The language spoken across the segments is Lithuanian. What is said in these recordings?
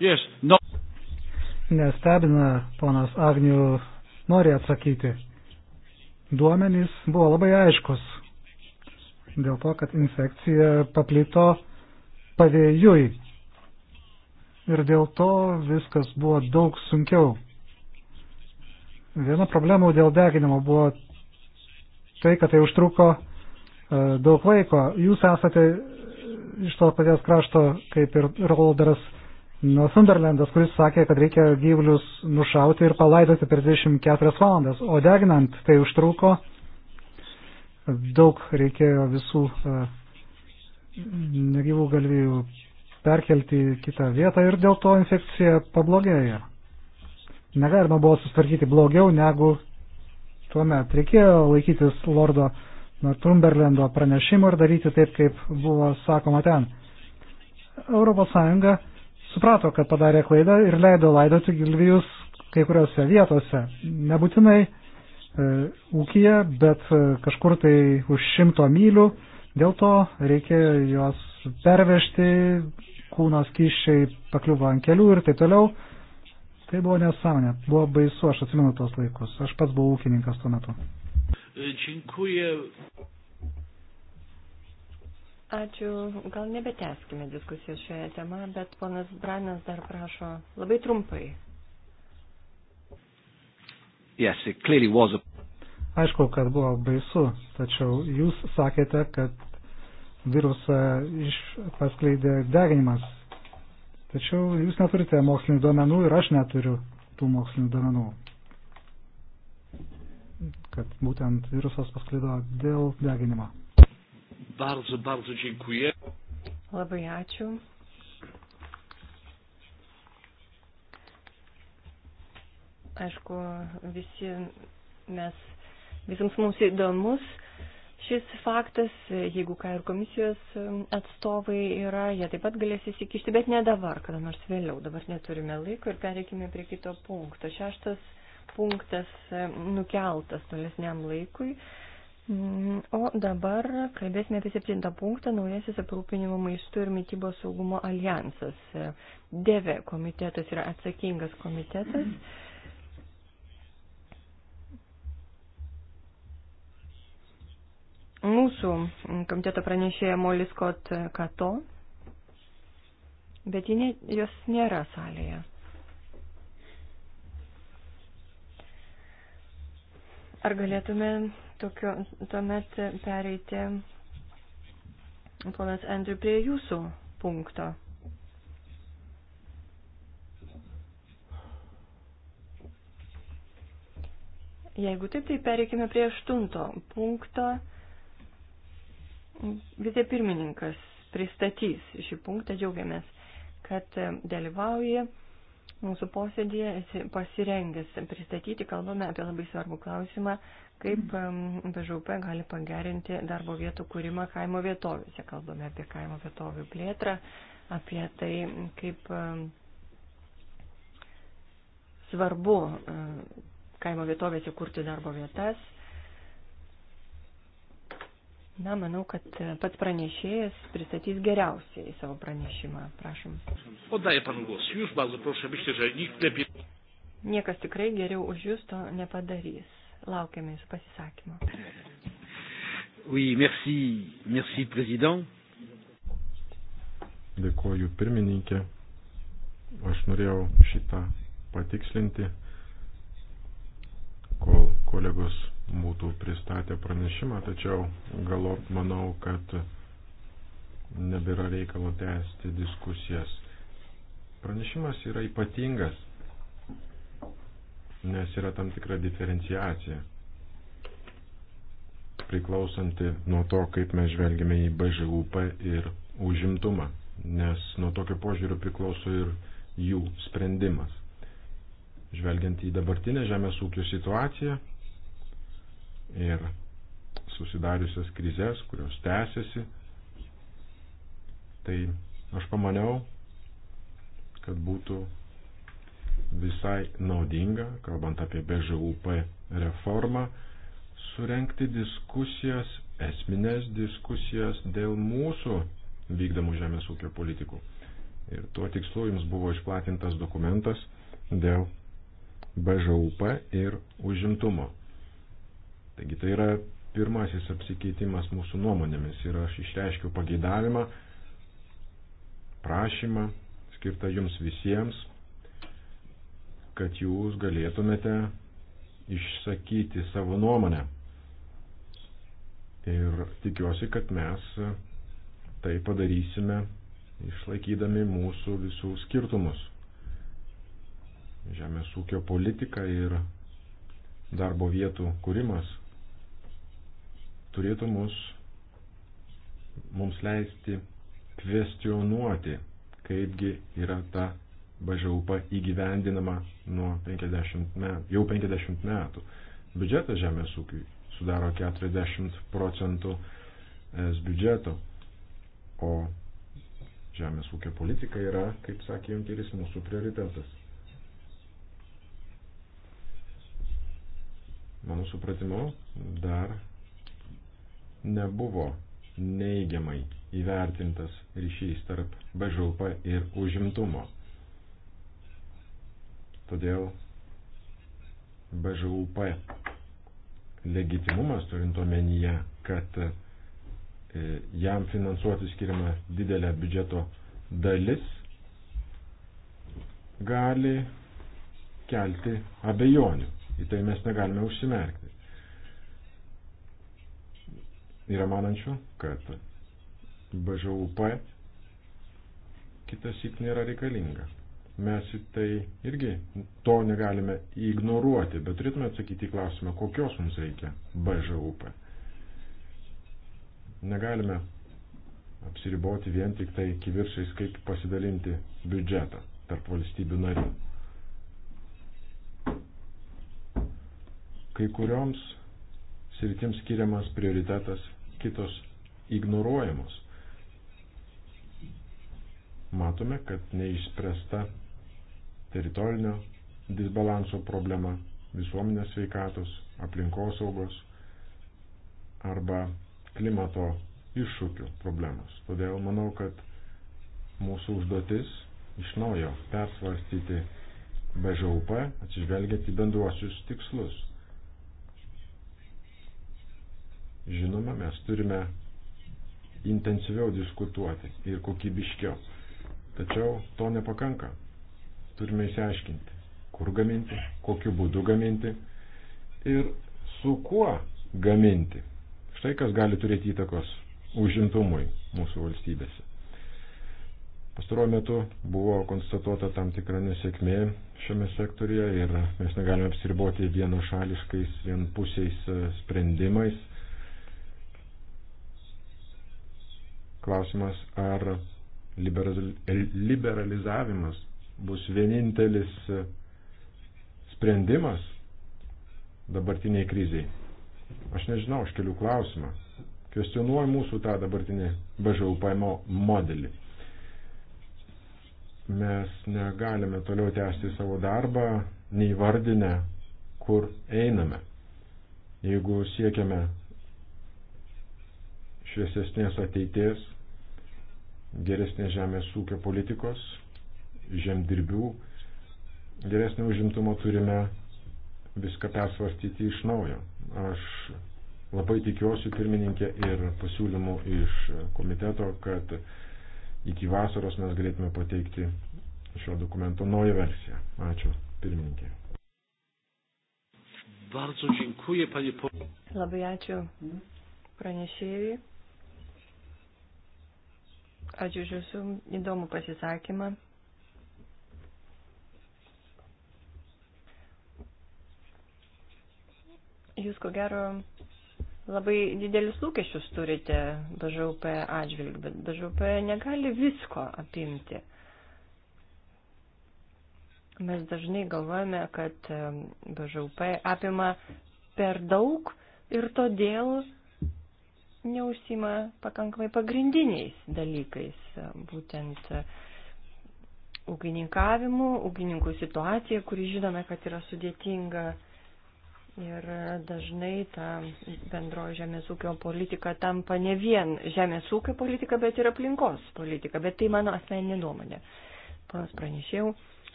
Yes, no. Nestebina, ponas Agnių nori atsakyti. Duomenys buvo labai aiškus dėl to, kad infekcija paplito pavėjui. Ir dėl to viskas buvo daug sunkiau. Viena problema dėl deginimo buvo tai, kad tai užtruko e, daug laiko. Jūs esate iš to paties krašto, kaip ir Rolderas Sunderlandas, kuris sakė, kad reikia gyvulius nušauti ir palaidoti per 24 valandas, o deginant tai užtruko, daug reikėjo visų e, negyvų galvijų perkelti į kitą vietą ir dėl to infekcija pablogėjo. Negalima buvo susitvarkyti blogiau negu tuomet. Reikėjo laikytis Lordo Northumberlando pranešimo ir daryti taip, kaip buvo sakoma ten. Europos Sąjunga suprato, kad padarė klaidą ir leido laidoti gilvijus kai kuriuose vietose. Nebūtinai e, ūkija, bet e, kažkur tai už šimto mylių. Dėl to reikėjo juos pervežti, kūnos kiščiai pakliuvo ant kelių ir taip toliau. Tai buvo nesąmonė, buvo baisu, aš atsimenu tos laikus. Aš pats buvau ūkininkas tuo metu. E, dziękuję. Ačiū. Gal nebeteskime diskusijos šioje tema, bet ponas Branas dar prašo labai trumpai. Yes, a... Aišku, kad buvo baisu, tačiau jūs sakėte, kad virusą iš, paskleidė deginimas. Tačiau jūs neturite mokslinių duomenų ir aš neturiu tų mokslinių duomenų, kad būtent virusas paskleido dėl deginimo. Bardzo, bardzo dziękuję. Labai ačiū. Aišku, visi mes, visams mums įdomus šis faktas, jeigu ką ir komisijos atstovai yra, jie taip pat galės įsikišti, bet ne dabar, kada nors vėliau. Dabar neturime laiko ir pereikime prie kito punkto. Šeštas punktas nukeltas tolesniam laikui. Mm, o dabar kalbėsime apie septintą punktą - naujasis aprūpinimo maistu ir mytybos saugumo alijansas. Deve komitetas yra atsakingas komitetas. Mūsų komiteto pranešėja Moliskot Kato, bet jie, jos nėra salėje. Ar galėtume Tokiu, tuomet pereiti, ponas Andriu, prie jūsų punkto. Jeigu taip, tai pereikime prie aštunto punkto. Vicepirmininkas pristatys šį punktą, džiaugiamės, kad dalyvauja mūsų posėdėje, esi pasirengęs pristatyti, kalbame apie labai svarbų klausimą kaip BŽUP gali pagerinti darbo vietų kūrimą kaimo vietovėse. Kalbame apie kaimo vietovių plėtrą, apie tai, kaip svarbu kaimo vietovėse kurti darbo vietas. Na, manau, kad e, pats pranešėjas pristatys geriausiai savo pranešimą. Prašom. Oddaję panu głos. Już bardzo proszę, myślę, że nikt lepiej. Niekas tikrai geriau už jūs to nepadarys. Laukiame jūsų pasisakymo. Oui, merci, merci, prezident. Dėkuoju pirmininkė. Aš norėjau šitą patikslinti, kol kolegos būtų pristatę pranešimą, tačiau galop manau, kad nebėra reikalo tęsti diskusijas. Pranešimas yra ypatingas, nes yra tam tikra diferenciacija priklausanti nuo to, kaip mes žvelgime į BŽUP ir užimtumą, nes nuo tokio požiūrio priklauso ir jų sprendimas. Žvelgiant į dabartinę žemės ūkio situaciją ir susidariusias krizės, kurios tęsiasi, tai aš pamaniau, kad būtų visai naudinga, kalbant apie BŽUP reformą, surenkti diskusijas, esminės diskusijas dėl mūsų vykdomų žemės ūkio politikų. Ir tuo tikslu jums buvo išplatintas dokumentas dėl BŽUP ir užimtumo. Taigi tai yra pirmasis apsikeitimas mūsų nuomonėmis ir aš išreiškiau pageidavimą, prašymą skirtą jums visiems kad jūs galėtumėte išsakyti savo nuomonę. Ir tikiuosi, kad mes tai padarysime išlaikydami mūsų visų skirtumus. Žemės ūkio politika ir darbo vietų kūrimas turėtų mus, mums leisti kvestionuoti, kaipgi yra ta BŽUP įgyvendinama nuo 50 metų, jau 50 metų. Biudžetas žemės ūkiui sudaro 40 procentų es biudžeto, o žemės ūkio politika yra, kaip sakė Junkeris, mūsų prioritetas. Mano supratimu, dar nebuvo neigiamai įvertintas ryšys tarp BŽUP ir užimtumo. Todėl BŽUP legitimumas turint omenyje, kad e, jam finansuoti skiriama didelė biudžeto dalis, gali kelti abejonių. Į tai mes negalime užsimerkti. Yra manančių, kad BŽUP kitas įk nėra reikalinga mes į tai irgi to negalime ignoruoti, bet turėtume atsakyti į klausimą, kokios mums reikia BŽUP. Negalime apsiriboti vien tik tai kiviršais, kaip pasidalinti biudžetą tarp valstybių narių. Kai kurioms sritims skiriamas prioritetas, kitos ignoruojamos. Matome, kad neišspręsta teritorinio disbalanso problema, visuomenės sveikatos, aplinkosaugos arba klimato iššūkių problemos. Todėl manau, kad mūsų užduotis iš naujo persvarstyti BŽUP atsižvelgiant į bendruosius tikslus. Žinoma, mes turime intensyviau diskutuoti ir kokybiškiau. Tačiau to nepakanka. Turime išsiaiškinti, kur gaminti, kokiu būdu gaminti ir su kuo gaminti. Štai kas gali turėti įtakos užimtumui mūsų valstybėse. Pastaruoju metu buvo konstatuota tam tikra nesėkmė šiame sektorija ir mes negalime apsiriboti vienošališkais, vienpusiais e, sprendimais. Klausimas, ar liberalizavimas bus vienintelis e, sprendimas dabartiniai kriziai. Aš nežinau, aš keliu klausimą. Kvestionuoju mūsų tą dabartinį BŽUP modelį. Mes negalime toliau tęsti savo darbą, neįvardinę, kur einame. Jeigu siekiame šviesesnės ateities, geresnės žemės ūkio politikos, žemdirbių geresnio užimtumo turime viską persvarstyti iš naujo. Aš labai tikiuosi pirmininkė ir pasiūlymų iš komiteto, kad iki vasaros mes galėtume pateikti šio dokumento naują versiją. Ačiū pirmininkė. Bardzo dziękuję, panie po... Labai ačiū pranešėjui. Ačiū už jūsų įdomų pasisakymą. Jūs ko gero labai didelius lūkesčius turite BŽUP atžvilgiu, bet BŽUP negali visko apimti. Mes dažnai galvojame, kad BŽUP apima per daug ir todėl neusima pakankamai pagrindiniais dalykais, būtent ūkininkavimu, ūkininkų situacija, kuri žinome, kad yra sudėtinga Ir dažnai ta bendroji žemės ūkio politika tampa ne vien žemės ūkio politika, bet ir aplinkos politika. Bet tai mano asmeninė nuomonė. Panas pranešėjau.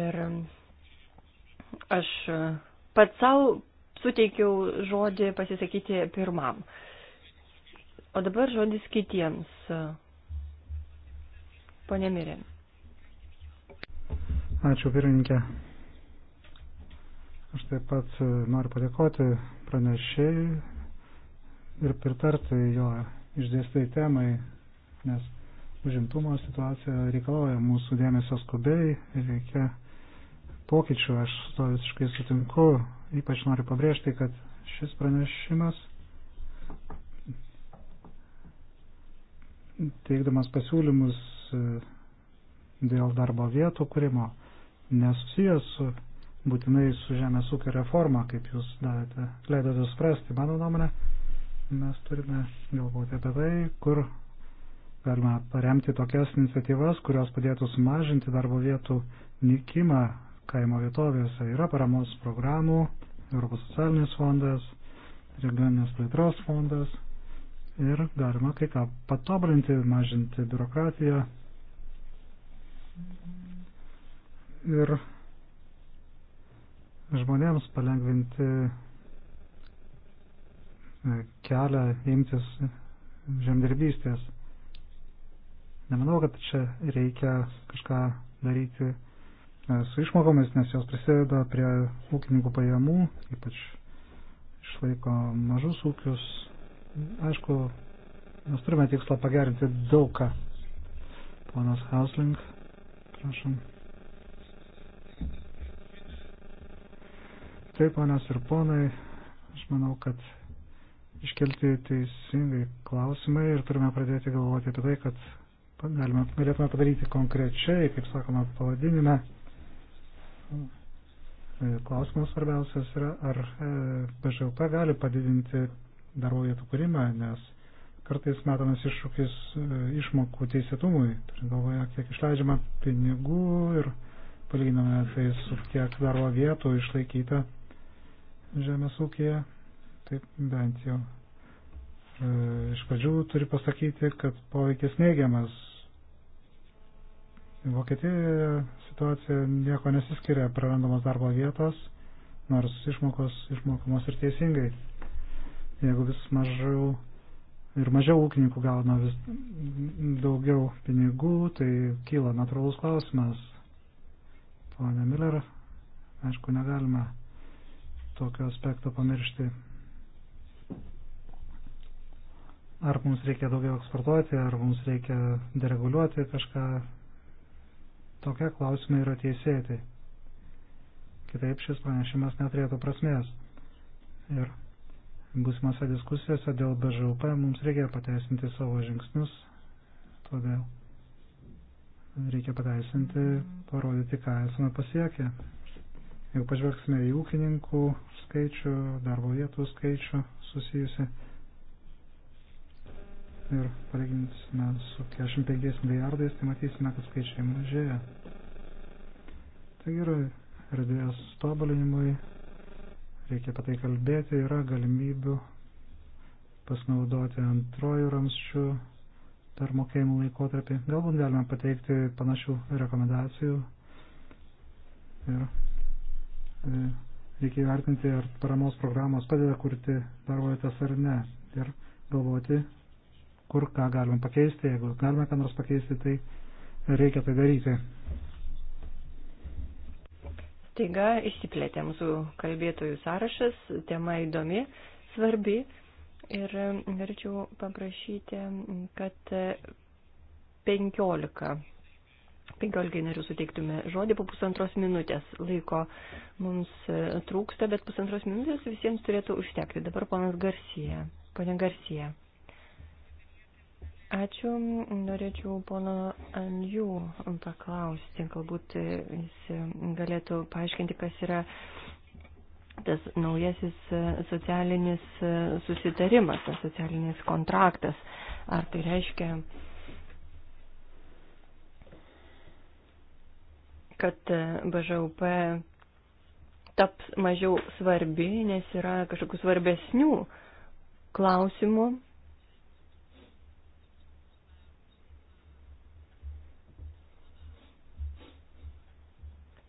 Ir aš pats savo suteikiau žodį pasisakyti pirmam. O dabar žodis kitiems. Pone Mirė. Ačiū, pirmininkė. Aš taip pat e, noriu padėkoti pranešėjai ir pritarti jo išdėstai temai, nes užimtumo situacija reikalauja mūsų dėmesio skubiai ir reikia pokyčių. Aš su to visiškai sutinku. Ypač noriu pabrėžti, kad šis pranešimas teikdamas pasiūlymus e, dėl darbo vietų kūrimo nesusijęs su būtinai su žemės ūkio reforma, kaip jūs davėte, leidote suprasti, mano nuomonė, mes turime galvoti apie tai, kur galima paremti tokias iniciatyvas, kurios padėtų sumažinti darbo vietų nikimą kaimo vietovėse. Yra paramos programų, Europos socialinis fondas, regioninės plėtros fondas ir galima kai ką patobulinti, mažinti biurokratiją. Ir žmonėms palengvinti e, kelią imtis žemdirbystės. Nemanau, kad čia reikia kažką daryti e, su išmokomis, nes jos prisideda prie ūkininkų pajamų, ypač išlaiko mažus ūkius. Aišku, mes turime tikslą pagerinti daugą. Ponas Hausling, prašom. Taip, ponios ir ponai, aš manau, kad iškelti teisingai klausimai ir turime pradėti galvoti apie tai, kad galime, galėtume padaryti konkrečiai, kaip sakoma, pavadinime. E, klausimas svarbiausias yra, ar BŽLP e, gali padidinti darbo vietų kūrimą, nes kartais metamas iššūkis e, išmokų teisėtumui, turint galvoje, kiek išleidžiama pinigų ir palyginame tai su kiek darbo vietų išlaikyta žemės ūkėje, taip bent jau e, iš pradžių turiu pasakyti, kad poveikis neigiamas. Vokietijoje situacija nieko nesiskiria, prarandamos darbo vietos, nors išmokos išmokamos ir teisingai. Jeigu vis mažiau ir mažiau ūkininkų gauna vis daugiau pinigų, tai kyla natūralus klausimas. Pone Miller, aišku, negalime tokio aspekto pamiršti. Ar mums reikia daugiau eksportuoti, ar mums reikia dereguliuoti kažką. Tokie klausimai yra teisėti. Kitaip šis pranešimas neturėtų prasmės. Ir būsimose diskusijose dėl BŽUP mums reikia pateisinti savo žingsnius. Todėl reikia pateisinti, parodyti, ką esame pasiekę. Jeigu pažvelgsime į ūkininkų skaičių, darbo vietų skaičių susijusi ir palyginsime su 45 milijardais, tai matysime, kad skaičiai mažėja. Taigi yra erdvės tobulinimui, reikia apie tai kalbėti, yra galimybių pasinaudoti antrojų ramščių per mokėjimų laikotarpį. Galbūt galime pateikti panašių rekomendacijų ir E, reikia įvertinti, ar paramos programos padeda kurti darbo vietas ar ne. Ir galvoti, kur ką galim pakeisti. Jeigu galime ką nors pakeisti, tai reikia tai daryti. Taiga išsiplėtė mūsų kalbėtojų sąrašas, tema įdomi, svarbi. Ir norėčiau paprašyti, kad 15 15 narių suteiktume žodį po pusantros minutės. Laiko mums e, trūksta, bet pusantros minutės visiems turėtų užtekti. Dabar ponas Garcija. Pone Garcija. Ačiū. Norėčiau pono Anjų paklausti. Galbūt jis galėtų paaiškinti, kas yra tas naujasis socialinis susitarimas, tas socialinis kontraktas. Ar tai reiškia kad e, BŽUP taps mažiau svarbi, nes yra kažkokių svarbesnių klausimų.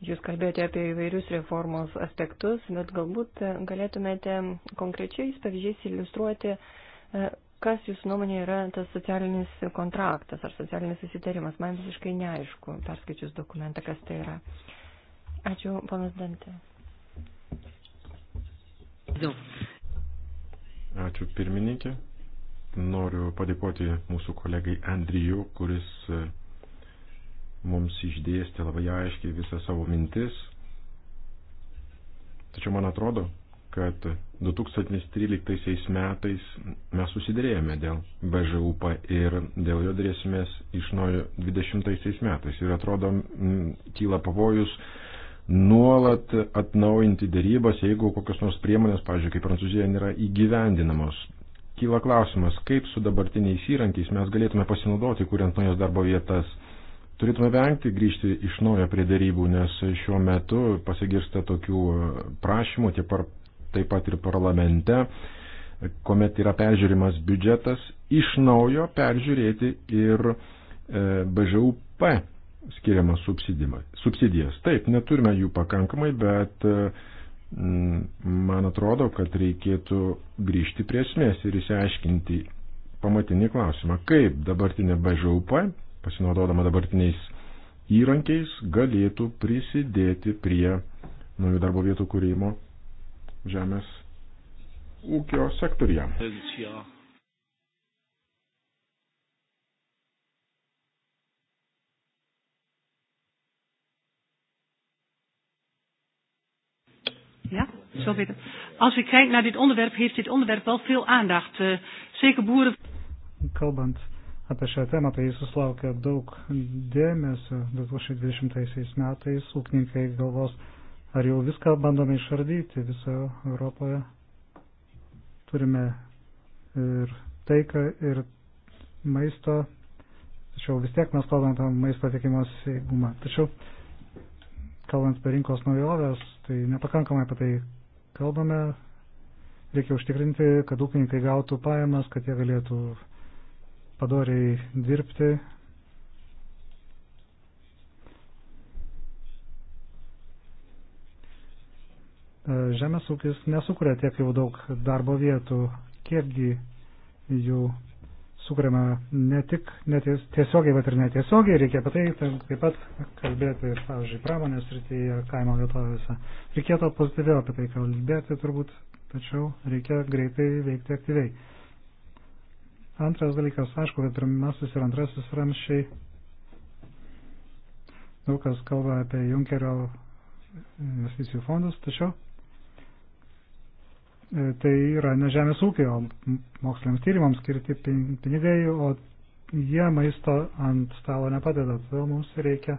Jūs kalbėjote apie įvairius reformos aspektus, bet galbūt galėtumėte konkrečiais pavyzdžiais iliustruoti, e, Kas jūsų nuomonė yra tas socialinis kontraktas ar socialinis susitarimas? Man visiškai neaišku, perskaičius dokumentą, kas tai yra. Ačiū, panas Dantė. Ačiū pirmininkė. Noriu padėkoti mūsų kolegai Andriju, kuris e, mums išdėstė labai aiškiai visą savo mintis. Tačiau man atrodo, kad 2013 metais mes susidėrėjome dėl BŽUP ir dėl jo dėrėsimės iš naujo 20 metais. Ir atrodo, kyla pavojus nuolat atnaujinti dėrybas, jeigu kokios nors priemonės, pavyzdžiui, kaip Prancūzija, nėra įgyvendinamos. Kyla klausimas, kaip su dabartiniais įrankiais mes galėtume pasinaudoti, kuriant naujas darbo vietas. Turėtume vengti grįžti iš naujo prie dėrybų, nes šiuo metu pasigirsta tokių prašymų, tie par taip pat ir parlamente, kuomet yra peržiūrimas biudžetas, iš naujo peržiūrėti ir e, BŽUP skiriamas subsidijas. Taip, neturime jų pakankamai, bet e, man atrodo, kad reikėtų grįžti prie esmės ir įsiaiškinti pamatinį klausimą, kaip dabartinė BŽUP, pasinaudodama dabartiniais įrankiais, galėtų prisidėti prie naujų darbo vietų kūrimo žemės ūkio sektorija. Ja, zo beter. Als ik kijk naar dit onderwerp, heeft dit onderwerp wel veel aandacht. Uh, zeker boeren. Kalbant apie šią temą, tai jis susilaukė daug dėmesio 2020 metais. Ūkininkai galvos, Ar jau viską bandome išardyti visoje Europoje? Turime ir taiką, ir maisto, tačiau vis tiek mes kalbame apie maisto tiekimos eigumą. Tačiau, kalbant apie rinkos naujoves, tai nepakankamai apie tai kalbame. Reikia užtikrinti, kad ūkininkai gautų pajamas, kad jie galėtų padoriai dirbti E, žemės ūkis nesukuria tiek jau daug darbo vietų, kiekgi jų sukuriama ne tik neties, tiesiogiai, bet ir netiesiogiai, reikia apie tai taip pat kalbėti, pavyzdžiui, pramonės srityje, kaimo vietovėse. Reikėtų pozityviau apie tai kalbėti turbūt, tačiau reikia greitai veikti aktyviai. Antras dalykas, aišku, kad pirmasis ir antrasis ramšiai. Daug kas kalba apie Junkerio investicijų fondus, tačiau E, tai yra ne žemės ūkio moksliniams tyrimams skirti pinigai, o jie maisto ant stalo nepadeda. Todėl mums reikia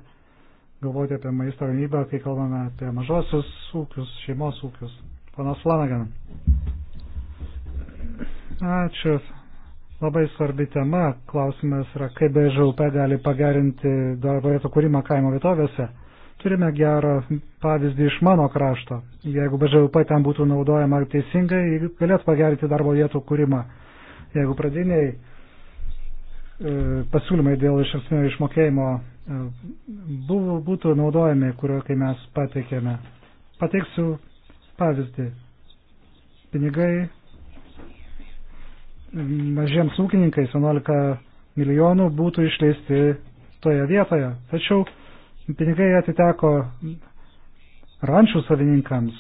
galvoti apie maisto gamybą, kai kalbame apie mažosius ūkius, šeimos ūkius. Panas Flanagan. Ačiū. Labai svarbi tema. Klausimas yra, kaip BŽUP gali pagerinti darbo vietų kūrimą kaimo vietovėse. Turime gerą pavyzdį iš mano krašto. Jeigu BŽUP ten būtų naudojama teisingai, galėtų pagerinti darbo vietų kūrimą. Jeigu pradiniai e, pasiūlymai dėl iš esmio išmokėjimo e, buvo, būtų naudojami, kurio kai mes pateikėme. Pateiksiu pavyzdį. Pinigai mažiems ūkininkais 11 milijonų būtų išleisti toje vietoje. Tačiau Pinigai atiteko rančių savininkams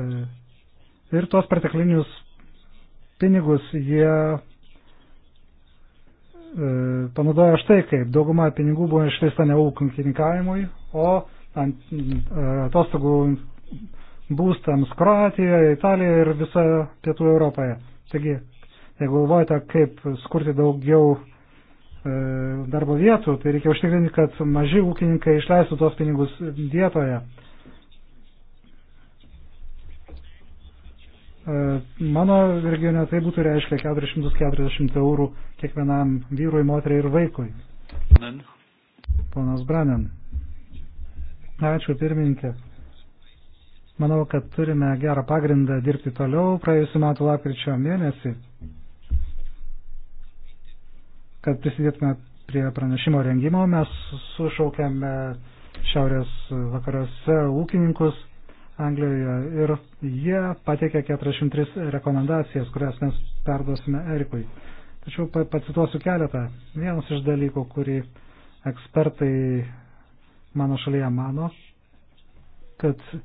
e, ir tuos perteklinius pinigus jie e, panaudojo štai kaip. Dauguma pinigų buvo išleista ne ūkininkavimui, o ant e, atostogų būstams Kroatijoje, Italijoje ir visoje pietų Europoje. Taigi, jeigu galvojate, kaip skurti daugiau E, darbo vietų, tai reikia užtikrinti, kad maži ūkininkai išleistų tos pinigus vietoje. E, mano regione tai būtų reiškia 440 eurų kiekvienam vyrui, moteriai ir vaikui. Ponas Branen. Ačiū pirmininkė. Manau, kad turime gerą pagrindą dirbti toliau praėjusiu metu lapkričio mėnesį kad prisidėtume prie pranešimo rengimo. Mes sušaukėme šiaurės vakaruose ūkininkus Anglijoje ir jie pateikė 43 rekomendacijas, kurias mes perduosime Erikui. Tačiau pacituosiu keletą. Vienas iš dalykų, kurį ekspertai mano šalyje mano, kad e,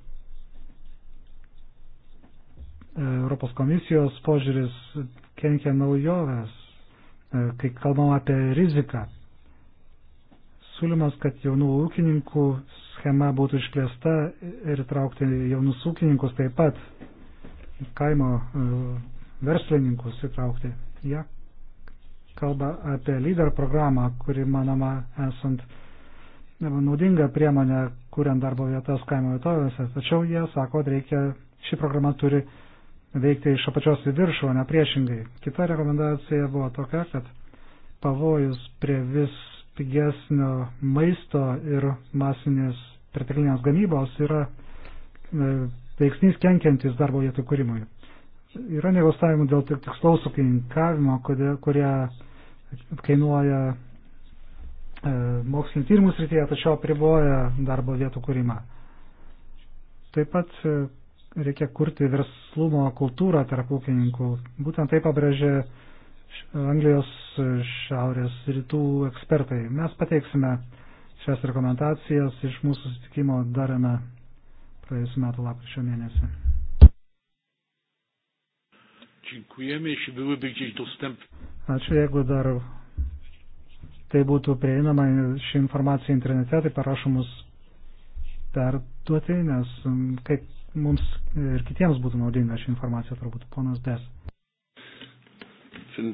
Europos komisijos požiūris kenkia naujoves E, kai kalbam apie riziką. Siūlymas, kad jaunų ūkininkų schema būtų išplėsta ir traukti jaunus ūkininkus taip pat, kaimo e, verslininkus įtraukti. Jie ja. kalba apie lyder programą, kuri, manoma, esant naudinga priemonė, kuriant darbo vietas kaimo vietovėse. Tačiau jie sako, kad reikia, ši programa turi veikti iš apačios į viršų, o ne priešingai. Kita rekomendacija buvo tokia, kad pavojus prie vis pigesnio maisto ir masinės perteklinės gamybos yra e, veiksnys kenkiantis darbo vietų kūrimui. Yra negostavimų dėl tikslaus ūkininkavimo, kurie kainuoja e, mokslinio tyrimų srityje, tačiau apriboja darbo vietų kūrimą. Taip pat e, reikia kurti verslumo kultūrą tarp ūkininkų. Būtent tai pabrėžė Anglijos šiaurės rytų ekspertai. Mes pateiksime šias rekomendacijas iš mūsų susitikimo darėme praėjusiu metu lapkričio mėnesį. Ačiū, jeigu dar tai būtų prieinama ši informacija internete, tai parašomus perduoti, nes kaip mums ir kitiems būtų naudinga ši informacija turbūt. Ponas Des. Äh,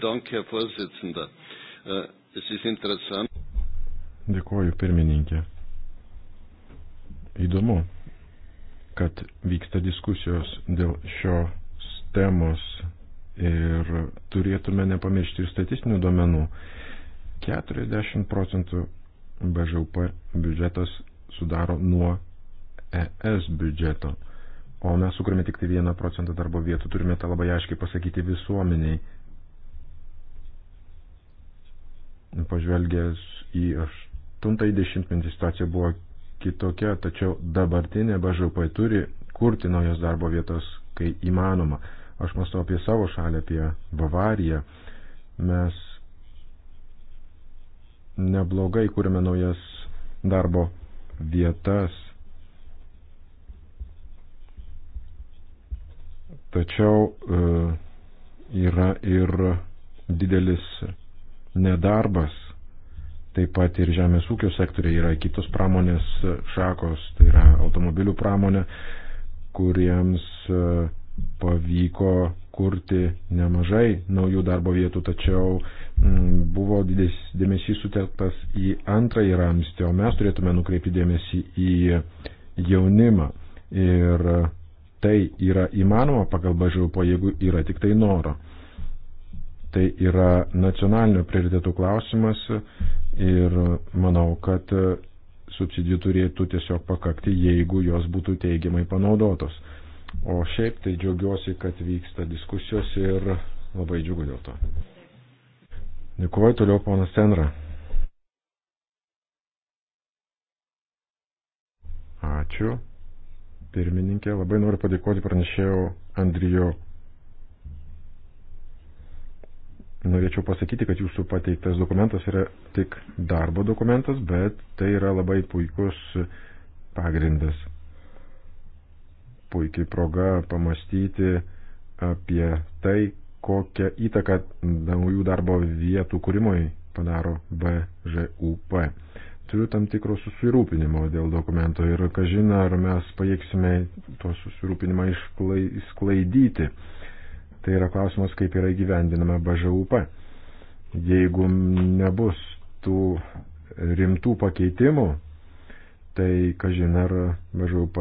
Dėkuoju, pirmininkė. Įdomu, kad vyksta diskusijos dėl šios temos ir turėtume nepamiršti ir statistinių duomenų. 40 procentų BŽP biudžetas sudaro nuo ES biudžeto o mes sukūrėme tik tai 1 procentą darbo vietų, turime tą labai aiškiai pasakyti visuomeniai. Pažvelgęs į 80-metį situacija buvo kitokia, tačiau dabartinė BŽP turi kurti naujas darbo vietas, kai įmanoma. Aš mąstau apie savo šalį, apie Bavariją. Mes neblogai kūrėme naujas darbo vietas Tačiau e, yra ir didelis nedarbas, taip pat ir žemės ūkio sektoriai yra kitos pramonės šakos, tai yra automobilių pramonė, kuriems e, pavyko kurti nemažai naujų darbo vietų, tačiau mm, buvo didės dėmesys sutelktas į antrąjį ramstį, o mes turėtume nukreipti dėmesį į jaunimą. Ir Tai yra įmanoma pagal BŽUP, jeigu yra tik tai noro. Tai yra nacionalinio prioritetų klausimas ir manau, kad subsidijų turėtų tiesiog pakakti, jeigu jos būtų teigiamai panaudotos. O šiaip tai džiaugiuosi, kad vyksta diskusijos ir labai džiugu dėl to. Dėkuoju toliau, ponas Senra. Ačiū pirmininkė. Labai noriu padėkoti pranešėjau Andrijo. Norėčiau pasakyti, kad jūsų pateiktas dokumentas yra tik darbo dokumentas, bet tai yra labai puikus pagrindas. Puikiai proga pamastyti apie tai, kokią įtaką naujų darbo vietų kūrimui padaro BŽUP turiu tam tikro susirūpinimo dėl dokumento ir kažina, ar mes pajėgsime to susirūpinimą išsklaidyti. Tai yra klausimas, kaip yra įgyvendinama BŽUP. Jeigu nebus tų rimtų pakeitimų, tai kažin ar BŽUP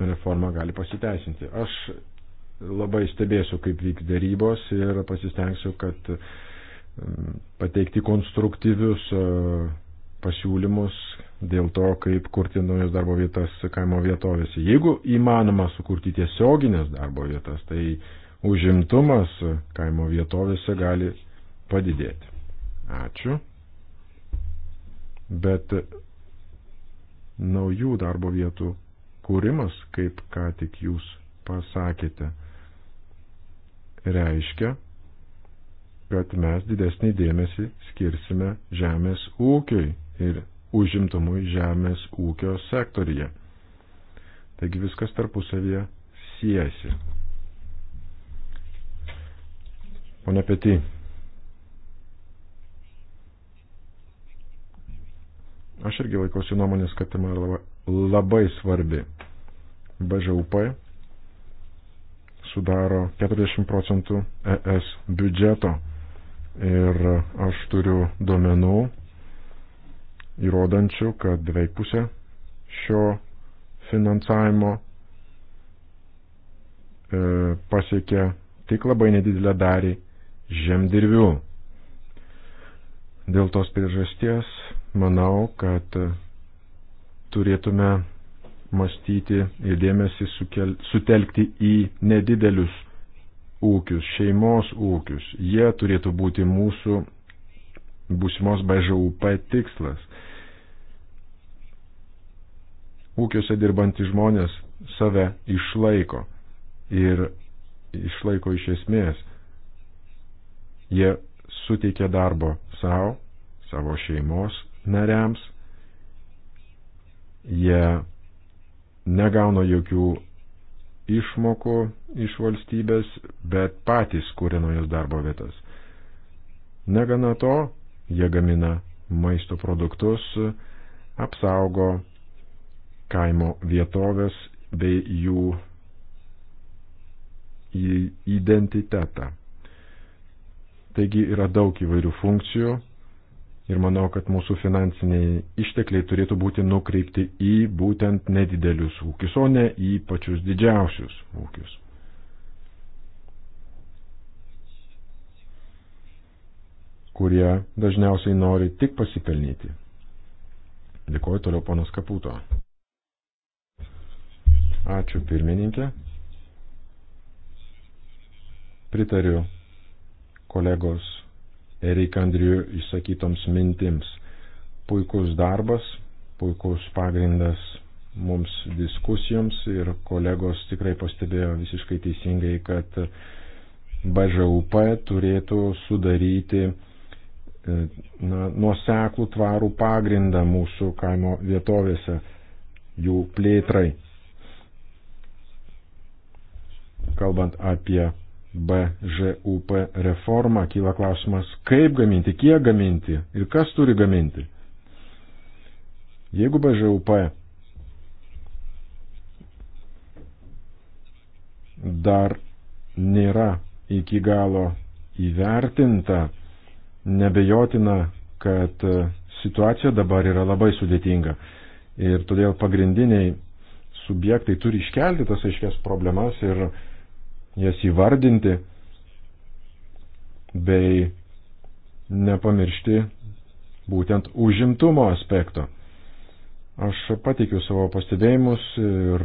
reforma gali pasiteisinti. Aš labai stebėsiu, kaip vyks dėrybos ir pasistengsiu, kad mm, pateikti konstruktyvius pasiūlymus dėl to, kaip kurti naujas darbo vietas kaimo vietovėse. Jeigu įmanoma sukurti tiesioginės darbo vietas, tai užimtumas kaimo vietovėse gali padidėti. Ačiū. Bet naujų darbo vietų kūrimas, kaip ką tik jūs pasakėte, reiškia, kad mes didesnį dėmesį skirsime žemės ūkiui ir užimtumui žemės ūkio sektorija. Taigi viskas tarpusavėje siejasi. Pone Peti. Aš irgi laikausi nuomonės, kad tema labai svarbi. BŽUP sudaro 40 procentų ES biudžeto ir aš turiu duomenų įrodančių, kad beveik pusė šio finansavimo e, pasiekia tik labai nedidelę dalį žemdirbių. Dėl tos priežasties manau, kad turėtume mąstyti ir dėmesį sukel, sutelkti į nedidelius ūkius, šeimos ūkius. Jie turėtų būti mūsų būsimos BŽUP tikslas. Ūkiuose dirbantys žmonės save išlaiko ir išlaiko iš esmės. Jie suteikia darbo savo, savo šeimos nariams, jie negauna jokių išmokų iš valstybės, bet patys kūrė naujas darbo vietas. Negana to, jie gamina maisto produktus, apsaugo kaimo vietovės bei jų identitetą. Taigi yra daug įvairių funkcijų ir manau, kad mūsų finansiniai ištekliai turėtų būti nukreipti į būtent nedidelius ūkius, o ne į pačius didžiausius ūkius. kurie dažniausiai nori tik pasipelnyti. Dėkuoju toliau ponas Kaputo. Ačiū pirmininkė. Pritariu kolegos Erik Andriu išsakytoms mintims. Puikus darbas, puikus pagrindas mums diskusijoms ir kolegos tikrai pastebėjo visiškai teisingai, kad BŽUP turėtų sudaryti na, nuoseklų tvarų pagrindą mūsų kaimo vietovėse, jų plėtrai. Kalbant apie BŽUP reformą, kyla klausimas, kaip gaminti, kiek gaminti ir kas turi gaminti. Jeigu BŽUP dar nėra iki galo įvertinta, Nebejotina, kad e, situacija dabar yra labai sudėtinga. Ir todėl pagrindiniai subjektai turi iškelti tas aiškias problemas ir jas įvardinti, bei nepamiršti būtent užimtumo aspekto. Aš pateikiu savo pastebėjimus ir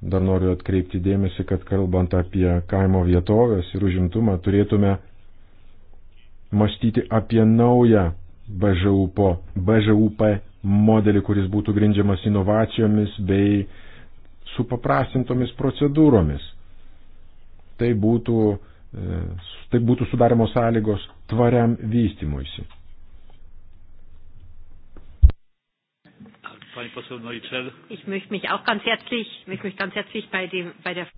dar noriu atkreipti dėmesį, kad kalbant apie kaimo vietovės ir užimtumą turėtume mąstyti apie naują BŽUP, BŽUP e modelį, kuris būtų grindžiamas inovacijomis bei supaprastintomis procedūromis. Tai būtų, e, tai būtų sudarimos sąlygos tvariam vystimuisi. Ich möchte mich auch ganz herzlich, mich ganz herzlich bei, dem, bei der.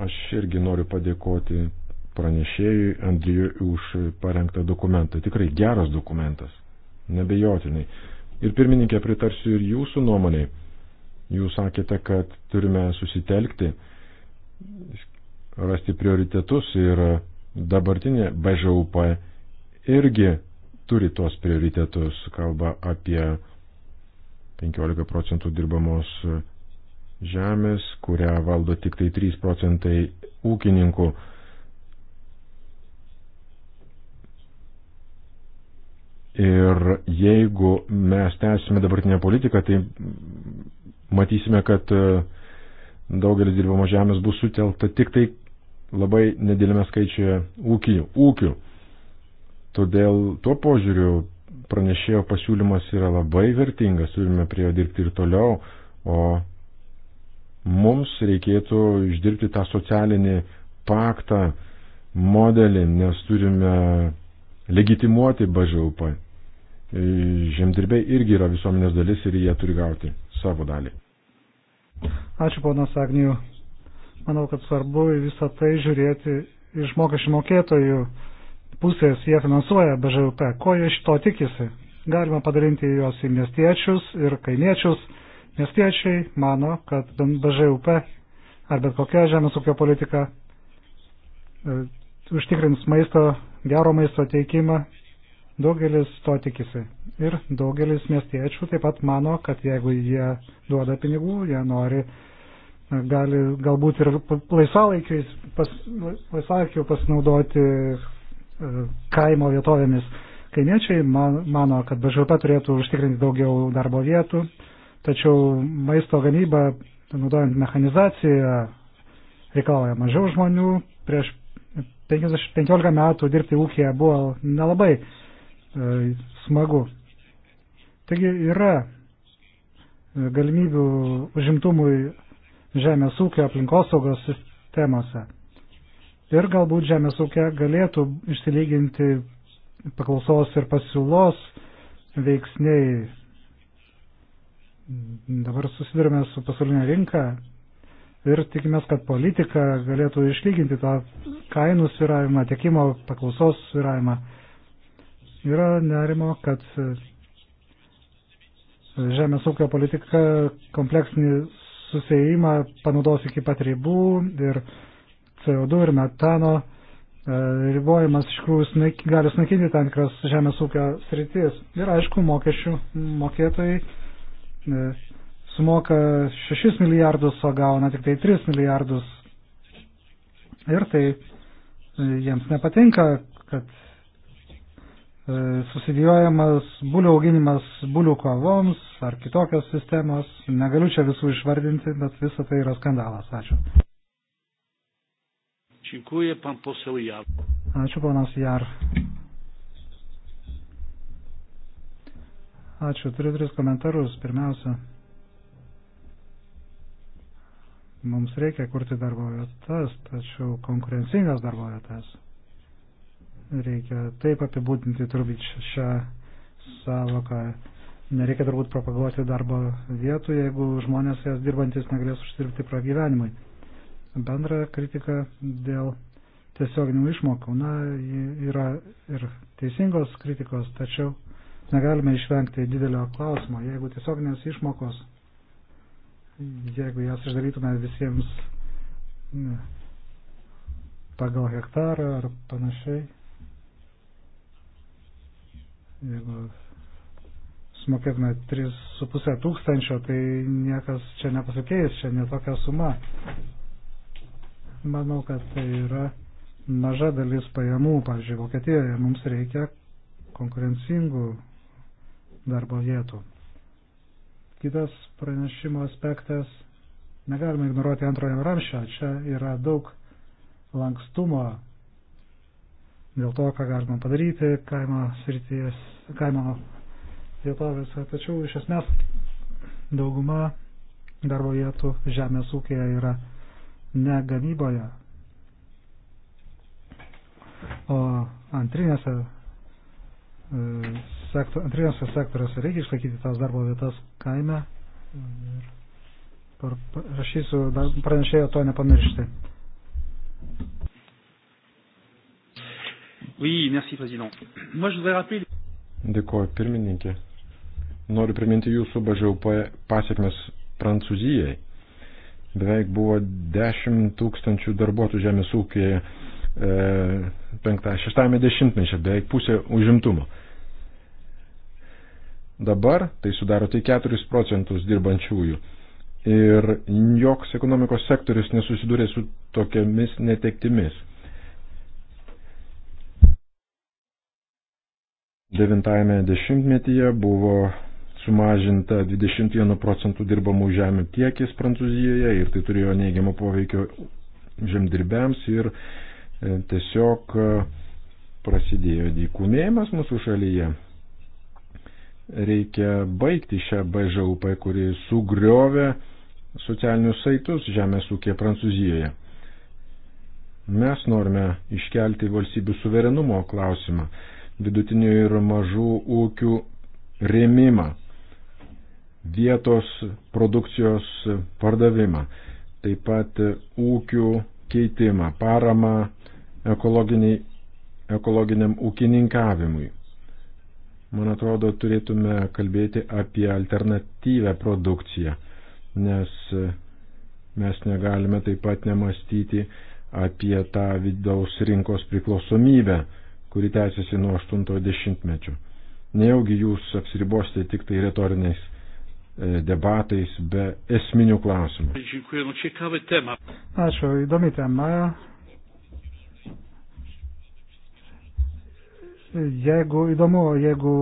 Aš irgi noriu padėkoti pranešėjui Andrijui už parengtą dokumentą. Tikrai geras dokumentas, nebejotinai. Ir pirmininkė, pritarsiu ir jūsų nuomoniai. Jūs sakėte, kad turime susitelkti, rasti prioritetus ir dabartinė BŽUP irgi turi tuos prioritetus, kalba apie 15 procentų dirbamos žemės, kurią valdo tik tai 3 procentai ūkininkų. Ir jeigu mes tęsime dabartinę politiką, tai matysime, kad e, daugelis dirbamo žemės bus sutelta tik tai labai nedėlėme skaičiuje ūkijų, ūkių. Todėl tuo požiūriu pranešėjo pasiūlymas yra labai vertingas, turime prie jo dirbti ir toliau, o mums reikėtų išdirbti tą socialinį paktą, modelį, nes turime legitimuoti BŽUP. E, žemdirbiai irgi yra visuomenės dalis ir jie turi gauti savo dalį. Ačiū, ponas Agnijų. Manau, kad svarbu į visą tai žiūrėti iš mokesčių mokėtojų pusės. Jie finansuoja BŽUP. Ko jie iš to tikisi? Galima padalinti juos į miestiečius ir kaimiečius. Miestiečiai mano, kad BŽUP ar bet kokia žemės ūkio politika e, užtikrins maisto gero maisto teikimą. Daugelis to tikisi. Ir daugelis miestiečių taip pat mano, kad jeigu jie duoda pinigų, jie nori, gali galbūt ir laisvalaikiu pas, laisvalaikiu pasinaudoti e, kaimo vietovėmis. Kaimiečiai man, mano, kad BŽP turėtų užtikrinti daugiau darbo vietų, tačiau maisto gamyba, naudojant mechanizaciją, reikalauja mažiau žmonių. Prieš 15 metų dirbti ūkėje buvo nelabai e, smagu. Taigi yra e, galimybių užimtumui žemės ūkio aplinkosaugos sistemose. Ir galbūt žemės ūkio galėtų išsilyginti paklausos ir pasiūlos veiksniai. Dabar susidurime su pasaulinė rinka, ir tikimės, kad politika galėtų išlyginti tą kainų sviravimą, tiekimo paklausos sviravimą. Yra nerimo, kad žemės ūkio politika kompleksinį susijimą panaudos iki pat ribų ir CO2 ir metano e, ribojimas iš tikrųjų gali sunaikinti tam tikras žemės ūkio sritis. Ir aišku, mokesčių mokėtojai e, sumoka 6 milijardus, o gauna tik tai 3 milijardus. Ir tai e, jiems nepatinka, kad e, susidijuojamas bulių auginimas bulių kovoms ar kitokios sistemos. Negaliu čia visų išvardinti, bet visa tai yra skandalas. Ačiū. Dziękuję, pan poseł Jar. Ačiū, ponas Jar. Ačiū, turiu tris komentarus. Pirmiausia, Mums reikia kurti darbo vietas, tačiau konkurencingas darbo vietas. Reikia taip apibūdinti turbūt šią savoką. Nereikia turbūt propaguoti darbo vietų, jeigu žmonės jas dirbantis negalės užsidirbti pragyvenimui. Bendra kritika dėl tiesioginių išmokų. Na, yra ir teisingos kritikos, tačiau negalime išvengti didelio klausimo. Jeigu tiesioginės išmokos jeigu jas išdarytume visiems pagal hektarą ar panašiai, jeigu sumokėtume 3,5 tūkstančio, tai niekas čia nepasikeis, čia netokia suma. Manau, kad tai yra maža dalis pajamų, pavyzdžiui, Vokietijoje mums reikia konkurencingų darbo vietų. Kitas pranešimo aspektas, negalime ignoruoti antrojo ramščio, čia yra daug lankstumo dėl to, ką galima padaryti kaimo srities, kaimo vietovėse. Tačiau iš esmės dauguma darbo vietų žemės ūkėje yra ne gamyboje, o antrinėse e, sektor, antriniuose sektoriuose reikia išlaikyti tas darbo vietas kaime. Ir par, rašysiu, pranešėjo to nepamiršti. Oui, merci, président. Moi, je voudrais rappeler... Dėkuoju, pirmininkė. Noriu priminti jūsų BŽUP pasiekmes Prancūzijai. Beveik buvo 10 tūkstančių darbuotojų žemės ūkėje e, 6-10 beveik pusė užimtumo. Dabar tai sudaro tik 4 procentus dirbančiųjų. Ir joks ekonomikos sektorius nesusidūrė su tokiamis netektimis. Devintajame dešimtmetyje buvo sumažinta 21 procentų dirbamų žemių kiekis Prancūzijoje ir tai turėjo neigiamą poveikio žemdirbiams ir e, tiesiog prasidėjo dykumėjimas mūsų šalyje reikia baigti šią BŽUP, kuri sugriovė socialinius saitus žemės ūkė Prancūzijoje. Mes norime iškelti valstybių suverenumo klausimą, vidutinių ir mažų ūkių rėmimą, vietos produkcijos pardavimą, taip pat ūkių keitimą, paramą ekologiniam ūkininkavimui man atrodo, turėtume kalbėti apie alternatyvę produkciją, nes e, mes negalime taip pat nemastyti apie tą vidaus rinkos priklausomybę, kuri tęsiasi nuo 80-mečio. Nejaugi jūs apsiribosite tik tai retoriniais e, debatais be esminių klausimų. Ačiū, įdomi tema. Jeigu įdomu, jeigu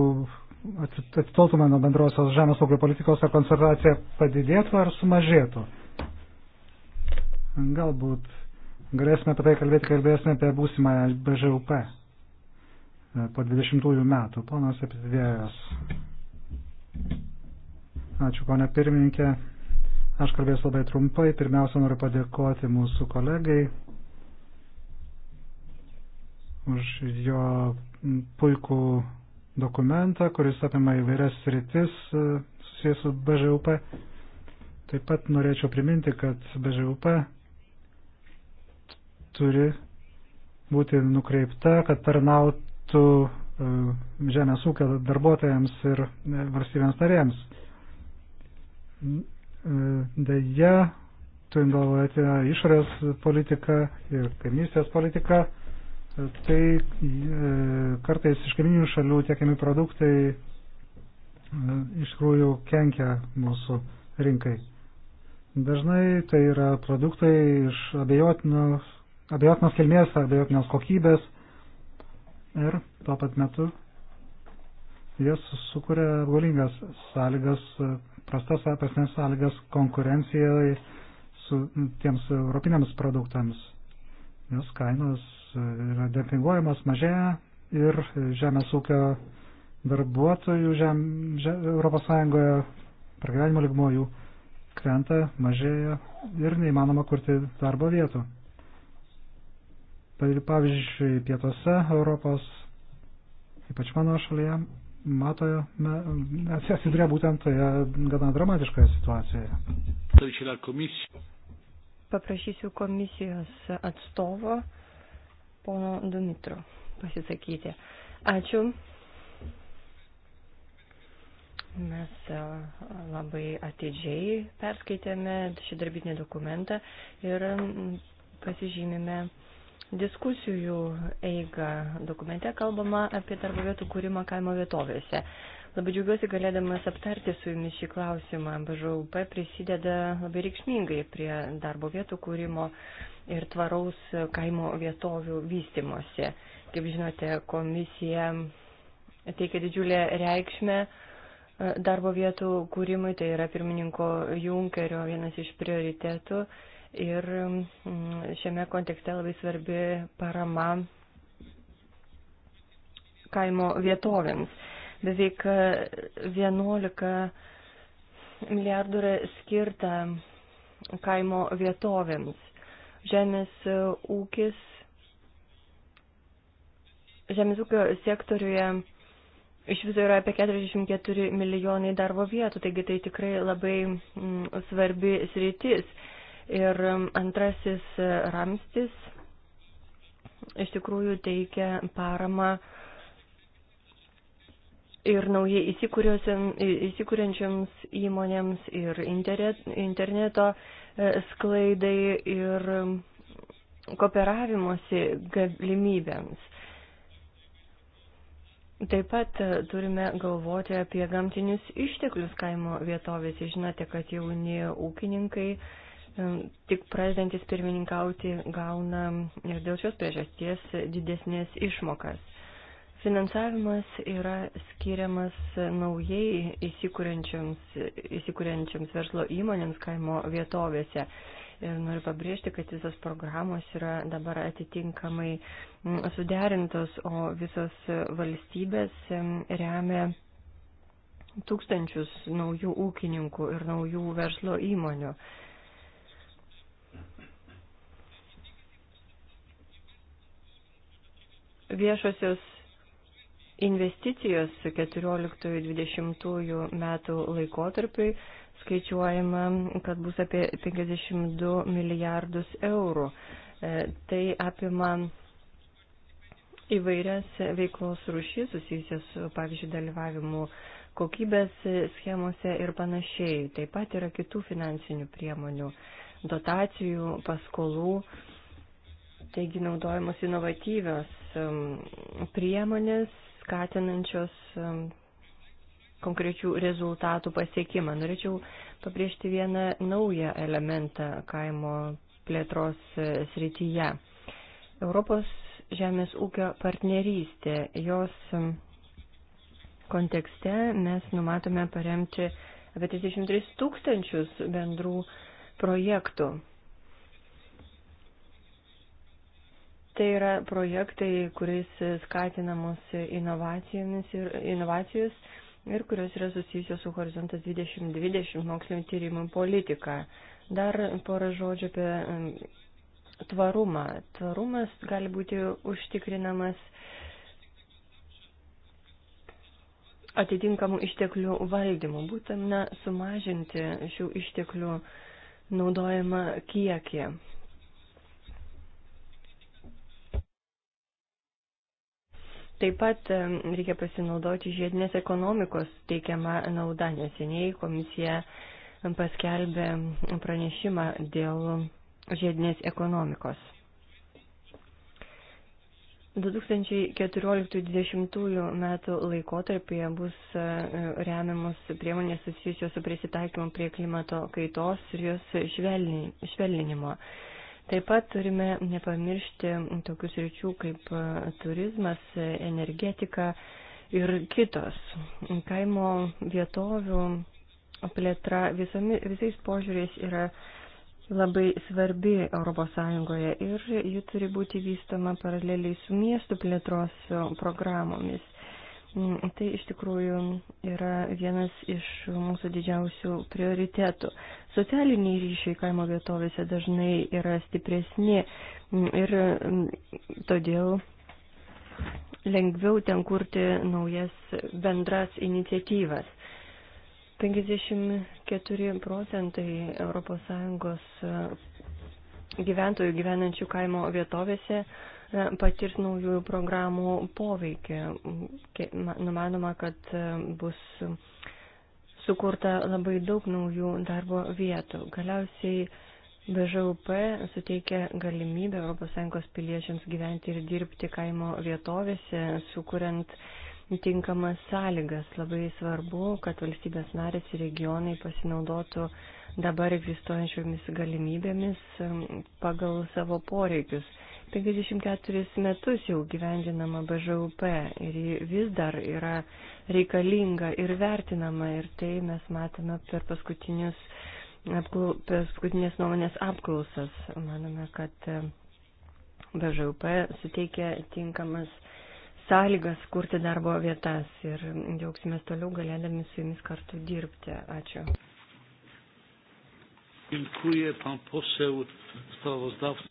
atitoltume nuo bendrosios žemės ūkio politikos, ar koncentracija padidėtų ar sumažėtų. Galbūt galėsime apie tai kalbėti, kalbėsime apie būsimą BŽUP po 20 metų. Ponas Epidvėjas. Ačiū, ponia pirmininkė. Aš kalbėsiu labai trumpai. Pirmiausia, noriu padėkoti mūsų kolegai už jo puikų dokumentą, kuris apima įvairias sritis e, susijęs su BŽUP. Taip pat norėčiau priminti, kad BŽUP turi būti nukreipta, kad tarnautų e, žemės ūkio darbuotojams ir e, valstybėms narėms. Deja, turint galvoje tai išorės politiką ir kaimynystės politiką, tai e, kartais iš kaiminių šalių tiekiami produktai e, iš tikrųjų kenkia mūsų rinkai. Dažnai tai yra produktai iš abejotinos, abejotinos kilmės, abejotinos kokybės ir tuo pat metu jie sukuria apgaulingas sąlygas, prastas prasnes sąlygas konkurencijai su tiems europiniams produktams, nes kainos yra dempinguojamos, mažėja ir žemės ūkio darbuotojų žem, žem, Europos Sąjungoje pragyvenimo ligmojų krenta, mažėja ir neįmanoma kurti darbo vietų. Tai pavyzdžiui, pietuose Europos, ypač mano šalyje, matome, atsidurė būtent toje gana dramatiškoje situacijoje. Paprašysiu komisijos atstovo pono Dumitro pasisakyti. Ačiū. Mes e, labai atidžiai perskaitėme šį darbinį dokumentą ir pasižymime diskusijų eigą. Dokumente kalbama apie darbo vietų kūrimą kaimo vietovėse. Labai džiaugiuosi galėdamas aptarti su jumis šį klausimą. BŽUP prisideda labai reikšmingai prie darbo vietų kūrimo ir tvaraus kaimo vietovių vystimosi. Kaip žinote, komisija teikia didžiulę reikšmę e, darbo vietų kūrimui, tai yra pirmininko Junkerio vienas iš prioritetų ir mm, šiame kontekste labai svarbi parama kaimo vietovėms beveik 11 e, milijardų yra skirta kaimo vietovėms. Žemės e, ūkis, žemės ūkio sektoriuje iš viso yra apie 44 milijonai darbo vietų, taigi tai tikrai labai m, mm, svarbi sritis. Ir mm, antrasis e, ramstis iš tikrųjų teikia paramą uh, ir naujai įsikūrenčiams įmonėms, ir interneto e, sklaidai, ir mm, kooperavimuose galimybėms. Taip pat e, turime galvoti apie gamtinius išteklius kaimo vietovėse. Žinote, kad jauni ūkininkai e, tik pradedantis pirmininkauti gauna ir dėl šios priežasties didesnės išmokas. Finansavimas yra skiriamas naujai įsikūrenčiams verslo įmonėms kaimo vietovėse. Ir noriu pabrėžti, kad visos programos yra dabar atitinkamai suderintos, o visos valstybės remia tūkstančius naujų ūkininkų ir naujų verslo įmonių. Viešosios Investicijos 14-20 metų laikotarpiui skaičiuojama, kad bus apie 52 milijardus eurų. E, tai apima įvairias veiklos rušys susijusias su, pavyzdžiui, dalyvavimu kokybės schemose ir panašiai. Taip pat yra kitų finansinių priemonių, dotacijų, paskolų. Taigi naudojamos inovatyvios priemonės skatinančios konkrečių rezultatų pasiekimą. Norėčiau pabrėžti vieną naują elementą kaimo plėtros e, srityje. Europos žemės ūkio partnerystė, jos kontekste mes numatome paremti apie 33 tūkstančius bendrų projektų. Tai yra projektai, kuriais skatinamos inovacijomis ir inovacijos ir kurios yra susijusios su Horizontas 2020 mokslinio tyrimų politika. Dar porą žodžių apie tvarumą. Tvarumas gali būti užtikrinamas atitinkamų išteklių valdymu. Būtent na, sumažinti šių išteklių naudojimą kiekį. Taip pat reikia pasinaudoti žiedinės ekonomikos teikiamą naudą. Neseniai komisija paskelbė pranešimą dėl žiedinės ekonomikos. 2014-2020 metų laikotarpyje bus e, remiamos priemonės susijusios su prisitaikymu prie klimato kaitos ir jos švelninimo. Taip pat turime nepamiršti tokius ryčių kaip e, turizmas, e, energetika ir kitos. Kaimo vietovių plėtra visomis, visais požiūriais yra labai svarbi ES ir ji turi būti vystoma paraleliai su miestų plėtros programomis. Mm, tai iš tikrųjų yra vienas iš mūsų didžiausių prioritetų socialiniai ryšiai kaimo vietovėse dažnai yra stipresni ir todėl lengviau ten kurti naujas bendras iniciatyvas. 54 procentai ES e, gyventojų gyvenančių kaimo vietovėse e, patirs naujų programų poveikį. Numanoma, kad e, bus sukurta labai daug naujų darbo vietų. Galiausiai BŽUP suteikia galimybę ES piliečiams gyventi ir dirbti kaimo vietovėse, sukuriant tinkamas sąlygas. Labai svarbu, kad valstybės narės ir regionai pasinaudotų uh, dabar egzistuojančiomis galimybėmis pagal savo poreikius. 54 metus jau gyvendinama BŽUP ir ji vis dar yra reikalinga ir vertinama ir tai mes matome per paskutinius apklau, paskutinės nuomonės apklausas. Manome, kad BŽUP suteikia tinkamas sąlygas kurti darbo vietas ir džiaugsimės toliau galėdami su jumis kartu dirbti. Ačiū. Dziękuję, pan poseł sprawozdawca.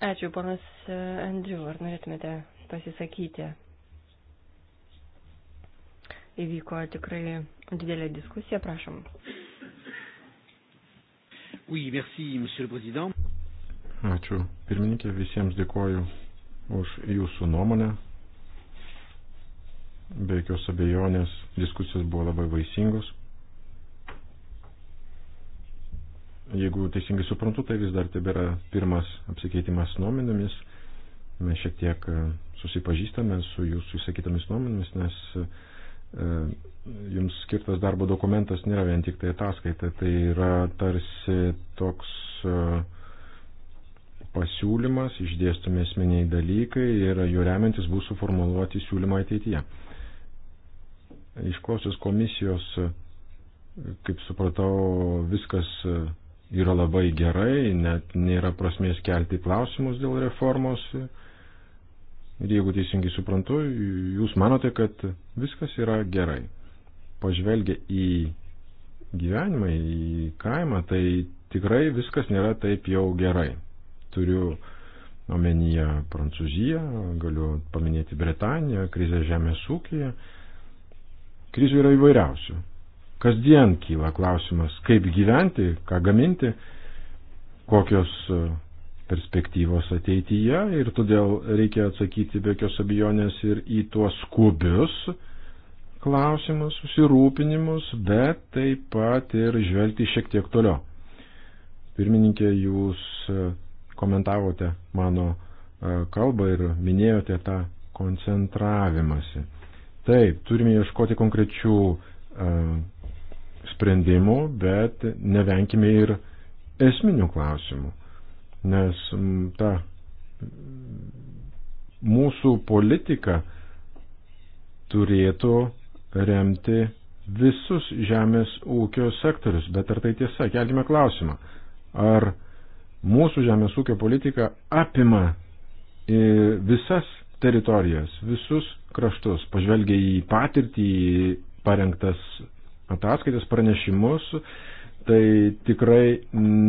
Ačiū, panas e, Andriu, ar norėtumėte pasisakyti? Įvyko tikrai didelė diskusija, prašom. Oui, merci, monsieur le président. Ačiū, pirmininkė, visiems dėkoju už jūsų nuomonę. Be jokios abejonės diskusijos buvo labai vaisingos. Jeigu teisingai suprantu, tai vis dar tebėra pirmas apsikeitimas nuomenėmis. Mes šiek tiek e, susipažįstame su jūsų įsakytomis nuomenėmis, nes e, jums skirtas darbo dokumentas nėra vien tik tai ataskaita, tai yra tarsi toks e, pasiūlymas, išdėstomi esminiai dalykai ir jų remiantis bus suformuoluoti siūlymą ateityje. Išklausius komisijos, kaip supratau, viskas yra labai gerai, net nėra prasmės kelti klausimus dėl reformos. Ir jeigu teisingai suprantu, jūs manote, kad viskas yra gerai. Pažvelgia į gyvenimą, į kaimą, tai tikrai viskas nėra taip jau gerai. Turiu omenyje Prancūziją, galiu paminėti Britaniją, krizę žemės ūkyje. Krizių yra įvairiausių kasdien kyla klausimas, kaip gyventi, ką gaminti, kokios e, perspektyvos ateityje ir todėl reikia atsakyti be jokios abejonės ir į tuos skubius klausimus, susirūpinimus, bet taip pat ir žvelgti šiek tiek toliau. Pirmininkė, jūs e, komentavote mano e, kalbą ir minėjote tą koncentravimąsi. Taip, turime ieškoti konkrečių sprendimų, bet nevenkime ir esminių klausimų, nes ta mūsų politika turėtų remti visus žemės ūkio sektorius, bet ar tai tiesa? Kelkime klausimą. Ar mūsų žemės ūkio politika apima e, visas teritorijas, visus kraštus, pažvelgia į patirtį, į parengtas ataskaitas, pranešimus, tai tikrai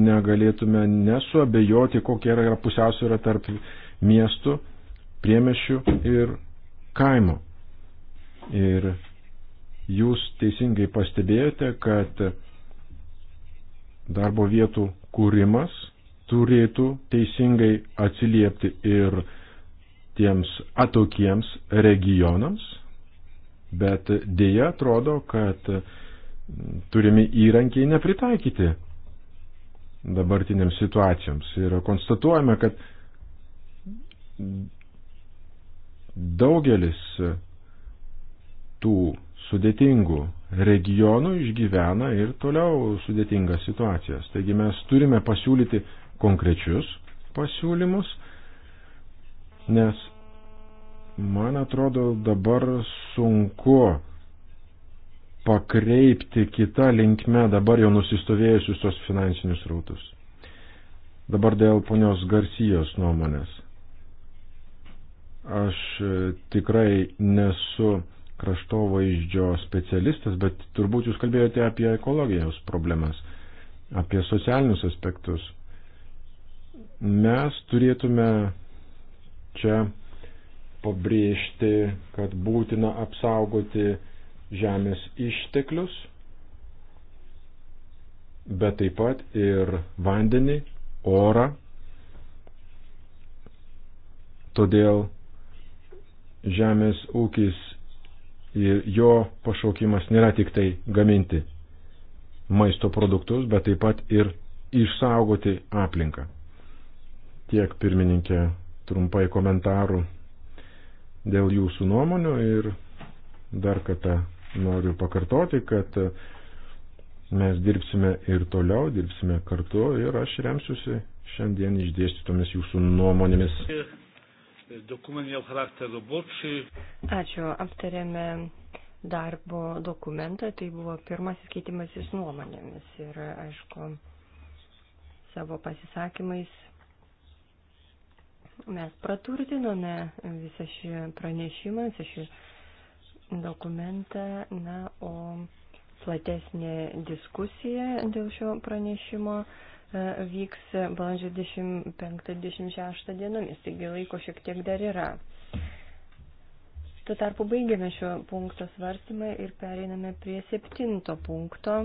negalėtume nesuabejoti, kokia yra, yra pusiausvyrą tarp miestų, priemešių ir kaimo. Ir jūs teisingai pastebėjote, kad darbo vietų kūrimas turėtų teisingai atsiliepti ir tiems atokiems regionams, bet dėja atrodo, kad turimi įrankiai nepritaikyti dabartiniams situacijoms. Ir konstatuojame, kad daugelis tų sudėtingų regionų išgyvena ir toliau sudėtingas situacijas. Taigi mes turime pasiūlyti konkrečius pasiūlymus, nes man atrodo dabar sunku pakreipti kitą linkme dabar jau nusistovėjusius tos finansinius rautus. Dabar dėl ponios Garcijos nuomonės. Aš e, tikrai nesu kraštovaizdžio specialistas, bet turbūt jūs kalbėjote apie ekologijos problemas, apie socialinius aspektus. Mes turėtume čia pabrėžti, kad būtina apsaugoti žemės išteklius, bet taip pat ir vandenį, orą. Todėl žemės ūkis ir jo pašaukimas nėra tik tai gaminti maisto produktus, bet taip pat ir išsaugoti aplinką. Tiek pirmininkė trumpai komentarų dėl jūsų nuomonių ir dar kartą noriu pakartoti, kad mes dirbsime ir toliau, dirbsime kartu ir aš remsiuosi šiandien išdėstytomis jūsų nuomonėmis. Ačiū, aptarėme darbo dokumentą, tai buvo pirmasis keitimasis nuomonėmis ir, aišku, savo pasisakymais mes praturtinome visą šį pranešimą, visą šį dokumentą, na, o platesnė diskusija dėl šio pranešimo e, vyks balandžio 25-26 dienomis, taigi laiko šiek tiek dar yra. Tuo tarpu baigėme šio punkto svarstymą ir pereiname prie septinto punkto.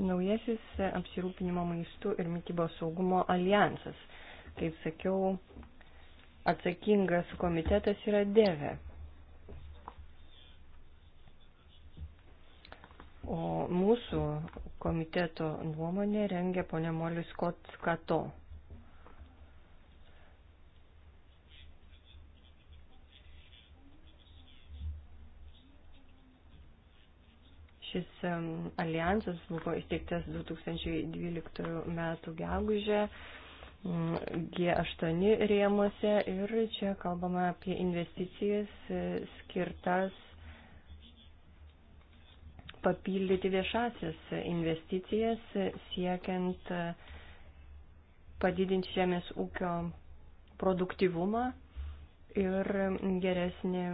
Naujasis apsirūpinimo maistų ir mytybos saugumo alijansas. Kaip sakiau, atsakingas komitetas yra DEVE. O mūsų komiteto nuomonė rengia ponė Molis Kotskato. Šis alijansas buvo įsteigtas 2012 m. gegužę G8 rėmose ir čia kalbama apie investicijas e, skirtas papildyti viešasias investicijas siekiant e, padidinti žemės ūkio produktivumą ir geresnį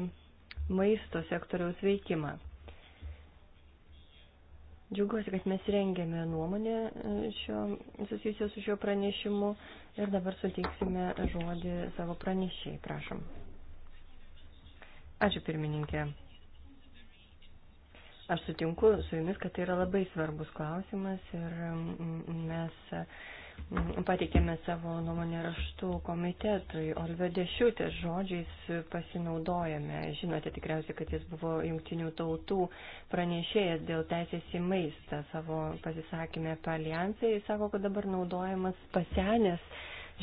maisto sektoriaus veikimą. Džiaugiuosi, kad mes rengėme nuomonę e, šio, susijusią su šiuo pranešimu ir dabar suteiksime žodį savo pranešiai. Prašom. Ačiū pirmininkė. Aš sutinku su jumis, kad tai yra labai svarbus klausimas ir mm, mes mm, pateikėme savo nuomonę raštų komitetui. Olve Dešiutės žodžiais pasinaudojame. Žinote tikriausiai, kad jis buvo jungtinių tautų pranešėjas dėl teisės į maistą. Savo pasisakymę apie alijansą jis sako, kad dabar naudojamas pasenęs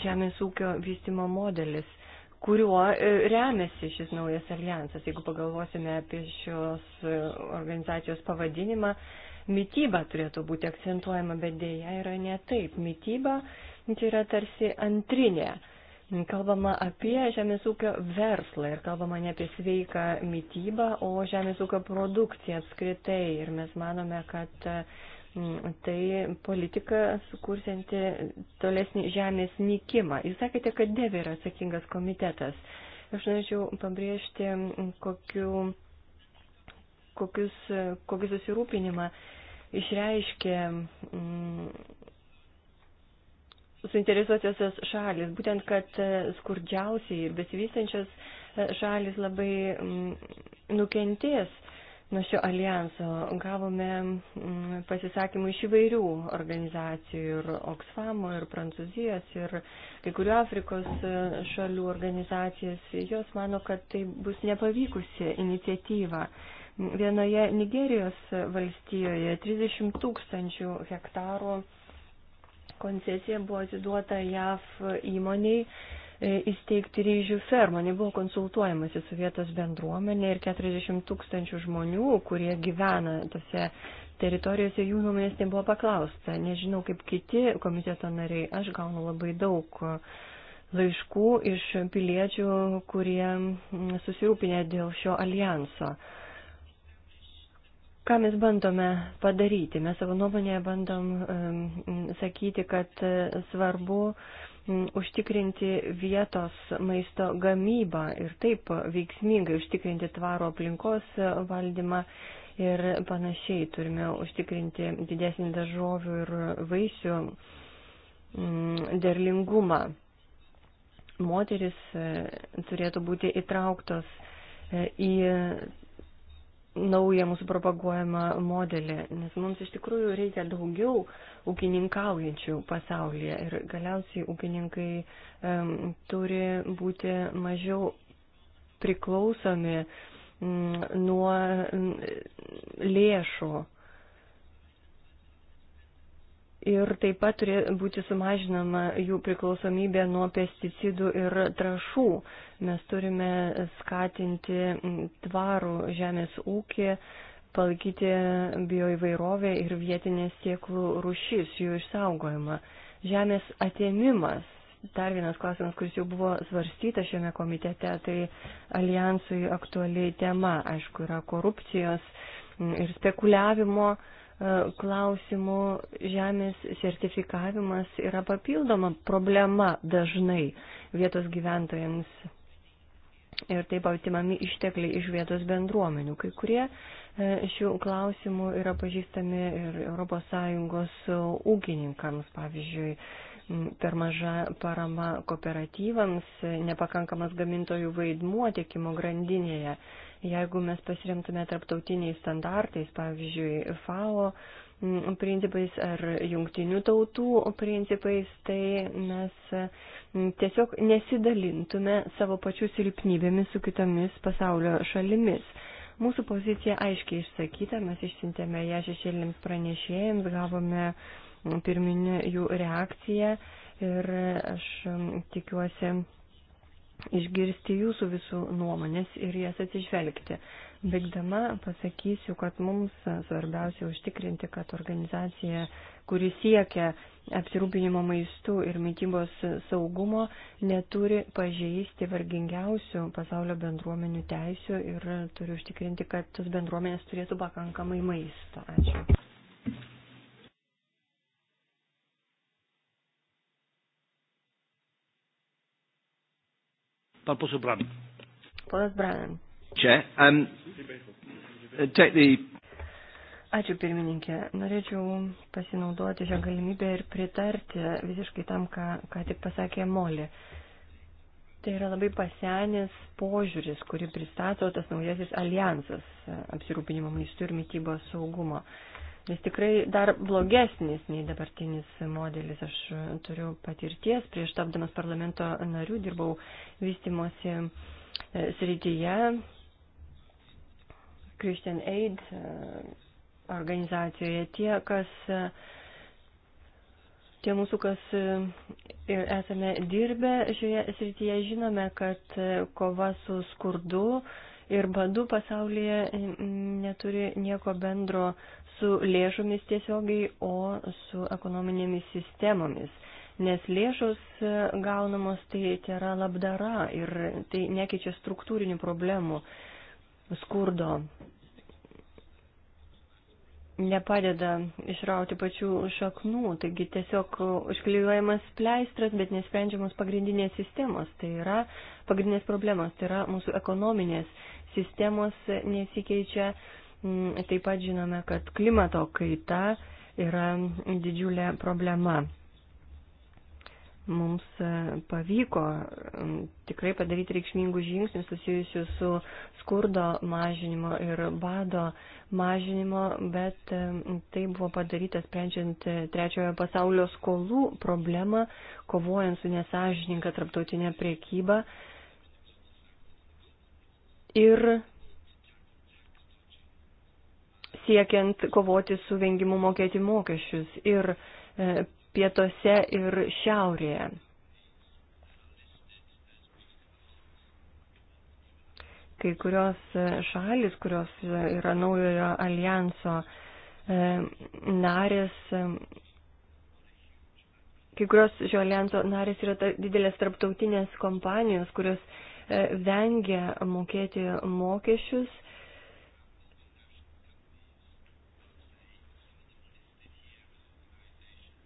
žemės ūkio vystimo modelis kuriuo e, remiasi šis naujas alijansas. Jeigu pagalvosime apie šios e, organizacijos pavadinimą, mytyba turėtų būti akcentuojama, bet dėja yra ne taip. Mytyba tai yra tarsi antrinė. Kalbama apie žemės ūkio verslą ir kalbama ne apie sveiką mytybą, o žemės ūkio produkciją apskritai. Ir mes manome, kad uh, Mm, tai politika sukursianti tolesnį žemės nykimą. Jūs sakėte, kad devė yra atsakingas komitetas. Aš norėčiau pabrėžti, mm, kokiu, kokius, kokį susirūpinimą išreiškė mm, suinteresuotėsios šalis. Būtent, kad e, skurdžiausiai ir besivystančios e, šalis labai mm, nukentės nuo šio alijanso. Gavome mm, pasisakymų iš įvairių organizacijų ir Oxfamo, ir Prancūzijos, ir kai kurių Afrikos e, šalių organizacijas. Jos mano, kad tai bus nepavykusi iniciatyva. Vienoje Nigerijos valstijoje 30 tūkstančių hektarų koncesija buvo atiduota JAF įmoniai E, įsteigti ryžių fermą. Nebuvo konsultuojamasi su vietos bendruomenė ir 40 tūkstančių žmonių, kurie gyvena tose teritorijose, jų nuomonės nebuvo paklausta. Nežinau, kaip kiti komiteto nariai, aš gaunu labai daug e, laiškų iš piliečių, kurie susirūpinę dėl šio alijanso. Ką mes bandome padaryti? Mes savo nuomonėje bandom um, sakyti, kad svarbu uh, užtikrinti vietos maisto gamybą ir taip veiksmingai užtikrinti tvaro aplinkos valdymą ir panašiai. Turime užtikrinti didesnį daržovių ir vaisių derlingumą. Moteris e, turėtų būti įtrauktos e, į naują mūsų propaguojamą modelį, nes mums iš tikrųjų reikia daugiau ūkininkaujančių pasaulyje ir galiausiai ūkininkai um, turi būti mažiau priklausomi um, nuo um, lėšų ir taip pat turi būti sumažinama jų priklausomybė nuo pesticidų ir trašų. Mes turime skatinti tvarų žemės ūkį, palaikyti bioįvairovę ir vietinės sieklų rušys, jų išsaugojimą. Žemės atėmimas. Dar vienas klausimas, kuris jau buvo svarstyta šiame komitete, tai alijansui aktualiai tema, aišku, yra korupcijos ir spekuliavimo uh, E, klausimų žemės sertifikavimas yra papildoma problema dažnai vietos gyventojams. Ir taip atimami ištekliai iš vietos bendruomenių. Kai kurie e, šių klausimų yra pažįstami ir ES ūkininkams, pavyzdžiui, per maža parama kooperatyvams, nepakankamas gamintojų vaidmuo tiekimo grandinėje. Jeigu mes pasiremtume tarptautiniais standartais, pavyzdžiui, FAO mm, principais ar jungtinių tautų principais, tai mes mm, tiesiog nesidalintume savo pačių silpnybėmis su kitomis pasaulio šalimis. Mūsų pozicija aiškiai išsakyta, mes išsintėme ją šešėlėms pranešėjams, gavome uh, pirminė jų reakcija ir aš tikiuosi išgirsti jūsų visų nuomonės ir jas atsižvelgti. Baigdama pasakysiu, kad mums svarbiausia užtikrinti, kad organizacija, kuri siekia apsirūpinimo maistų ir mytybos saugumo, neturi pažeisti vargingiausių pasaulio bendruomenių teisių ir turi užtikrinti, kad tos bendruomenės turėtų pakankamai maisto. Ačiū. Pan poseł Bran. Ponas Branan. Čia. Um, take the... Ačiū pirmininkė. Norėčiau pasinaudoti šią galimybę ir pritarti visiškai tam, ką, ką tik pasakė Moli. Tai yra labai pasenęs požiūris, kurį pristato tas naujasis alijansas e, apsirūpinimo maistų ir mytybos saugumo. Uh, jis tikrai dar blogesnis nei dabartinis modelis. Aš turiu patirties, prieš tapdamas parlamento narių dirbau vystimosi e, srityje Christian Aid e, organizacijoje. Tie, kas, e, tie mūsų, kas ir esame dirbę šioje srityje, žinome, kad kova su skurdu ir badu pasaulyje neturi nieko bendro su lėšomis tiesiogiai, o su ekonominėmis sistemomis. Nes lėšos e, gaunamos tai, tai yra labdara ir tai nekeičia struktūrinių problemų, skurdo, nepadeda išrauti pačių šaknų, taigi tiesiog užklijuojamas pleistras, bet nesprendžiamos pagrindinės sistemos, tai yra pagrindinės problemos, tai yra mūsų ekonominės sistemos nesikeičia Mm, taip pat žinome, kad klimato kaita yra didžiulė problema. Mums e, pavyko mm, tikrai padaryti reikšmingų žingsnių susijusių su skurdo mažinimo ir bado mažinimo, bet e, tai buvo padaryta sprendžiant e, trečiojo pasaulio skolų problemą, kovojant su nesažininka traptautinė priekyba. Ir siekiant kovoti su vengimu mokėti mokesčius ir e, pietuose ir šiaurėje. Kai kurios e, šalis, kurios e, yra naujojo alijanso narės, kai kurios šio alijanso narės yra ta, didelės tarptautinės kompanijos, kurios vengia mokėti mokesčius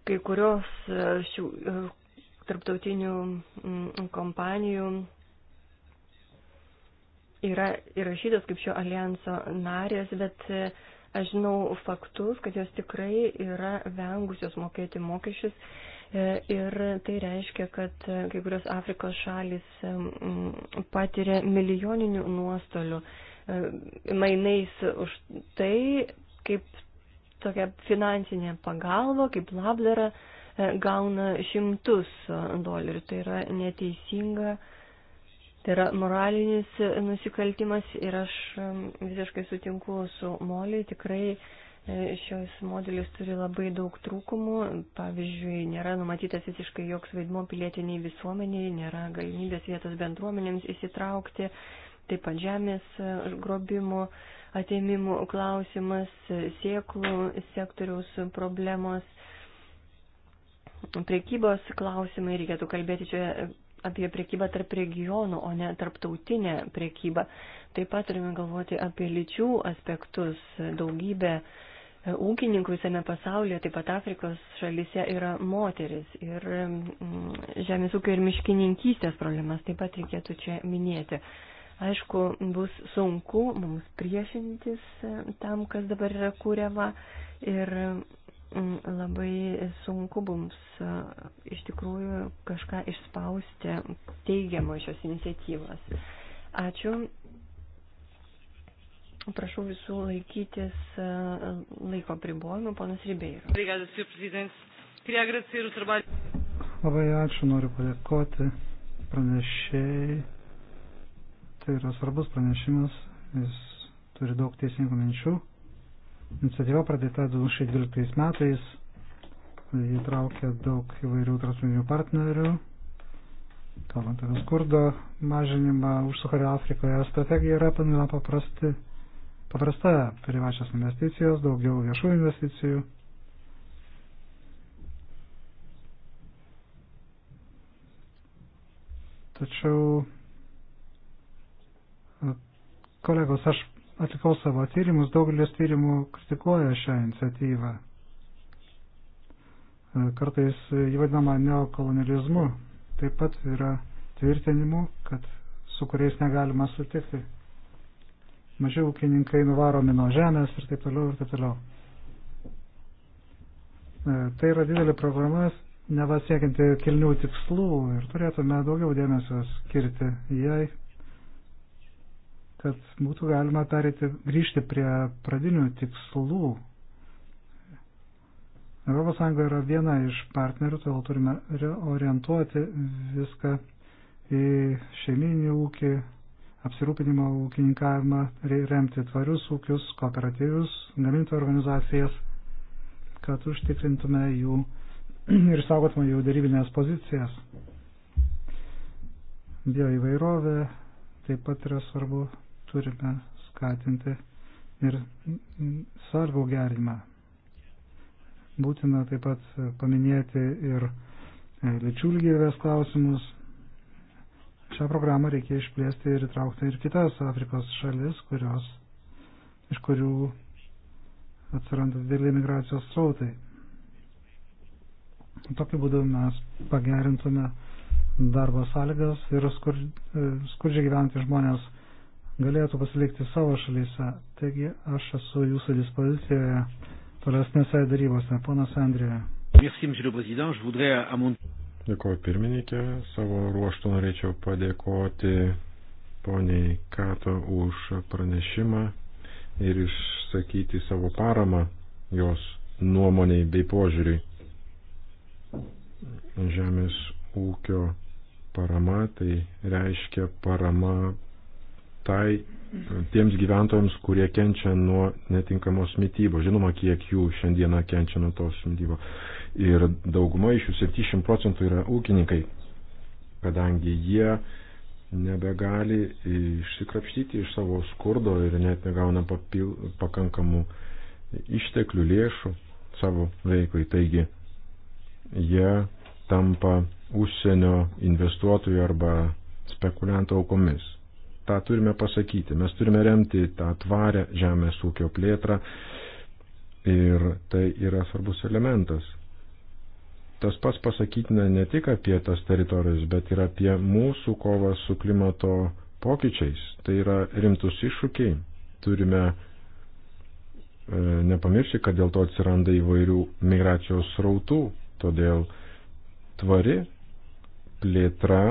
Kai kurios e, šių e, tarptautinių mm, kompanijų yra įrašytos kaip šio alijanso narės, bet e, aš žinau faktus, kad jos tikrai yra vengusios mokėti mokesčius. Ir tai reiškia, kad kai kurios Afrikos šalis patiria milijoninių nuostolių mainais už tai, kaip tokią finansinę pagalbą, kaip labdarą, e, gauna šimtus dolerių. Tai yra neteisinga, tai yra moralinis nusikaltimas ir aš e, visiškai sutinku su Moliai, tikrai e, šios modelis turi labai daug trūkumų. Pavyzdžiui, nėra numatytas visiškai joks vaidmo pilietiniai visuomeniai, nėra galimybės vietos bendruomenėms įsitraukti, taip pat žemės grobimo atėmimų klausimas, sieklų sektoriaus problemos, priekybos klausimai, reikėtų kalbėti čia apie priekybą tarp regionų, o ne tarptautinę priekybą. Taip pat turime galvoti apie lyčių aspektus. Daugybė ūkininkų visame pasaulyje, taip pat Afrikos šalyse yra moteris ir mm, žemės ūkio ir miškininkystės problemas taip pat reikėtų čia minėti. Aišku, bus sunku mums priešintis e, tam, kas dabar yra kūriama ir labai sunku mums e, iš tikrųjų kažką išspausti teigiamo šios iniciatyvos. Ačiū. Prašau visų laikytis e, laiko pribojimų, ponas Ribeiro. Labai ačiū, noriu padėkoti pranešėjai Tai yra svarbus pranešimas, jis turi daug teisingų minčių. Iniciatyva pradėta 2012 metais, jį traukia daug įvairių transminių partnerių, kalbant apie skurdo mažinimą užsukario Afrikoje. Strategija yra panina paprasti, paprasta privačios investicijos, daugiau viešų investicijų. Tačiau Kolegos, aš atlikau savo tyrimus, daugelis tyrimų kritikuoja šią iniciatyvą. E, kartais jį vadinama neokolonializmu. Taip pat yra tvirtinimų, kad su kuriais negalima sutikti. Mažiau ūkininkai nuvaromi nuo žemės ir taip toliau ir taip toliau. E, tai yra didelė problema, neva siekinti kilnių tikslų ir turėtume daugiau dėmesio skirti jai kad būtų galima perėti, grįžti prie pradinių tikslų. ES yra viena iš partnerių, todėl turime orientuoti viską į šeiminį ūkį, apsirūpinimo ūkininkavimą, remti tvarius ūkius, kooperatyvius, gamintojų organizacijas, kad užtikrintume jų ir saugotume jų darybinės pozicijas. Bioįvairovė taip pat yra svarbu turime skatinti ir sarvų gerimą. Būtina taip pat paminėti ir e, lyčių lygybės klausimus. Šią programą reikia išplėsti ir įtraukti ir kitas Afrikos šalis, kurios, iš kurių atsiranda dideli migracijos srautai. Tokiu būdu mes pagerintume darbo sąlygas ir skur, e, skurdžiai gyventi žmonės galėtų pasilikti savo šalyse. Taigi aš esu jūsų dispozicijoje tolesnėse darybose. Ponas Andrėja. Dėkuoju pirmininkė, savo ruoštų norėčiau padėkoti poniai Kato už pranešimą ir išsakyti savo paramą jos nuomoniai bei požiūriui. Žemės ūkio parama tai reiškia parama tai e, tiems gyventojams, kurie kenčia nuo netinkamos mytybos. Žinoma, kiek jų šiandieną kenčia nuo tos mytybos. Ir dauguma iš jų 70 procentų yra ūkininkai, kadangi jie nebegali išsikrapštyti iš savo skurdo ir net negauna papil, pakankamų išteklių lėšų savo veiklai. Taigi jie tampa užsienio investuotojų arba spekuliantų aukomis tą turime pasakyti. Mes turime remti tą tvarę žemės ūkio plėtrą ir tai yra svarbus elementas. Tas pas pasakytina ne tik apie tas teritorijas, bet ir apie mūsų kovą su klimato pokyčiais. Tai yra rimtus iššūkiai. Turime e, nepamiršti, kad dėl to atsiranda įvairių migracijos srautų. Todėl tvari plėtra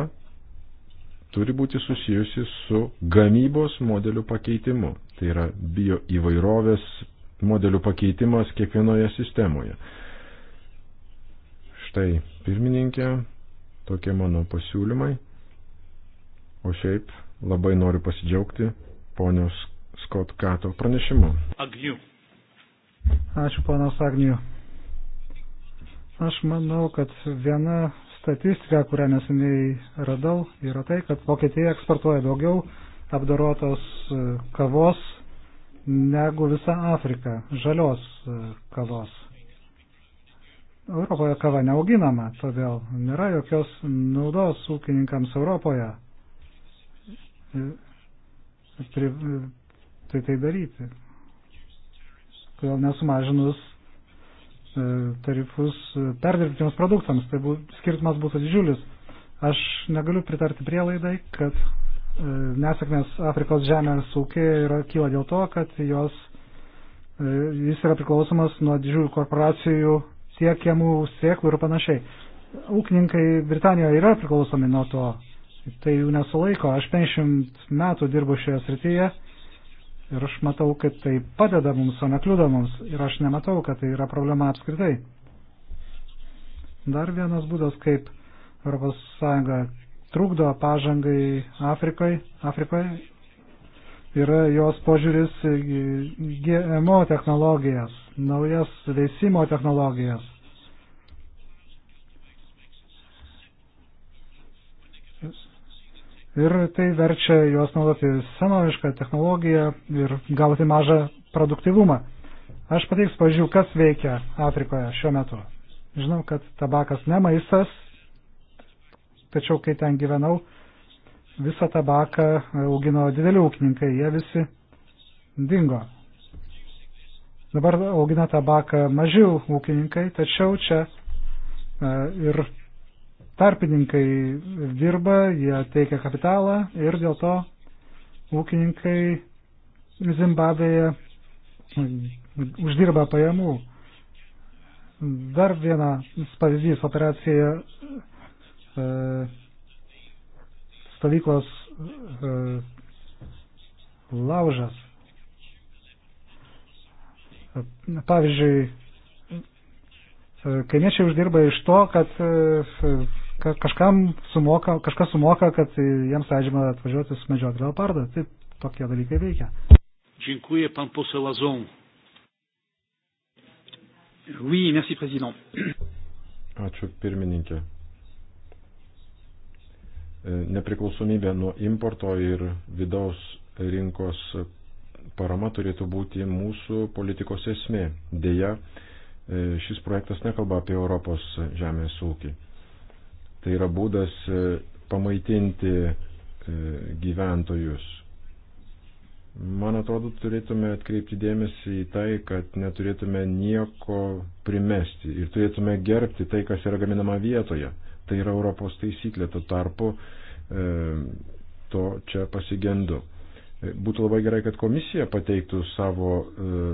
turi būti susijusi su gamybos modelių pakeitimu. Tai yra bio įvairovės modelių pakeitimas kiekvienoje sistemoje. Štai pirmininkė, tokie mano pasiūlymai. O šiaip labai noriu pasidžiaugti ponios Scott Kato pranešimu. Agniu. Ačiū, ponas Agniu. Aš manau, kad viena statistika, kurią neseniai radau, yra tai, kad Vokietija eksportuoja daugiau apdorotos e, kavos negu visa Afrika, žalios e, kavos. Europoje kava neauginama, todėl nėra jokios naudos ūkininkams Europoje e, tai tai daryti. Kodėl nesumažinus E, tarifus e, perdirbtiniams produktams. Tai bū, skirtumas būtų didžiulis. Aš negaliu pritarti prielaidai, kad e, nesėkmės Afrikos žemės ūkiai kyla dėl to, kad jos, jis yra priklausomas nuo didžiųjų korporacijų tiekiamų sėklų ir panašiai. Ūkininkai Britanijoje yra priklausomi nuo to, tai jų nesulaiko. Aš 50 metų dirbu šioje srityje Ir aš matau, kad tai padeda mums, o nekliuda mums. Ir aš nematau, kad tai yra problema apskritai. Dar vienas būdas, kaip ES trukdo pažangai Afrikoje, Afrikoje yra jos požiūris į GMO technologijas, naujas veisimo technologijas. ir tai verčia juos naudoti senovišką technologiją ir gauti mažą produktivumą. Aš pateiksiu pažiūrėjau, kas veikia Afrikoje šiuo metu. Žinau, kad tabakas ne maistas, tačiau kai ten gyvenau, visą tabaką augino dideli ūkininkai, jie visi dingo. Dabar augina tabaką mažiau ūkininkai, tačiau čia e, ir tarpininkai dirba, jie teikia kapitalą ir dėl to ūkininkai Zimbabvėje uždirba pajamų. Dar vienas pavyzdys operacija e, stovyklos e, laužas. Pavyzdžiui, e, kaimiečiai uždirba iš to, kad e, kažkam sumoka, kažkas sumoka, kad jiems leidžiama atvažiuoti sumedžioti leopardą. Taip, tokie dalykai veikia. Dziękuję, pan poseł Lazon. Oui, merci, président. Ačiū, pirmininkė. E, nepriklausomybė nuo importo ir vidaus rinkos parama turėtų būti mūsų politikos esmė. Deja, e, šis projektas nekalba apie Europos žemės ūkį. Tai yra būdas e, pamaitinti e, gyventojus. Man atrodo, turėtume atkreipti dėmesį į tai, kad neturėtume nieko primesti ir turėtume gerbti tai, kas yra gaminama vietoje. Tai yra Europos taisyklė, tuo tarpu e, to čia pasigendu. E, būtų labai gerai, kad komisija pateiktų savo e,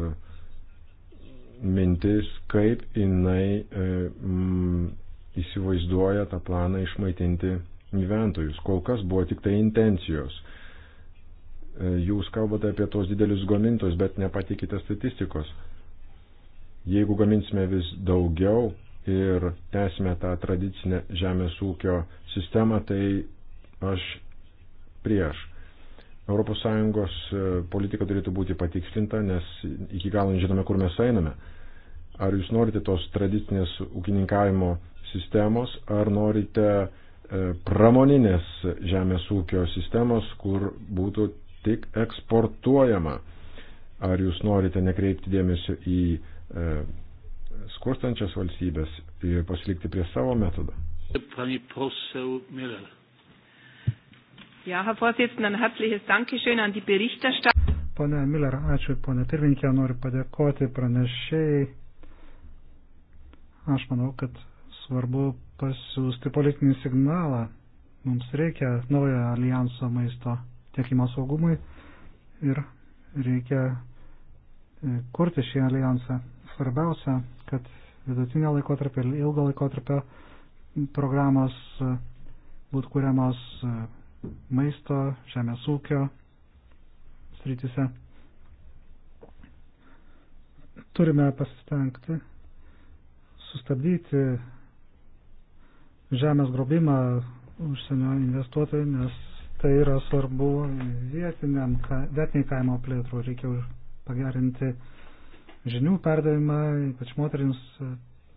mintis, kaip jinai e, m, įsivaizduoja tą planą išmaitinti gyventojus. Kol kas buvo tik tai intencijos. E, jūs kalbate apie tos didelius gamintojus, bet nepatikite statistikos. Jeigu gaminsime vis daugiau ir tęsime tą tradicinę žemės ūkio sistemą, tai aš prieš. ES e, politika turėtų būti patikslinta, nes iki galo nežinome, kur mes einame. Ar jūs norite tos tradicinės ūkininkavimo sistemos, ar norite e, pramoninės žemės ūkio sistemos, kur būtų tik eksportuojama. Ar jūs norite nekreipti dėmesio į e, skurstančias valstybės ir pasilikti prie savo metodo? Pani posel Miller. Ja, Herr Vorsitzender, ein herzliches Dankeschön an die Berichterstatter. Pone Miller, ačiū, pone pirmininkė, noriu padėkoti pranešėjai. Aš manau, kad svarbu pasiūsti politinį signalą. Mums reikia naujo alijanso maisto tiekimo saugumui ir reikia e, kurti šį alijansą. Svarbiausia, kad vidutinio laikotarpio ir ilgo laikotarpio programos e, būtų kuriamos e, maisto, žemės ūkio srityse. Turime pasistengti sustabdyti žemės grobimą užsienio investuotojai, nes tai yra svarbu vietiniam, vietiniai kaimo plėtro. Reikia pagerinti žinių perdavimą, ypač moterims.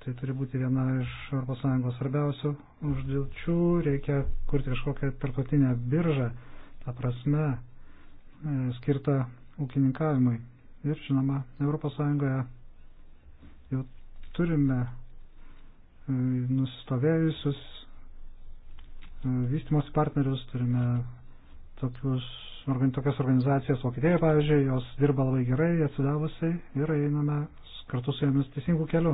Tai turi būti viena iš ES svarbiausių užduočių. Reikia kurti kažkokią tarptautinę biržą, tą prasme, e, skirtą ūkininkavimui. Ir žinoma, ES jau turime e, nusistovėjusius vystimos partnerius, turime tokius, tokias organizacijas Vokietijoje, pavyzdžiui, jos dirba labai gerai, atsidavusiai ir einame kartu su jomis teisingų kelių.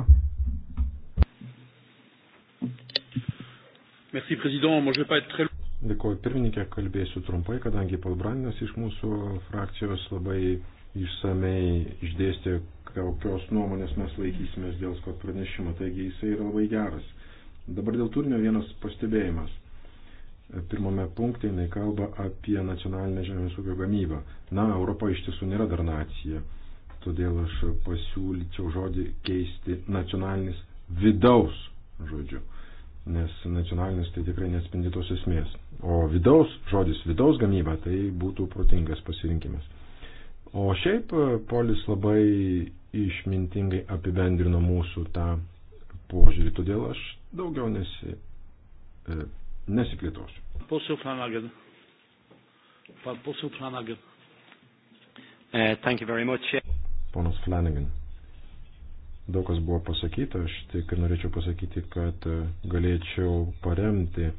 Merci, président. Moi, je vais pas être très... Dėkuoju pirmininkė, kalbėsiu trumpai, kadangi Palbraninas iš mūsų frakcijos labai išsamei išdėstė, kokios nuomonės mes laikysimės dėl skot pranešimo, taigi jisai yra labai geras. Dabar dėl turinio vienas pastebėjimas pirmame punkte jinai kalba apie nacionalinę žemės ūkio gamybą. Na, Europa iš tiesų nėra dar nacija, todėl aš pasiūlyčiau žodį keisti nacionalinis vidaus žodžiu, nes nacionalinis tai tikrai nespindi tos esmės. O vidaus žodis vidaus gamyba tai būtų protingas pasirinkimas. O šiaip e, polis labai išmintingai apibendrino mūsų tą požiūrį, todėl aš daugiau nesi e, nesiplėtosiu. Posu Flanagan. Posu Flanagan. E, Ponas Flanagan. Daug kas buvo pasakyta, aš tik norėčiau pasakyti, kad e, galėčiau paremti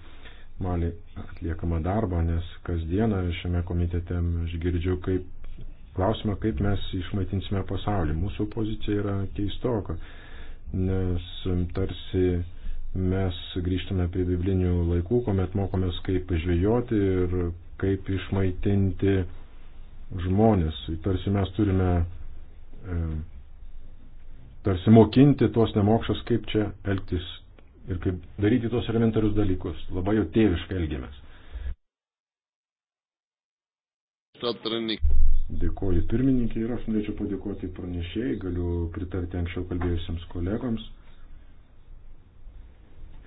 Mali atliekamą darbą, nes kasdieną šiame komitete aš girdžiu kaip klausimą, kaip mes išmaitinsime pasaulį. Mūsų pozicija yra keistoka, nes tarsi mes grįžtame prie biblinių laikų, kuomet mokomės, kaip žvejoti ir kaip išmaitinti žmonės. Tarsi mes turime e, tarsi mokinti tuos nemokšas, kaip čia elgtis ir kaip daryti tuos elementarius dalykus. Labai jau tėviškai elgiamės. Dėkoju pirmininkai ir aš norėčiau padėkoti pranešėjai, galiu pritarti anksčiau kalbėjusiems kolegoms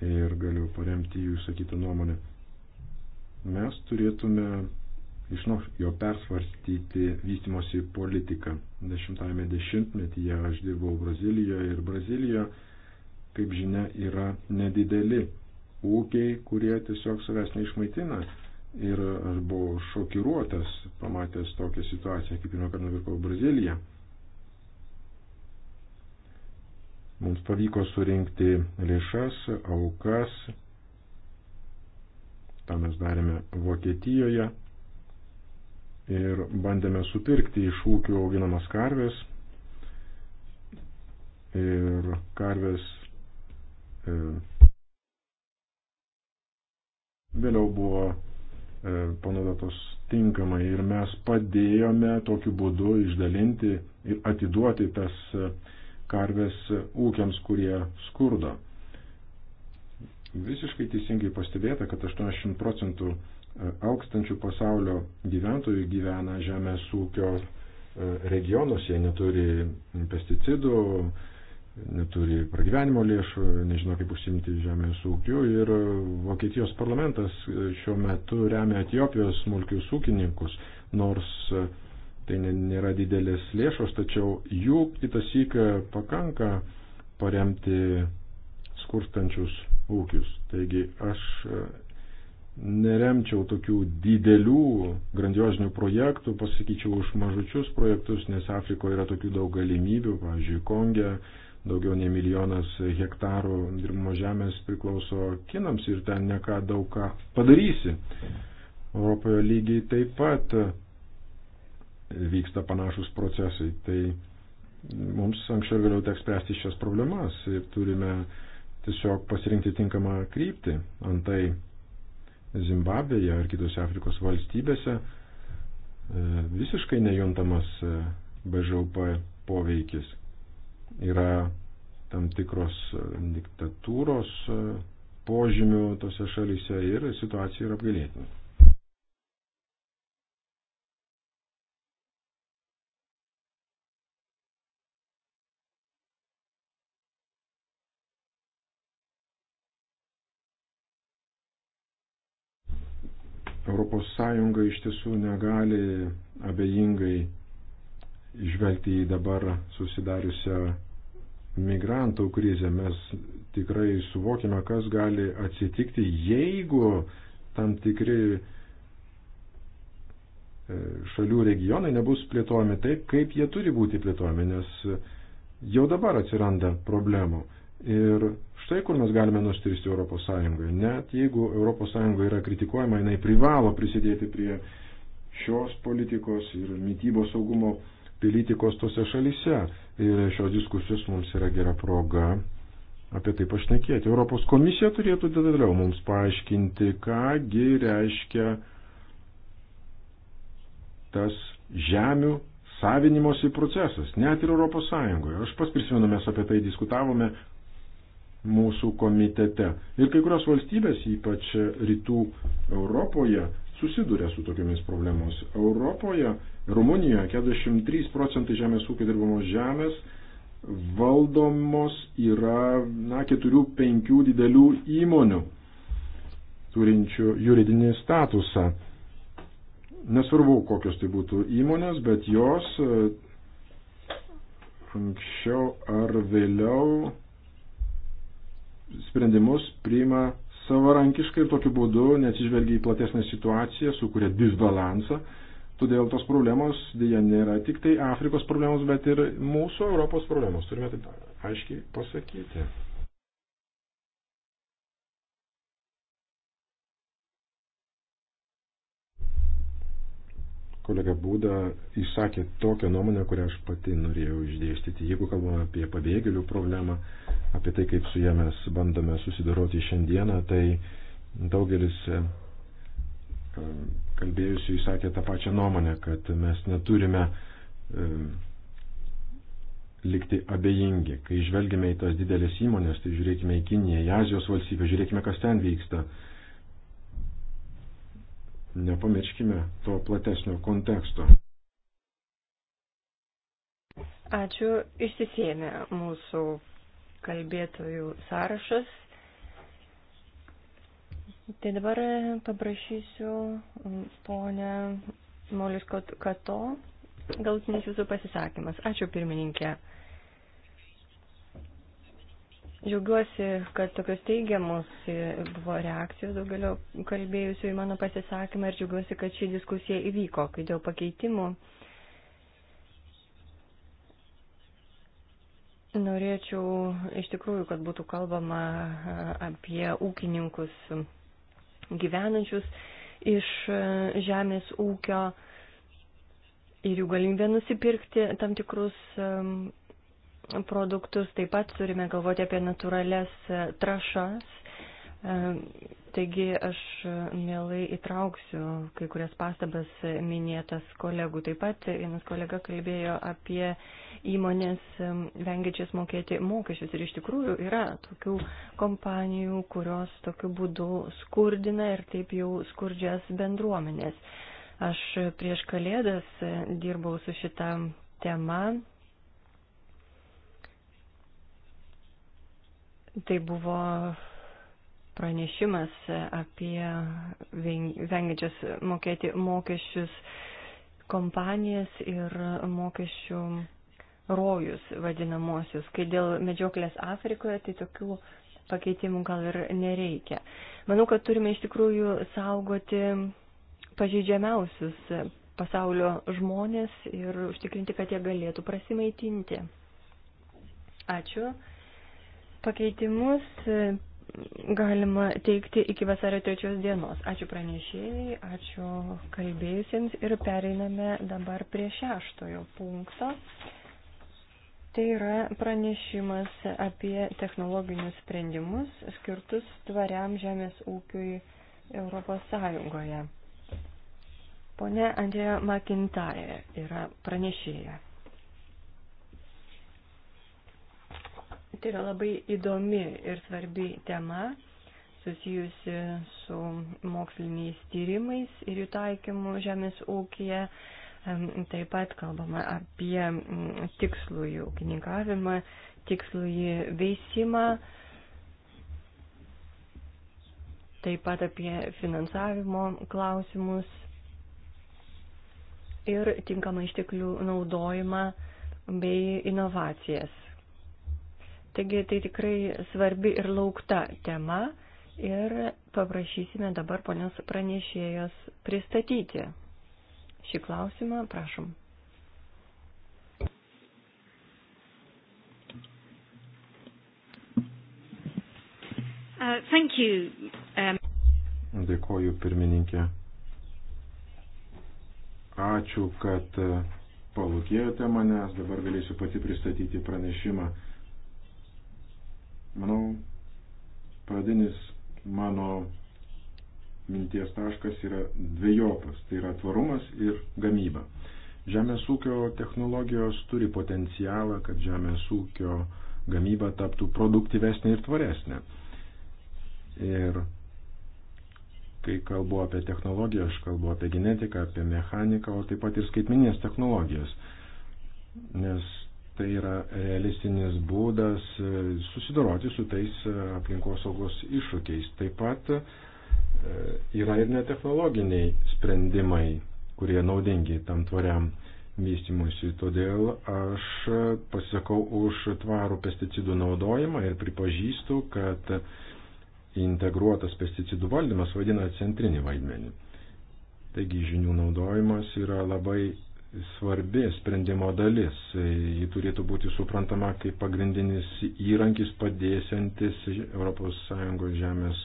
ir galiu paremti jų sakytą nuomonę. Mes turėtume iš naujo persvarstyti vystimosi politiką. Dešimtajame dešimtmetyje aš dirbau Brazilijoje ir Brazilija, kaip žinia, yra nedideli ūkiai, kurie tiesiog savęs neišmaitina. Ir aš buvau šokiruotas, pamatęs tokią situaciją, kaip pirmą kartą nuvykau Braziliją. Mums pavyko surinkti lėšas, aukas. Ta mes darėme Vokietijoje ir bandėme supirkti iš ūkių auginamas karvės. Ir karvės e, vėliau buvo e, panaudotos tinkamai ir mes padėjome tokiu būdu išdalinti ir atiduoti tas e, karvės ūkiams, kurie skurdo. Visiškai teisingai pastebėta, kad 80 procentų e, aukstančių pasaulio gyventojų gyvena žemės ūkio e, regionuose, jie neturi pesticidų, neturi pragyvenimo lėšų, nežino kaip užsimti žemės ūkiu ir Vokietijos parlamentas e, šiuo metu remia Etijopijos smulkius ūkininkus, nors Tai nėra didelės lėšos, tačiau jų kitas įk pakanka paremti skurstančius ūkius. Taigi aš e, neremčiau tokių didelių, grandiozinių projektų, pasakyčiau už mažučius projektus, nes Afrikoje yra tokių daug galimybių, pavyzdžiui, Konge daugiau nei milijonas hektarų dirbimo žemės priklauso kinams ir ten neką daug ką padarysi. Europoje lygiai taip pat vyksta panašus procesai. Tai mums anksčiau vėliau teks spręsti šias problemas ir turime tiesiog pasirinkti tinkamą kryptį. Antai Zimbabvėje ar kitose Afrikos valstybėse e, visiškai nejuntamas e, BŽUP poveikis. Yra tam tikros e, diktatūros požymių tose šalyse ir situacija yra apgailėtina. ES iš tiesų negali abejingai žvelgti į dabar susidariusią migrantų krizę. Mes tikrai suvokime, kas gali atsitikti, jeigu tam tikri e, šalių regionai nebus plėtojami taip, kaip jie turi būti plėtojami, nes jau dabar atsiranda problemų. Ir štai kur mes galime nustristi Europos Sąjungoje. Net jeigu Europos Sąjunga yra kritikuojama, jinai privalo prisidėti prie šios politikos ir mytybos saugumo politikos tose šalise. Ir šios diskusijos mums yra gera proga apie tai pašnekėti. Europos komisija turėtų detaliau mums paaiškinti, kągi reiškia tas žemių savinimosi procesas, net ir Europos Sąjungoje. Aš pats prisimenu, mes apie tai diskutavome mūsų komitete. Ir kai kurios valstybės, ypač rytų Europoje, susiduria su tokiamis problemos. Europoje, Rumunijoje 43 procentai žemės ūkio dirbamos žemės valdomos yra 4-5 didelių įmonių turinčių juridinį statusą. Nesvarbu, kokios tai būtų įmonės, bet jos e, anksčiau ar vėliau sprendimus priima savarankiškai ir tokiu būdu neatsižvelgia į platesnę situaciją, sukuria disbalansą. Todėl tos problemos dėja nėra tik tai Afrikos problemos, bet ir mūsų Europos problemos. Turime taip aiškiai pasakyti. kolega Būda išsakė tokią nuomonę, kurią aš pati norėjau išdėstyti. Jeigu kalbame apie pabėgėlių problemą, apie tai, kaip su ją mes bandome susidoroti šiandieną, tai daugelis um, kalbėjusių išsakė tą pačią nuomonę, kad mes neturime um, likti abejingi. Kai žvelgime į tas didelės įmonės, tai žiūrėkime į Kiniją, į Azijos valstybę, žiūrėkime, kas ten vyksta Nepamirškime to platesnio konteksto. Ačiū. Išsisėmė mūsų kalbėtojų sąrašas. Tai dabar paprašysiu ponę Molisko Kato galtinis jūsų pasisakymas. Ačiū pirmininkė. Džiaugiuosi, kad tokios teigiamos e, buvo reakcijos daugelio kalbėjusių į mano pasisakymą ir džiaugiuosi, kad ši diskusija įvyko, kai dėl pakeitimų norėčiau iš tikrųjų, kad būtų kalbama e, apie ūkininkus gyvenančius iš e, žemės ūkio ir jų galimybę nusipirkti tam tikrus produktus, taip pat turime galvoti apie natūrales e, trašas. E, taigi aš e, mielai įtrauksiu kai kurias pastabas minėtas kolegų. Taip pat vienas kolega kalbėjo apie įmonės vengiančias mokėti mokesčius. Ir iš tikrųjų yra tokių kompanijų, kurios tokiu būdu skurdina ir taip jau skurdžias bendruomenės. Aš prieš kalėdas dirbau su šitą temą Tai buvo pranešimas apie vengiančias mokėti mokesčius kompanijas ir mokesčių rojus vadinamosius. Kai dėl medžioklės Afrikoje, tai tokių pakeitimų gal ir nereikia. Manau, kad turime iš tikrųjų saugoti pažeidžiamiausius pasaulio žmonės ir užtikrinti, kad jie galėtų prasimaitinti. Ačiū. Pakeitimus e, galima teikti iki vasario trečios dienos. Ačiū pranešėjai, ačiū kalbėjusiems ir pereiname dabar prie šeštojo punkto. Tai yra pranešimas apie technologinius sprendimus skirtus tvariam žemės ūkiui Europos Sąjungoje. Pone Andrėja Makintarė yra pranešėja. Tai yra labai įdomi ir svarbi tema susijusi su moksliniais tyrimais ir jų taikymu žemės ūkija. Taip pat kalbama apie tikslųjų ūkininkavimą, tikslųjį veisimą, taip pat apie finansavimo klausimus ir tinkamą išteklių naudojimą bei inovacijas. Taigi tai tikrai svarbi ir laukta tema ir paprašysime dabar ponios pranešėjos pristatyti šį klausimą. Prašom. Uh, thank you. Um... Dėkoju pirmininkė. Ačiū, kad palūkėjote manęs. Dabar galėsiu pati pristatyti pranešimą. Uh, Manau, pradinis mano minties taškas yra dviejopas, tai yra tvarumas ir gamyba. Žemės ūkio technologijos turi potencialą, kad žemės ūkio gamyba taptų produktyvesnė ir tvaresnė. Ir kai kalbu apie technologiją, aš kalbu apie genetiką, apie mechaniką, o taip pat ir skaitminės technologijas. Nes Tai yra realistinis būdas e, susidoroti su tais e, aplinkosaugos iššūkiais. Taip pat e, yra ir netechnologiniai sprendimai, kurie naudingi tam tvariam vystimuisi. Todėl aš pasisakau už tvarų pesticidų naudojimą ir pripažįstu, kad integruotas pesticidų valdymas vadina centrinį vaidmenį. Taigi žinių naudojimas yra labai svarbi sprendimo dalis. Ji turėtų būti suprantama kaip pagrindinis įrankis padėsiantis ES žemės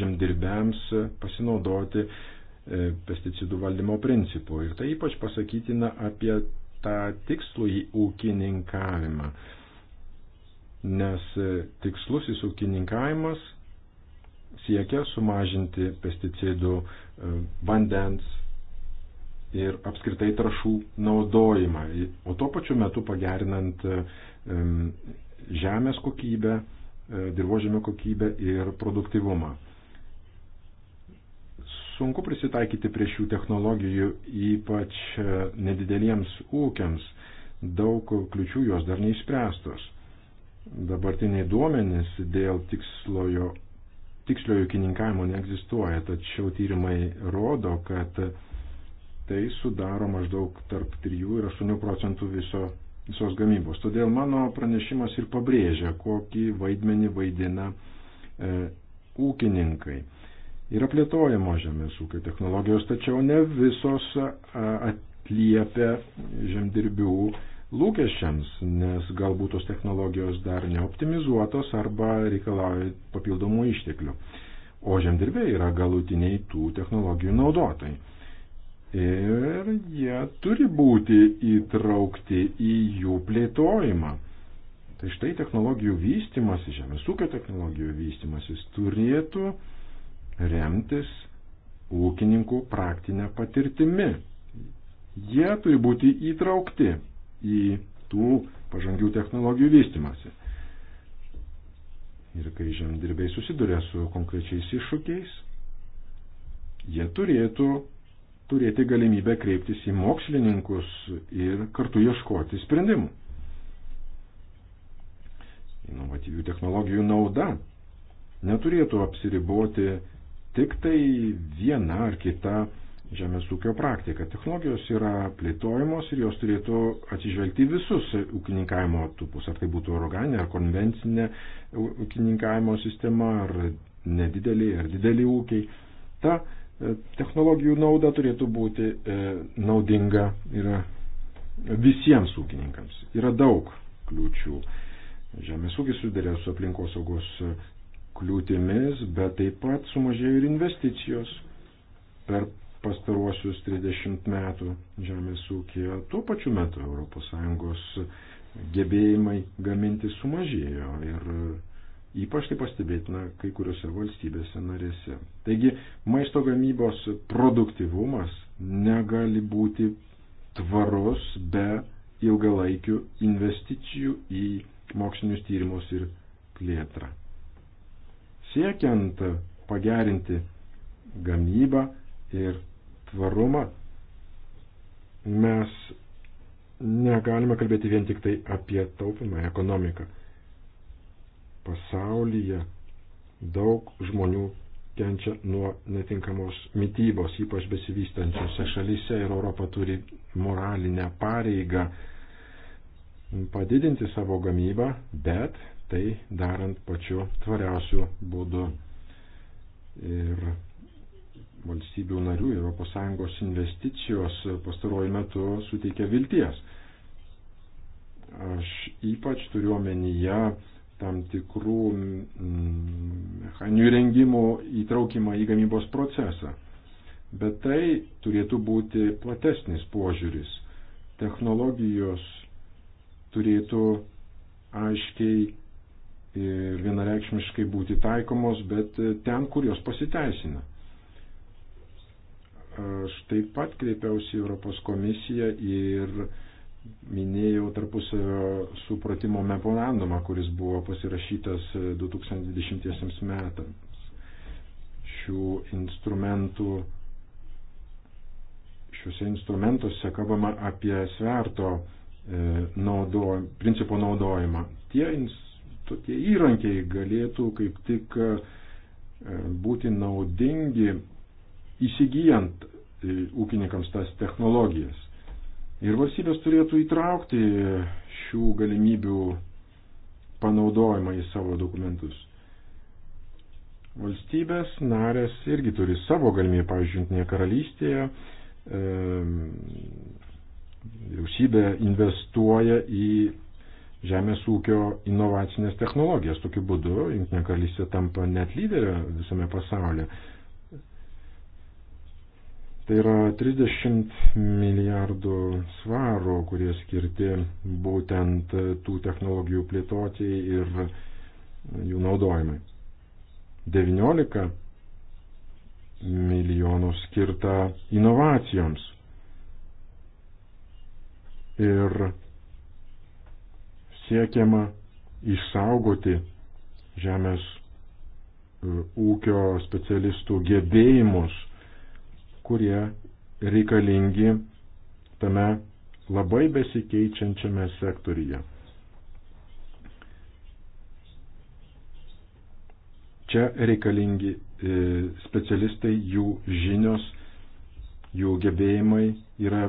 žemdirbiams pasinaudoti e, pesticidų valdymo principų. Ir tai ypač pasakytina apie tą tikslų į ūkininkavimą. Nes e, tikslusis ūkininkavimas siekia sumažinti pesticidų e, vandens, ir apskritai trašų naudojimą, o tuo pačiu metu pagerinant žemės kokybę, e, dirbožėmio kokybę ir produktivumą. Sunku prisitaikyti prie šių technologijų, ypač e, nedideliems ūkiams, daug kliučių jos dar neišspręstos. Dabartiniai duomenys dėl tiksliojo tiksliojo ūkininkavimo neegzistuoja, tačiau tyrimai rodo, kad tai sudaro maždaug tarp 3 ir 8 procentų viso, visos gamybos. Todėl mano pranešimas ir pabrėžia, kokį vaidmenį vaidina e, ūkininkai. Yra plėtojamo žemės ūkio technologijos, tačiau ne visos atliepia žemdirbių lūkesčiams, nes galbūt tos technologijos dar neoptimizuotos arba reikalauja papildomų išteklių. O žemdirbiai yra galutiniai tų technologijų naudotojai ir jie turi būti įtraukti į jų plėtojimą. Tai štai technologijų vystimas, žemės ūkio technologijų vystimas, jis turėtų remtis ūkininkų praktinę patirtimi. Jie turi būti įtraukti į tų pažangių technologijų vystimasi. Ir kai žemdirbiai susiduria su konkrečiais iššūkiais, jie turėtų turėti galimybę kreiptis į mokslininkus ir kartu ieškoti sprendimų. Inovatyvių technologijų nauda neturėtų apsiriboti tik tai viena ar kita žemės ūkio praktika. Technologijos yra plėtojamos ir jos turėtų atsižvelgti visus ūkininkavimo tupus, ar tai būtų organinė ar konvencinė ūkininkavimo sistema, ar nedideliai ar dideliai ūkiai. Ta E, technologijų nauda turėtų būti e, naudinga yra visiems ūkininkams. Yra daug kliūčių. Žemės ūkis sudarė su aplinkosaugos e, kliūtimis, bet taip pat sumažėjo ir investicijos per pastaruosius 30 metų žemės ūkija. Tuo pačiu metu ES gebėjimai gaminti sumažėjo ir Ypač tai pastebėtina kai kuriuose valstybėse narėse. Taigi maisto gamybos produktivumas negali būti tvarus be ilgalaikių investicijų į mokslinius tyrimus ir plėtrą. Siekiant pagerinti gamybą ir tvarumą, mes negalime kalbėti vien tik tai apie taupimą ekonomiką pasaulyje daug žmonių kenčia nuo netinkamos mytybos, ypač besivystančiose šalyse ir Europa turi moralinę pareigą padidinti savo gamybą, bet tai darant pačiu tvariausiu būdu. Ir valstybių narių ES investicijos pastaruoju metu suteikia vilties. Aš ypač turiu omenyje tam tikrų mechaninių įrengimų įtraukimą į gamybos procesą. Bet tai turėtų būti platesnis požiūris. Technologijos turėtų aiškiai ir vienareikšmiškai būti taikomos, bet ten, kur jos pasiteisina. Aš taip pat kreipiausi Europos komisiją ir minėjau tarpusavio supratimo memorandumą, kuris buvo pasirašytas 2020 e, metams. Šių instrumentų, šiuose instrumentuose kalbama apie sverto e, naudo, principo naudojimą. Tie, tie įrankiai galėtų kaip tik e, būti naudingi įsigijant ūkininkams tas technologijas. Ir valstybės turėtų įtraukti šių galimybių panaudojimą į savo dokumentus. Valstybės narės irgi turi savo galimybę, pavyzdžiui, Junktinėje karalystėje vyriausybė investuoja į žemės ūkio inovacinės technologijas. Tokiu būdu Junktinė karalystė tampa net lyderė visame pasaulyje. Tai yra 30 milijardų svarų, kurie skirti būtent tų technologijų plėtoti ir jų naudojimai. 19 milijonų skirta inovacijoms. Ir siekiama išsaugoti žemės e, ūkio specialistų gebėjimus kurie reikalingi tame labai besikeičiančiame sektoriuje. Čia reikalingi e, specialistai, jų žinios, jų gebėjimai yra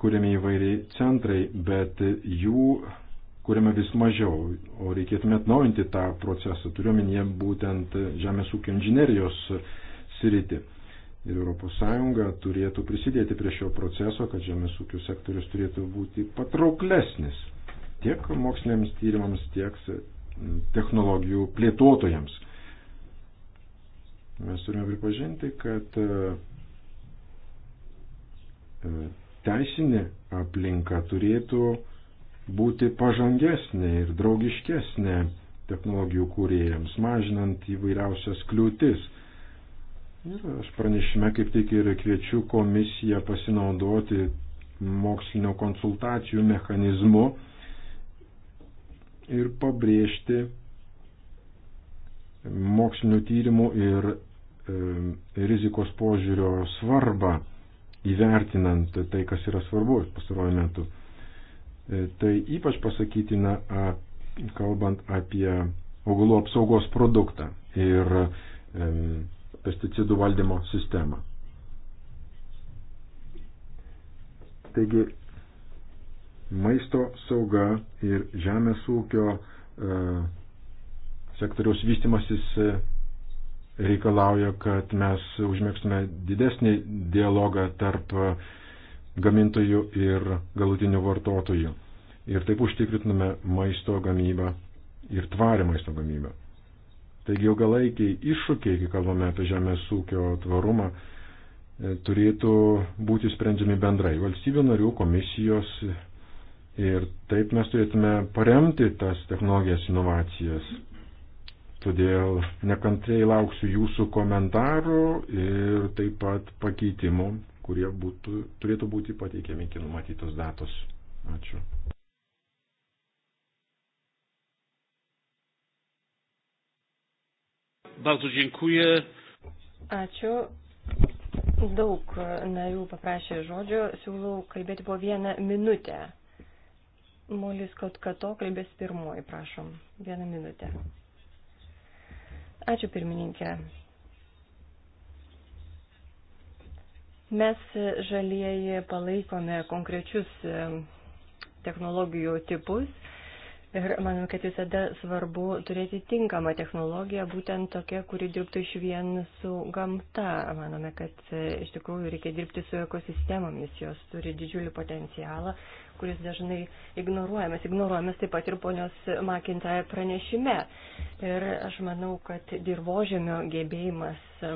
kuriami įvairiai centrai, bet jų kuriame vis mažiau, o reikėtume atnaujinti tą procesą, turiuomenė būtent žemės ūkio inžinerijos sritį ir ES turėtų prisidėti prie šio proceso, kad žemės ūkio sektorius turėtų būti patrauklesnis tiek moksliniams tyrimams, tiek technologijų plėtotojams. Mes turime pripažinti, kad e, e, teisinė aplinka turėtų būti pažangesnė ir draugiškesnė technologijų kūrėjams, mažinant įvairiausias kliūtis Ir aš pranešime kaip tik ir kviečiu komisiją pasinaudoti mokslinio konsultacijų mechanizmu ir pabrėžti mokslinių tyrimų ir e, rizikos požiūrio svarbą įvertinant tai, kas yra svarbu pastaruoju metu. E, tai ypač pasakytina, a, kalbant apie augalų apsaugos produktą ir e, pesticidų valdymo sistemą. Taigi, maisto sauga ir žemės ūkio e, sektoriaus vystimasis e, reikalauja, kad mes užmėgstume didesnį dialogą tarp e, gamintojų ir galutinių vartotojų. Ir taip užtikrintume maisto gamybą ir tvarę maisto gamybą. Taigi ilgalaikiai iššūkiai, kai kalbame apie žemės ūkio tvarumą, e, turėtų būti sprendžiami bendrai valstybių narių komisijos ir taip mes turėtume paremti tas technologijas inovacijas. Todėl nekantriai lauksiu jūsų komentarų ir taip pat pakeitimų, kurie būtų, turėtų būti pateikiami iki numatytos datos. Ačiū. Bardzo dziękuję. Ačiū. Daug narių paprašė žodžio. Siūlau kalbėti po vieną minutę. Molis Kotkato kalbės pirmoji, prašom. Vieną minutę. Ačiū pirmininkė. Mes žalieji palaikome konkrečius e, technologijų tipus Ir manau, kad visada svarbu turėti tinkamą technologiją, būtent tokia, kuri dirbtų iš vien su gamta. Manome, kad e, iš tikrųjų reikia dirbti su ekosistemomis, jos turi didžiulį potencialą, kuris dažnai ignoruojamas. Ignoruojamas taip pat ir ponios Makintaja pranešime. Ir aš manau, kad dirbožėmio gebėjimas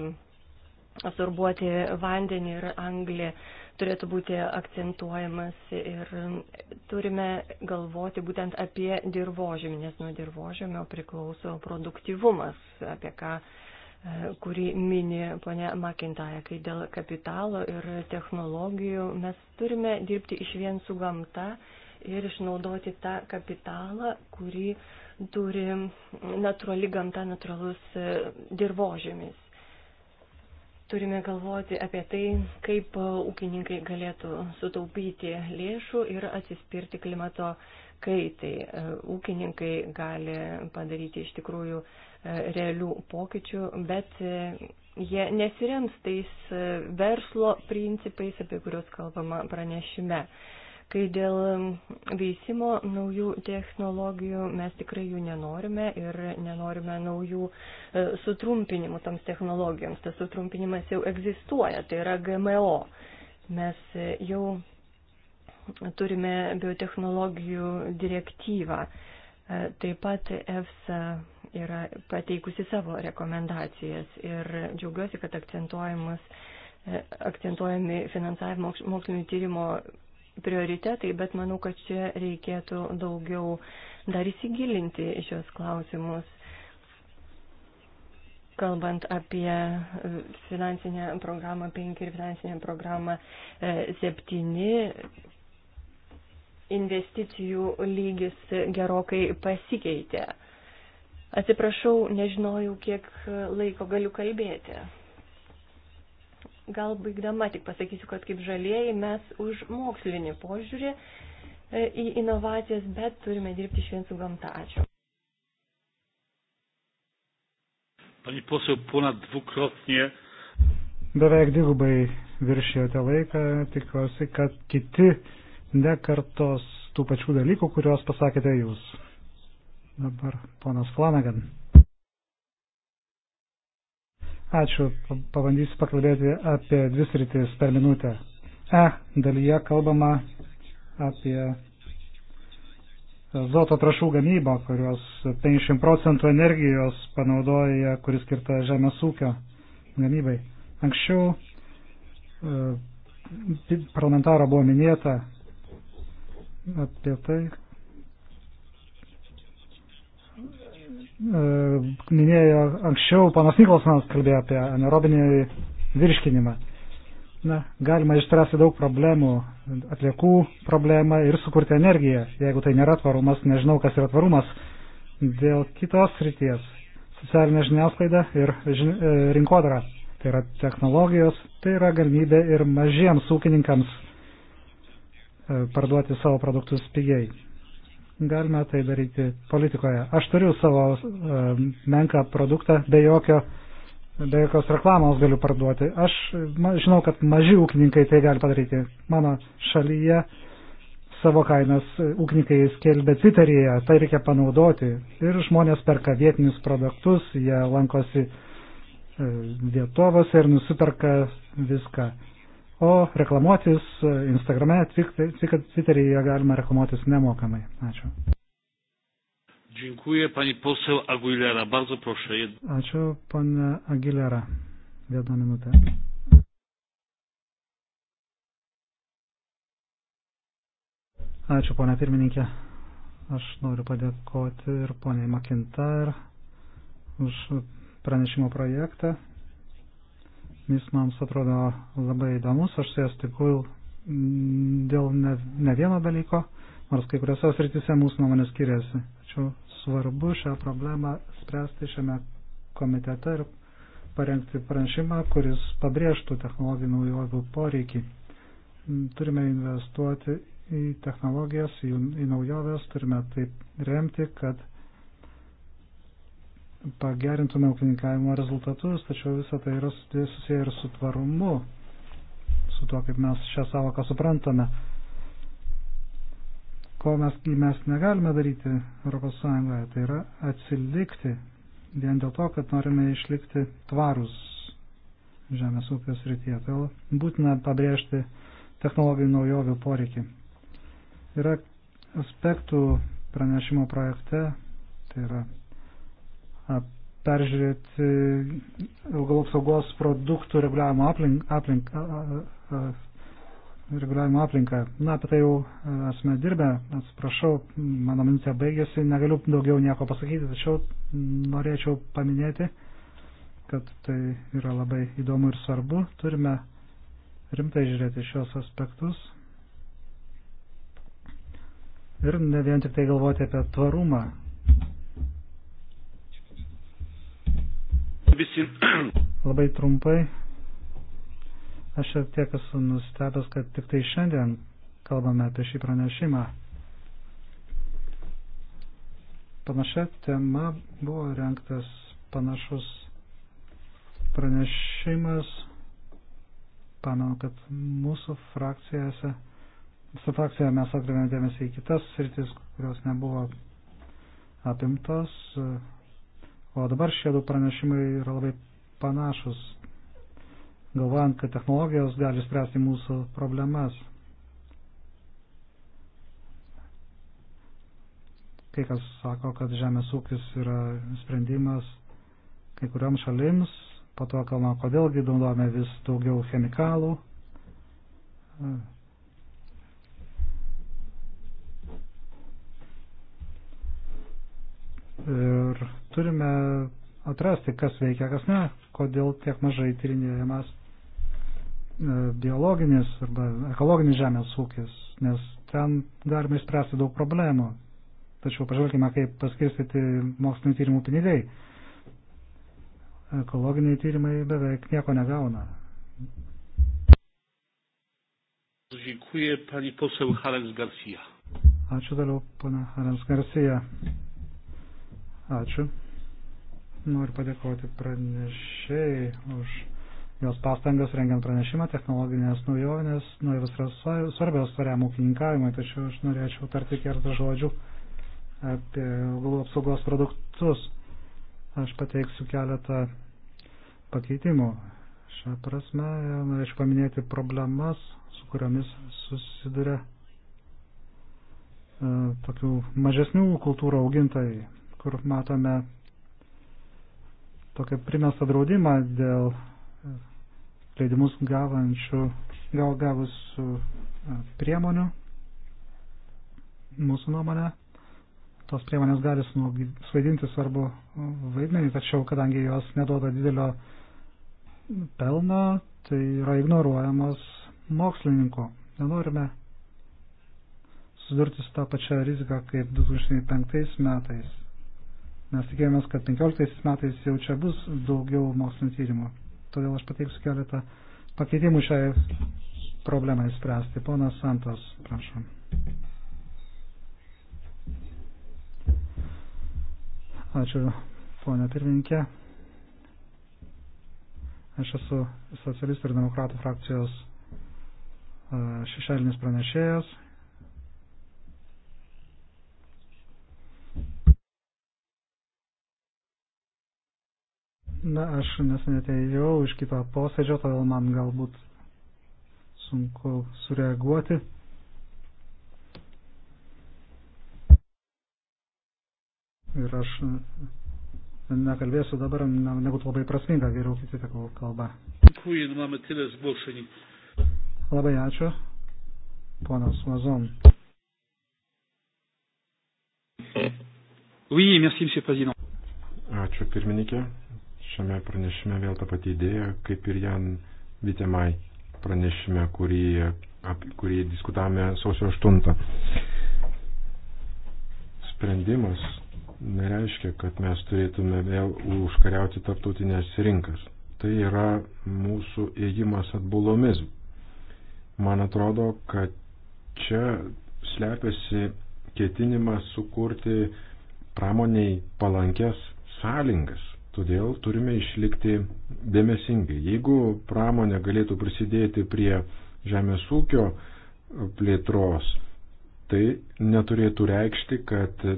absorbuoti e, vandenį ir anglį turėtų būti akcentuojamas ir turime galvoti būtent apie dirbožėmį, nes nuo dirbožėmio priklauso produktivumas, apie ką e, kurį mini ponia Makintaja, kai dėl kapitalo ir technologijų mes turime dirbti iš vien su gamta ir išnaudoti tą kapitalą, kurį turi natūrali gamta, natūralus e, dirbožėmis turime galvoti apie tai, kaip e, ūkininkai galėtų sutaupyti lėšų ir atsispirti klimato kaitai. E, ūkininkai gali padaryti iš tikrųjų e, realių pokyčių, bet jie nesirems tais verslo principais, apie kuriuos kalbama pranešime kai dėl veisimo naujų technologijų mes tikrai jų nenorime ir nenorime naujų e, sutrumpinimų toms technologijoms. Tas sutrumpinimas jau egzistuoja, tai yra GMO. Mes e, jau turime biotehnologijų direktyvą. E, taip pat EFSA yra pateikusi savo rekomendacijas ir džiaugiuosi, kad akcentuojamas akcentuojami finansavimo mokslinio tyrimo prioritetai, bet manau, kad čia reikėtų daugiau dar įsigilinti į šios klausimus. Kalbant apie e, finansinę programą 5 ir finansinę programą 7, e, investicijų lygis gerokai pasikeitė. Atsiprašau, nežinojau, kiek laiko galiu kalbėti. Gal baigdama tik pasakysiu, kad kaip žalieji mes už mokslinį požiūrį e, į inovacijas, bet turime dirbti iš vien su gamta. Ačiū. Pani posėdė, ponad dvukrotnie. Beveik dvigubai viršijote laiką, tikiuosi, kad kiti nekartos tų pačių dalykų, kuriuos pasakėte jūs. Dabar ponas Flanagan. Ačiū, pabandysiu pakalbėti apie dvi sritis per minutę. E dalyje kalbama apie azoto trašų gamybą, kurios 50 procentų energijos panaudoja, kuris skirta žemės ūkio gamybai. Anksčiau e, parlamentaro buvo minėta apie tai, E, minėjo anksčiau, panas Nikolsonas kalbėjo apie anaerobinį virškinimą. Na, galima išspręsti daug problemų, atliekų problemą ir sukurti energiją. Jeigu tai nėra tvarumas, nežinau, kas yra tvarumas. Dėl kitos ryties - socialinė žiniasklaida ir žin, e, rinkodara. Tai yra technologijos, tai yra galimybė ir mažiems ūkininkams e, parduoti savo produktus pigiai galime tai daryti politikoje. Aš turiu savo menką produktą, be, jokio, be jokios reklamos galiu parduoti. Aš žinau, kad maži ūkininkai tai gali padaryti. Mano šalyje savo kainas e, ūkininkai skelbia Twitteryje, tai reikia panaudoti. Ir žmonės perka vietinius produktus, jie lankosi e, vietovose ir nusiperka viską o reklamuotis e, Instagrame, Twitteryje galima reklamuotis nemokamai. Ačiū. Dziękuję pani poseł Aguilera. Bardzo proszę. Ačiū, pana Aguilera. Vieną minutę. Ačiū, ponia pirmininkė. Aš noriu padėkoti ir poniai Makintar už pranešimo projektą jis mums atrodo labai įdomus, aš su jas tikau dėl ne, ne vieno dalyko, nors kai kuriuose srityse mūsų nuomonės skiriasi. Tačiau svarbu šią problemą spręsti šiame komitete ir parengti pranešimą, kuris pabrėžtų technologijų naujovių poreikį. Turime investuoti į technologijas, į, į naujoves, turime taip remti, kad pagerintume ūkininkavimo rezultatus, tačiau visą tai yra susiję ir su tvarumu, su to, kaip mes šią savoką suprantame. Ko mes, mes negalime daryti ES, tai yra atsilikti vien dėl to, kad norime išlikti tvarus žemės ūkio srityje. Tai būtina pabrėžti technologijų naujovių poreikį. Yra aspektų pranešimo projekte, tai yra peržiūrėti e, augalų apsaugos produktų reguliavimo aplink, aplink, reguliavimo aplinką. Na, apie tai jau e, esame dirbę, atsiprašau, mano minutė baigėsi, negaliu daugiau nieko pasakyti, tačiau norėčiau paminėti, kad tai yra labai įdomu ir svarbu. Turime rimtai žiūrėti šios aspektus. Ir ne vien tik tai galvoti apie tvarumą, Visi. Labai trumpai. Aš ir tiek esu nustebęs, kad tik tai šiandien kalbame apie šį pranešimą. Panašia tema buvo renktas panašus pranešimas. Pamenu, kad mūsų frakcijose, su frakcija mes atkreipėme dėmesį į kitas sritis, kurios nebuvo apimtos, O dabar šie du pranešimai yra labai panašus, galvojant, kad technologijos gali spręsti mūsų problemas. Kai kas sako, kad žemės ūkis yra sprendimas kai kuriam šalims, po to kalbama, kodėlgi naudojame vis daugiau chemikalų Ir turime atrasti, kas veikia, kas ne, kodėl tiek mažai tyrinėjamas e, biologinis arba ekologinis žemės ūkis, nes ten galime išspręsti daug problemų. Tačiau pažvelkime, kaip paskirstyti mokslinio tyrimų pinigai. Ekologiniai tyrimai beveik nieko negauna. Dziękuję pani poseł Harens Garcia. Ačiū toliau, pana Harens Garcia. Ačiū. Noriu padėkoti pranešėjai už jos pastangas rengiant pranešimą, technologinės naujovinės, nu ir svarbios svariam ūkininkavimui, tačiau aš norėčiau tarti keletą žodžių apie augalų apsaugos produktus. Aš pateiksiu keletą pakeitimų. Šią prasme norėčiau paminėti problemas, su kuriomis susiduria e, tokių mažesnių kultūrų augintojai kur matome tokį primestą draudimą dėl leidimus gavančių, gal gavusių e, priemonių. Mūsų nuomonė, tos priemonės gali suvaidinti svarbu vaidmenį, tačiau kadangi jos neduoda didelio pelno, tai yra ignoruojamos mokslininko. Nenorime sudurti su tą pačią riziką kaip 2005 metais Mes tikėjomės, kad 15 metais jau čia bus daugiau mokslinio tyrimų. Todėl aš pateiksiu keletą pakeitimų šiai problemai spręsti. Ponas Santos, prašom. Ačiū, ponė pirmininkė. Aš esu socialistų ir demokratų frakcijos e, šešėlinis pranešėjas Na, aš nesanėtėjau iš kito posėdžio, todėl man galbūt sunku sureaguoti. Ir aš nekalbėsiu dabar, nebūtų labai prasminga, geriau kiti tegul kalba. Labai ačiū, ponas Mazon. Oui, merci, monsieur le président. Ačiū, pirmininkė šiame pranešime vėl ta pati idėja, kaip ir Jan Vitemai pranešime, kurį, apie, kurį diskutavome sausio 8. Sprendimas nereiškia, kad mes turėtume vėl užkariauti tarptautinės rinkas. Tai yra mūsų ėjimas atbulomis. Man atrodo, kad čia slepiasi ketinimas sukurti pramoniai palankės sąlygas Todėl turime išlikti dėmesingai. Jeigu pramonė galėtų prisidėti prie žemės ūkio plėtros, tai neturėtų reikšti, kad e,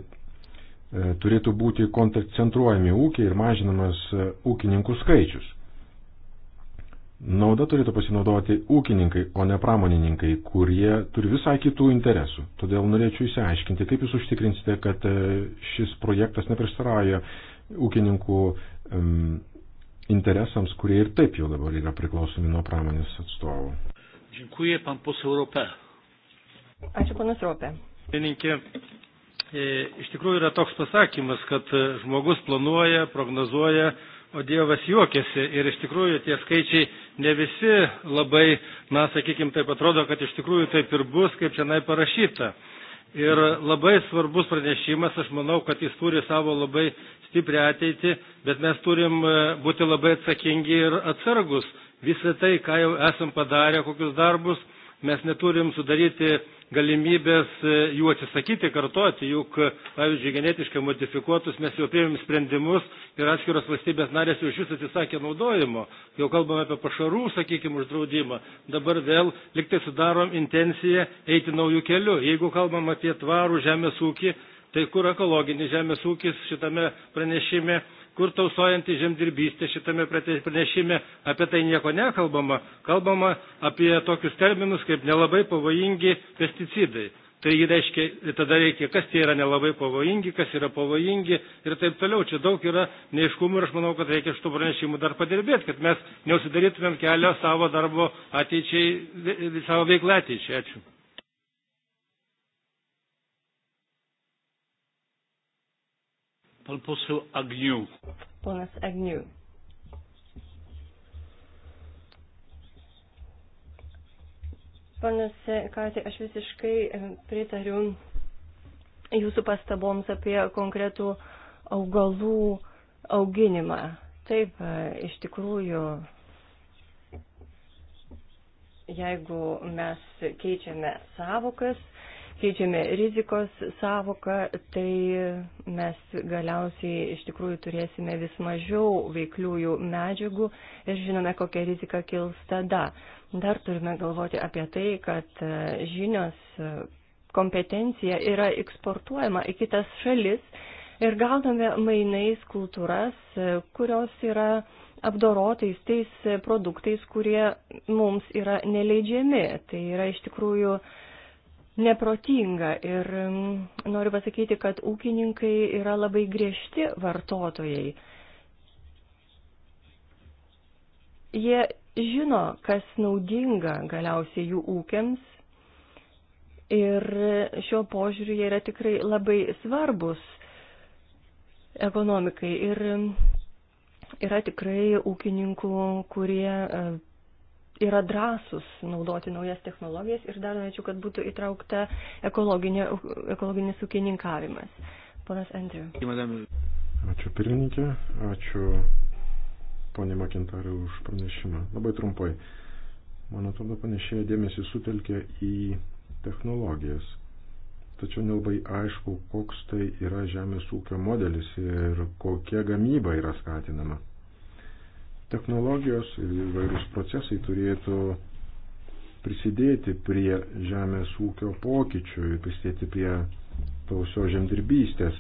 turėtų būti koncentruojami ūkiai ir mažinamas e, ūkininkų skaičius. Nauda turėtų pasinaudoti ūkininkai, o ne pramonininkai, kurie turi visai kitų interesų. Todėl norėčiau įsiaiškinti, kaip jūs užtikrinsite, kad e, šis projektas neprieštarauja ūkininkų um, interesams, kurie ir taip jau dabar yra priklausomi nuo pramonės atstovų. Dziękuję, pan poseł Europę. Ačiū, panas Europė. Pieninkė, e, iš tikrųjų yra toks pasakymas, kad e, žmogus planuoja, prognozuoja, o Dievas juokiasi. Ir iš tikrųjų tie skaičiai ne visi labai, na, sakykime, taip atrodo, kad iš tikrųjų taip ir bus, kaip čia nai parašyta. Ir labai svarbus pranešimas, aš manau, kad jis turi savo labai stiprią ateitį, bet mes turim e, būti labai atsakingi ir atsargus. Visą tai, ką jau esam padarę, kokius darbus, mes neturim sudaryti galimybės e, jų atsisakyti, kartoti, juk, pavyzdžiui, genetiškai modifikuotus mes jau priėmėm sprendimus ir atskiros valstybės narės jau šis atsisakė naudojimo. Jau kalbame apie pašarų, sakykime, uždraudimą. Dabar vėl liktai sudarom intenciją eiti naujų kelių. Jeigu kalbam apie tvarų žemės ūkį, tai kur ekologinis žemės ūkis šitame pranešime kur tausojantį žemdirbystę šitame pranešime apie tai nieko nekalbama, kalbama apie tokius terminus kaip nelabai pavojingi pesticidai. Tai reiškia, tada reikia, kas tie yra nelabai pavojingi, kas yra pavojingi ir taip toliau. Čia daug yra neiškumų ir aš manau, kad reikia šitų pranešimų dar padirbėti, kad mes neusidarytumėm kelio savo darbo ateičiai, savo veiklą ateičiai. Ačiū. Pan posel Agnių. Ponas Agnių. Panas Kati, aš visiškai e, pritariu jūsų pastaboms apie konkretų augalų auginimą. Taip, e, iš tikrųjų, jeigu mes keičiame savokas, keičiame rizikos savoką, tai mes galiausiai iš tikrųjų turėsime vis mažiau veikliųjų medžiagų ir žinome, kokia rizika kils tada. Dar turime galvoti apie tai, kad e, žinios e, kompetencija yra eksportuojama į kitas šalis ir gauname mainais kultūras, e, kurios yra apdorotais tais produktais, kurie mums yra neleidžiami. Tai yra iš tikrųjų uh, neprotinga. Ir mm, noriu pasakyti, kad ūkininkai yra labai griežti vartotojai. Jie žino, kas naudinga galiausiai jų ūkiams. Ir šio požiūriu jie yra tikrai labai svarbus ekonomikai. Ir mm, yra tikrai ūkininkų, kurie e, yra drąsus naudoti naujas technologijas ir dar norėčiau, kad būtų įtraukta ekologinė, ekologinis ūkininkavimas. Ponas Andriu. Ačiū pirmininkė, ačiū ponė Makintarė už pranešimą. Labai trumpai. Man atrodo, panešėja dėmesį sutelkė į technologijas. Tačiau nelabai aišku, koks tai yra žemės ūkio modelis ir kokia gamyba yra skatinama technologijos ir įvairūs procesai turėtų prisidėti prie žemės ūkio pokyčių ir prisidėti prie tausio žemdirbystės.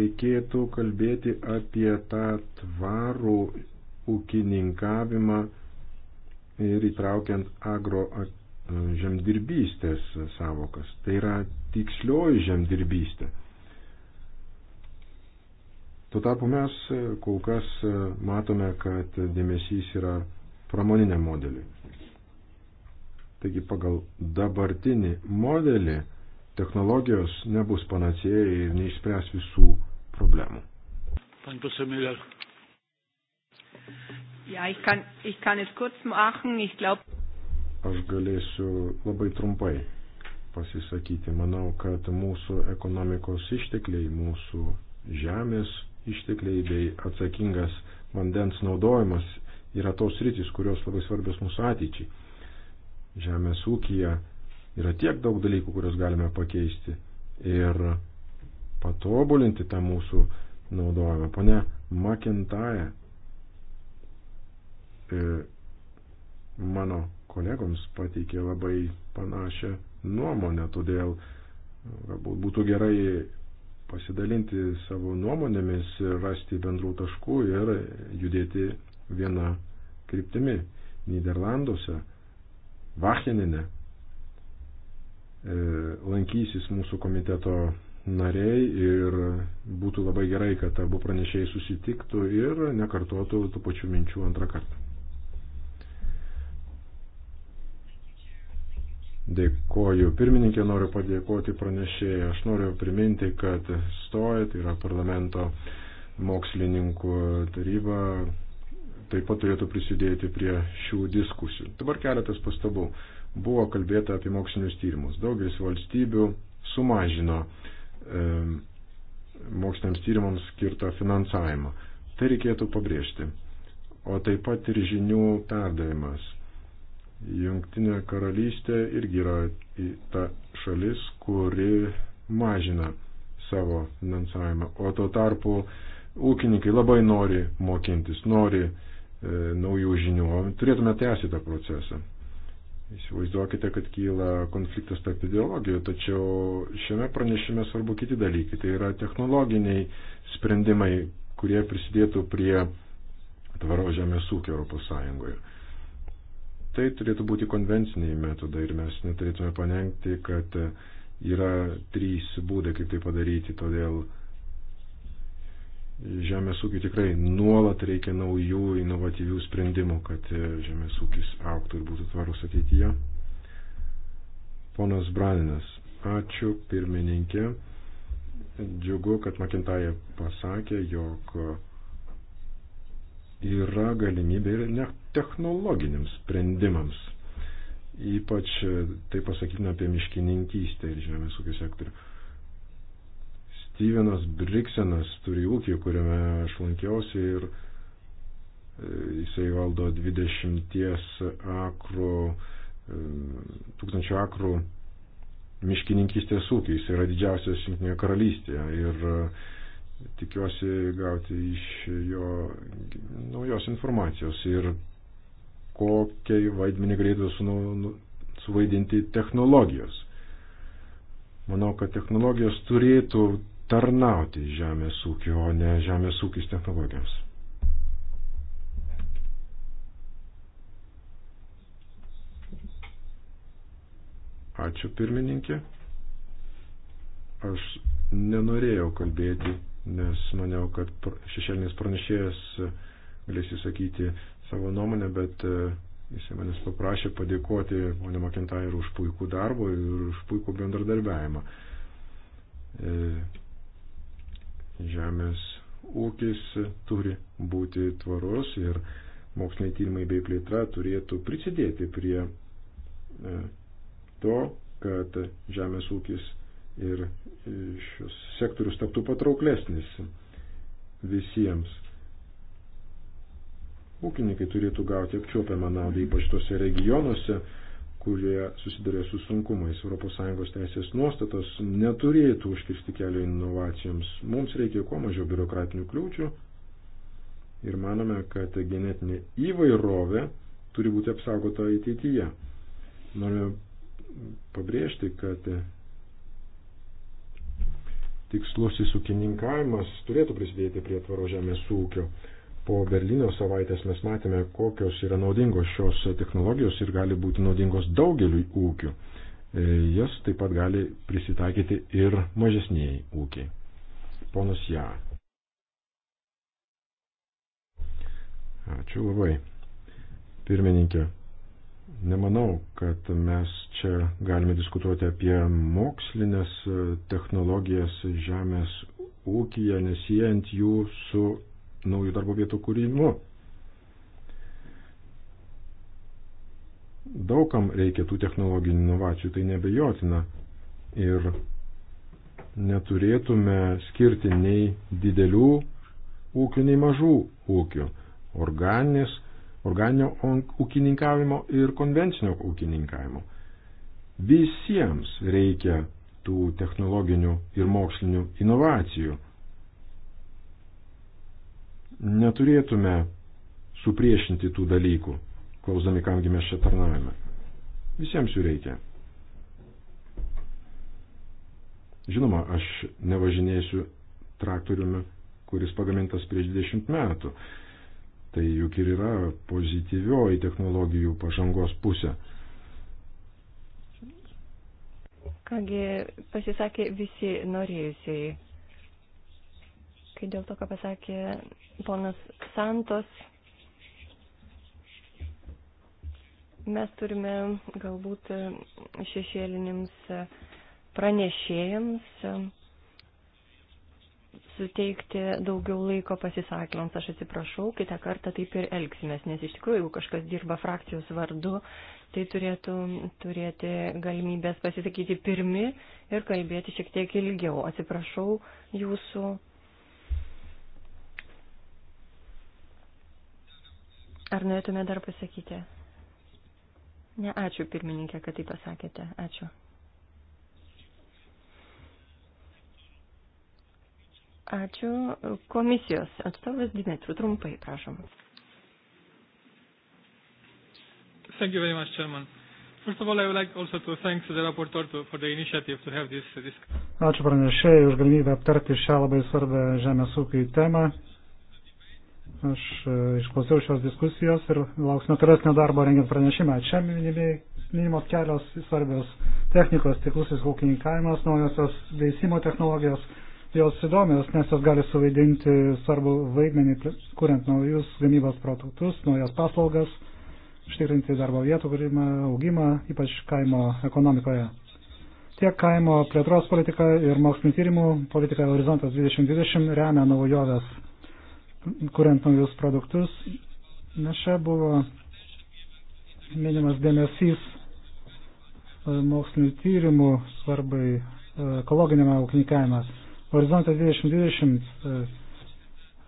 Reikėtų kalbėti apie tą tvarų ūkininkavimą ir įtraukiant agro žemdirbystės savokas. Tai yra tikslioji žemdirbystė. Tuo tarpu mes e, kol kas e, matome, kad dėmesys yra pramoniniam modeliui. Taigi pagal dabartinį modelį technologijos nebus panacėja ir neišspręs visų problemų. Ja, ich kann, ich kann es kurz machen. Ich glaub... Aš galėsiu labai trumpai pasisakyti. Manau, kad mūsų ekonomikos ištekliai, mūsų žemės ištekliai bei atsakingas vandens naudojimas yra tos rytis, kurios labai svarbios mūsų ateičiai. Žemės ūkija yra tiek daug dalykų, kuriuos galime pakeisti ir patobulinti tą mūsų naudojimą. Pone Makintaja, e, mano kolegoms pateikė labai panašią nuomonę, todėl e, galbūt būtų gerai pasidalinti savo nuomonėmis, rasti bendrų taškų ir judėti vieną kryptimi. Niderlanduose, Vacheninė, e, lankysis mūsų komiteto nariai ir būtų labai gerai, kad abu pranešėjai susitiktų ir nekartotų tų pačių minčių antrą kartą. Dėkoju pirmininkė, noriu padėkoti pranešėjai. Aš noriu priminti, kad stoja, tai yra parlamento mokslininkų taryba, taip pat turėtų prisidėti prie šių diskusijų. Dabar keletas pastabų. Buvo kalbėta apie mokslinius tyrimus. Daugelis valstybių sumažino e, moksliniams tyrimams skirtą finansavimą. Tai reikėtų pabrėžti. O taip pat ir žinių perdavimas Jungtinė karalystė irgi yra ta šalis, kuri mažina savo finansavimą, o tuo tarpu ūkininkai labai nori mokintis, nori e, naujų žinių, o turėtume tęsti tą procesą. Įsivaizduokite, kad kyla konfliktas tarp ideologijų, tačiau šiame pranešime svarbu kiti dalykai. Tai yra technologiniai sprendimai, kurie prisidėtų prie tvaro žemės ūkio Europos Sąjungoje. Tai turėtų būti konvenciniai metodai ir mes neturėtume panengti, kad yra trys būdai, kaip tai padaryti, todėl žemės ūkiu tikrai nuolat reikia naujų inovatyvių sprendimų, kad žemės ūkis auktų ir būtų tvarus ateityje. Ponas Braninas, ačiū pirmininkė. Džiugu, kad Makintaja pasakė, jog yra galimybė ir ne technologiniams sprendimams. Ypač e, tai pasakytume apie miškininkystę ir žemės ūkio sektorių. Stevenas Briksenas turi ūkį, kuriame aš lankiausi ir e, jisai valdo 20 akrų, 1000 e, akrų miškininkystės ūkį. Jis yra didžiausias Junktinėje karalystėje ir tikiuosi gauti iš jo naujos informacijos ir kokiai vaidmenį greitai nu, suvaidinti technologijos. Manau, kad technologijos turėtų tarnauti žemės ūkio, o ne žemės ūkis technologijams. Ačiū pirmininkė. Aš nenorėjau kalbėti nes maniau, kad šešėlinis pranešėjas galės įsakyti savo nuomonę, bet e, jisai manęs paprašė padėkoti ponė Makentai ir už puikų darbą ir už puikų bendradarbiavimą. E, žemės ūkis turi būti tvarus ir moksliniai tyrimai bei plėtra turėtų prisidėti prie e, to, kad žemės ūkis ir šios sektorius taptų patrauklesnis visiems. Ūkininkai turėtų gauti apčiopiamą naudą, ypač tose regionuose, kurie susiduria su sunkumais. ES teisės nuostatos neturėtų užkirsti kelio inovacijoms. Mums reikia kuo mažiau biurokratinių kliūčių ir manome, kad genetinė įvairovė turi būti apsaugota ateityje. Norime pabrėžti, kad tikslusis ūkininkavimas turėtų prisidėti prie tvaro žemės ūkio. Po Berlyno savaitės mes matėme, kokios yra naudingos šios technologijos ir gali būti naudingos daugeliui ūkių. E, jas taip pat gali prisitaikyti ir mažesniai ūkiai. Ponas Ja. Ačiū labai. Pirmininkė. Nemanau, kad mes čia galime diskutuoti apie mokslinės e, technologijas žemės ūkija, nesijant jų su naujų darbo vietų kūrimu. Daugam reikia tų technologinių inovacijų, tai nebejotina. Ir neturėtume skirti nei didelių ūkių, nei mažų ūkių. Organinis organinio ūkininkavimo ir konvencinio ūkininkavimo. Visiems reikia tų technologinių ir mokslinių inovacijų. Neturėtume supriešinti tų dalykų, klausdami, kamgi mes čia tarnaujame. Visiems jų reikia. Žinoma, aš nevažinėsiu traktoriumi, kuris pagamintas prieš 20 metų. Tai juk ir yra pozityvioji technologijų pažangos pusė. Kągi pasisakė visi norėjusiai. Kai dėl to, ką pasakė ponas Santos, mes turime galbūt šešėlinims pranešėjams suteikti daugiau laiko pasisakymams. Aš atsiprašau, kitą kartą taip ir elgsimės, nes iš tikrųjų, jeigu kažkas dirba frakcijos vardu, tai turėtų turėti galimybės pasisakyti pirmi ir kalbėti šiek tiek ilgiau. Atsiprašau jūsų. Ar norėtume dar pasakyti? Ne, ačiū pirmininkė, kad tai pasakėte. Ačiū. Ačiū. Komisijos atstovas Dimitru, trumpai, prašom. Thank you very much, Chairman. First of all, I would like also to thank the rapporteur to, for the initiative to have this discussion. Ačiū pranešėjai už galimybę aptarti šią labai svarbę žemės ūkiai temą. Aš e, išklausiau šios diskusijos ir lauksime tolesnio darbo rengiant pranešimą. Čia minimos kelios svarbios technikos, tiklusis ūkininkavimas, naujosios veisimo technologijos, jos įdomios, nes jos gali suvaidinti svarbu vaidmenį, kuriant naujus gamybos produktus, naujas paslaugas, ištikrinti darbo vietų kūrimą, augimą, ypač kaimo ekonomikoje. Tiek kaimo plėtros politika ir mokslinio tyrimų politika Horizontas 2020 remia naujoves, kuriant naujus produktus. Nes čia buvo minimas dėmesys e, mokslinio tyrimų svarbai e, ekologiniame ūkininkavime Horizontas 2020 e,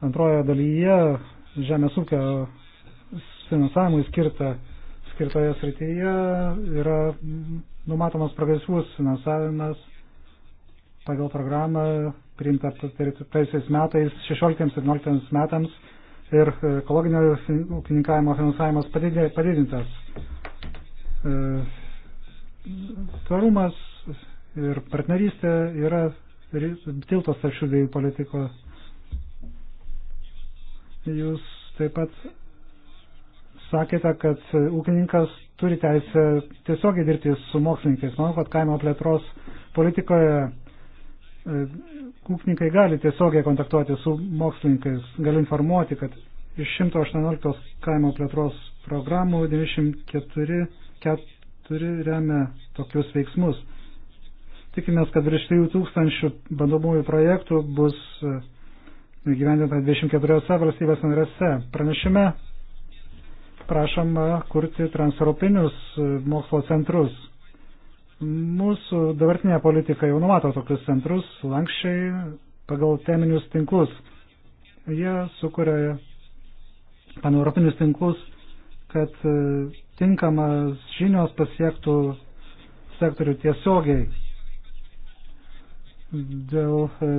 antroje dalyje žemės ūkio finansavimui skirta, skirtoje srityje yra numatomas progresyvus finansavimas pagal programą priimtą praėjusiais metais 16-17 metams ir ekologinio ūkininkavimo finansavimas padidintas. E, tvarumas ir partnerystė yra tiltas tarp šių dviejų politikos. Jūs taip pat sakėte, kad ūkininkas turi teisę tiesiogiai dirbti su mokslininkais. Manau, kad kaimo plėtros politikoje e, ūkininkai gali tiesiogiai kontaktuoti su mokslininkais. Galiu informuoti, kad iš 118 kaimo plėtros programų 94 4 remia tokius veiksmus. Tikimės, kad virš 3000 bandomųjų projektų bus e, gyvendinta 24 valstybės narėse. Pranešime prašom kurti transeuropinius e, mokslo centrus. Mūsų dabartinė politika jau numato tokius centrus lankščiai pagal teminius tinklus. Jie sukuria paneuropinius tinklus, kad e, tinkamas žinios pasiektų sektorių tiesiogiai dėl e,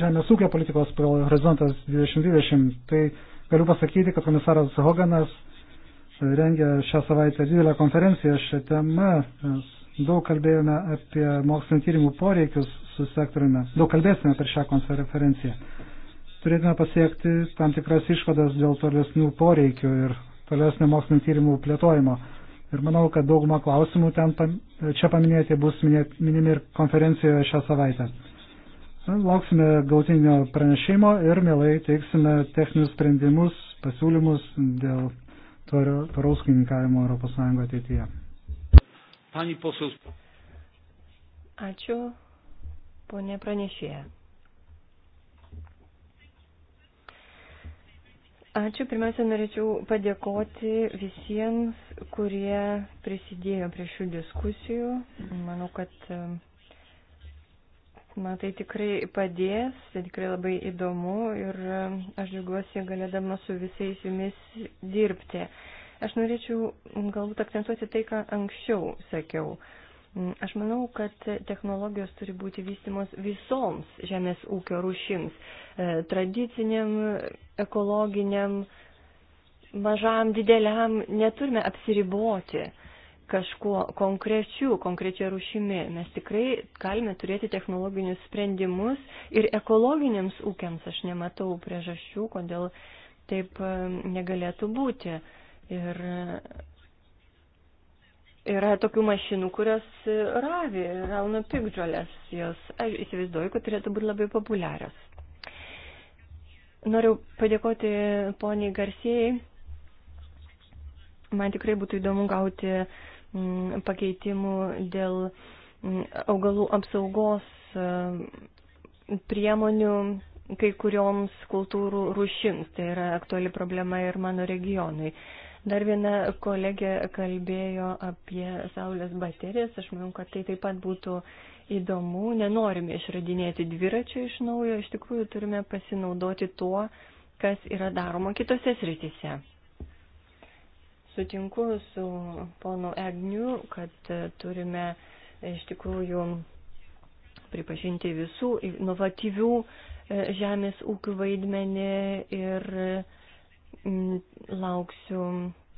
žemės ūkio politikos horizontas 2020, tai galiu pasakyti, kad komisaras Hoganas e, rengia šią savaitę didelę konferenciją šią temą. Mes daug kalbėjome apie mokslinio tyrimų poreikius su sektoriumi. Daug kalbėsime per šią konferenciją. Turėtume pasiekti tam tikras išvadas dėl tolesnių poreikių ir tolesnio mokslinio tyrimų plėtojimo. Ir manau, kad dauguma klausimų ten, čia paminėti bus minimi ir konferencijoje šią savaitę. Lauksime gautinio pranešimo ir mielai teiksime techninius sprendimus, pasiūlymus dėl tvaraus kininkavimo ES ateityje. Pani posūs. Ačiū, ponė pranešėja. Ačiū. Pirmiausia, norėčiau padėkoti visiems, kurie prisidėjo prie šių diskusijų. Manau, kad e, man tai tikrai padės, tai tikrai labai įdomu ir e, aš džiaugiuosi galėdama su visais jumis dirbti. Aš norėčiau galbūt akcentuoti tai, ką anksčiau sakiau. Mm, aš manau, kad technologijos turi būti vystimos visoms žemės ūkio rušims e, - tradiciniam, ekologiniam, mažam, dideliam. Neturime apsiriboti kažkuo konkrečiu, konkrečia rušimi. Mes tikrai galime turėti technologinius sprendimus ir ekologiniams ūkiams aš nematau priežasčių, kodėl taip e, negalėtų būti. Ir Yra tokių mašinų, kurios e, ravi, rauna pikdžiolės. Jos, aš įsivaizduoju, kad turėtų būti labai populiarios. Noriu padėkoti poniai Garsijai. Man tikrai būtų įdomu gauti mm, pakeitimų dėl mm, augalų apsaugos e, priemonių kai kurioms kultūrų rušims. Tai yra aktuali problema ir mano regionui. Dar viena kolegė kalbėjo apie saulės baterijas. Aš manau, kad tai taip pat būtų įdomu. Nenorime išradinėti dviračio iš naujo. Iš tikrųjų turime pasinaudoti tuo, kas yra daroma kitose srityse. Sutinku su ponu Egniu, kad turime iš tikrųjų pripažinti visų inovatyvių e, žemės ūkių vaidmenį ir Mm, lauksiu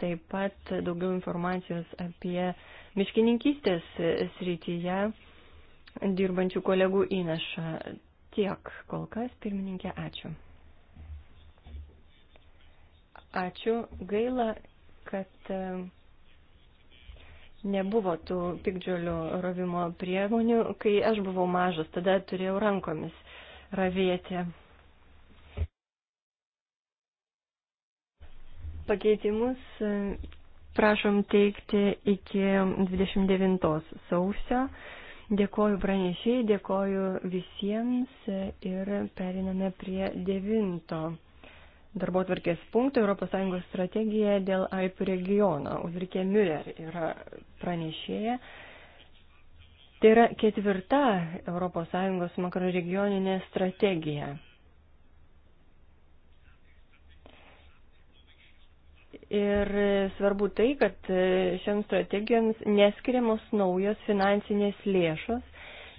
taip pat daugiau informacijos apie miškininkystės srityje dirbančių kolegų įnašą. Tiek kol kas, pirmininkė, ačiū. Ačiū. Gaila, kad e, nebuvo tų pikdžiolių rovimo priemonių. Kai aš buvau mažas, tada turėjau rankomis ravėti Pakeitimus prašom teikti iki 29 sausio. Dėkoju pranešiai, dėkoju visiems ir periname prie devinto darbo tvarkės punkto ES strategija dėl AIP regiono. Ulrike Müller yra pranešėja. Tai yra ketvirta ES makroregioninė strategija. Ir svarbu tai, kad šiam strategijoms neskiriamos naujos finansinės lėšos,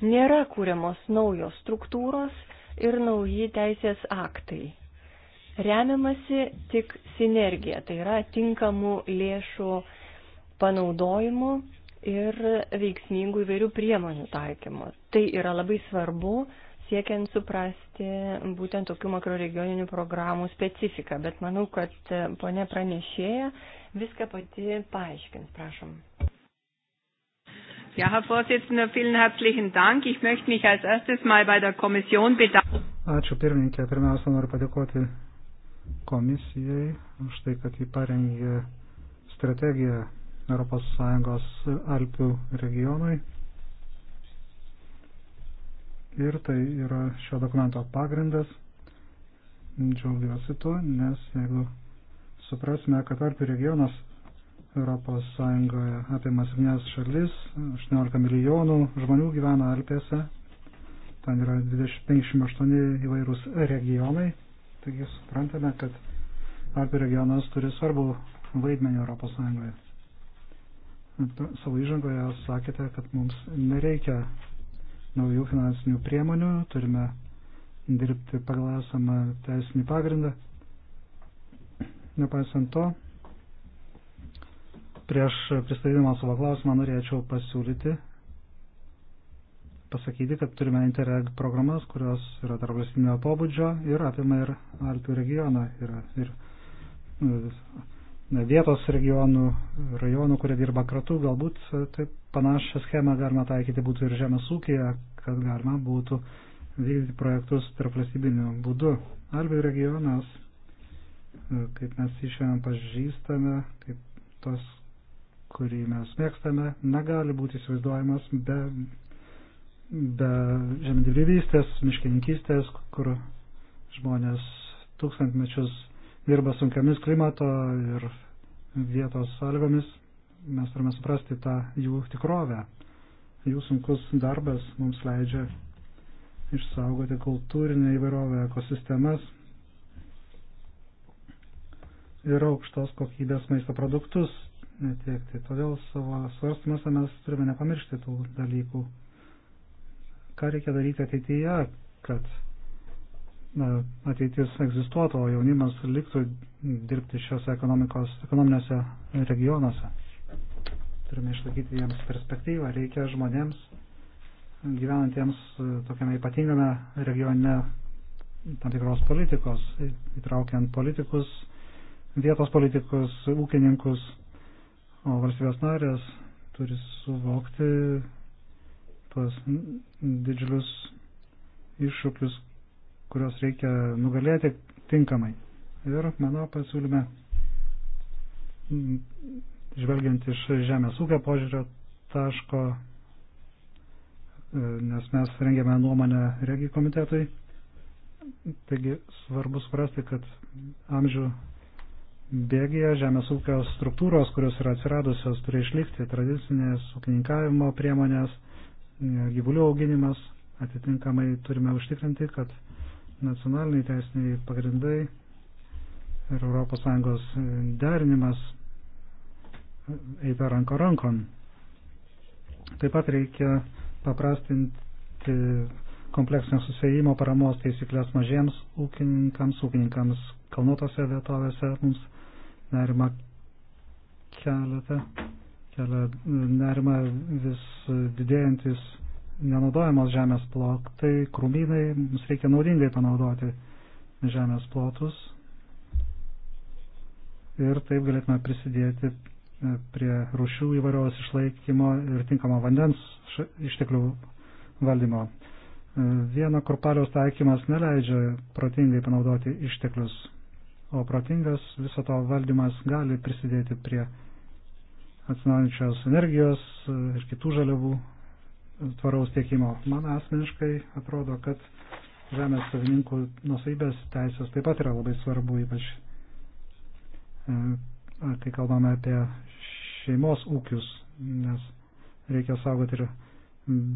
nėra kūriamos naujos struktūros ir nauji teisės aktai. Remiamasi tik sinergija, tai yra tinkamų lėšų panaudojimu ir veiksmingų įvairių priemonių taikymu. Tai yra labai svarbu, siekiant suprasti būtent tokių makroregioninių programų specifiką. Bet manau, kad e, ponė pranešėja viską pati paaiškins. Prašom. Ja, Herr Vorsitzender, vielen herzlichen Dank. Ich möchte mich als erstes mal bei der Kommission bedanken. Ačiū pirmininkė. Pirmiausia, noriu padėkoti komisijai už tai, kad jį parengė strategiją ES Alpių regionui ir tai yra šio dokumento pagrindas. Džiaugiuosi tuo, nes jeigu suprasime, kad Alpių regionas Europos Sąjungoje apima 7 šalis, 18 milijonų žmonių gyvena Alpėse, ten yra 58 įvairūs regionai, taigi suprantame, kad Alpių regionas turi svarbų vaidmenį Europos Sąjungoje. Savo įžangoje sakėte, kad mums nereikia naujų finansinių priemonių, turime dirbti pagal esamą teisinį pagrindą. Nepaisant to, prieš pristatydamą savo klausimą norėčiau pasiūlyti, pasakyti, kad turime Interreg programas, kurios yra tarp valstybinio pobūdžio ir apima ir Alpių regioną ir, ir e, vietos regionų, rajonų, kurie dirba kratu, galbūt e, taip Panašią schemą galima taikyti būtų ir žemės ūkėje, kad galima būtų vykdyti projektus tarp valstybinių būdų. Albių regionas, e, kaip mes jį šiandien pažįstame, kaip tos, kurį mes mėgstame, negali būti įsivaizduojamas be, be žemdirbystės, miškininkystės, kur žmonės tūkstantmečius dirba sunkiamis klimato ir vietos sąlygomis mes turime suprasti tą jų tikrovę. Jų sunkus darbas mums leidžia išsaugoti kultūrinę įvairovę ekosistemas ir aukštos kokybės maisto produktus netiekti. Todėl savo svarstymuose mes turime nepamiršti tų dalykų. Ką reikia daryti ateityje, kad na, ateitis egzistuotų, o jaunimas liktų dirbti šiuose ekonomikos, ekonominėse regionuose. Turime išlaikyti jiems perspektyvą. Reikia žmonėms gyvenantiems e, tokiame ypatingame regione tam tikros politikos, įtraukiant politikus, vietos politikus, ūkininkus, o valstybės narės turi suvokti tuos didžiulius iššūkius, kuriuos reikia nugalėti tinkamai. Ir mano pasiūlyme žvelgiant iš žemės ūkio požiūrio taško, e, nes mes rengėme nuomonę regi komitetui. Taigi svarbu suprasti, kad amžių bėgėje žemės ūkio struktūros, kurios yra atsiradusios, turi išlikti tradicinės ūkininkavimo priemonės, e, gyvulių auginimas. Atitinkamai turime užtikrinti, kad nacionaliniai teisiniai pagrindai ir ES derinimas eita ranko rankon. Taip pat reikia paprastinti kompleksinio susijimo paramos taisyklės mažiems ūkininkams, ūkininkams kalnuotose vietovėse mums nerima keletą, kelia nerima vis didėjantis nenaudojamos žemės plotai, krūmynai, mums reikia naudingai panaudoti žemės plotus ir taip galėtume prisidėti prie rušių įvairiaus išlaikymo ir tinkamo vandens išteklių valdymo. E, vieno kurpaliaus taikymas neleidžia protingai panaudoti išteklius, o protingas viso to valdymas gali prisidėti prie atsinaujančios energijos e, ir kitų žaliavų e, tvaraus tiekimo. Man asmeniškai atrodo, kad žemės savininkų nusaibės teisės taip pat yra labai svarbu, ypač kai kalbame apie šeimos ūkius, nes reikia saugoti ir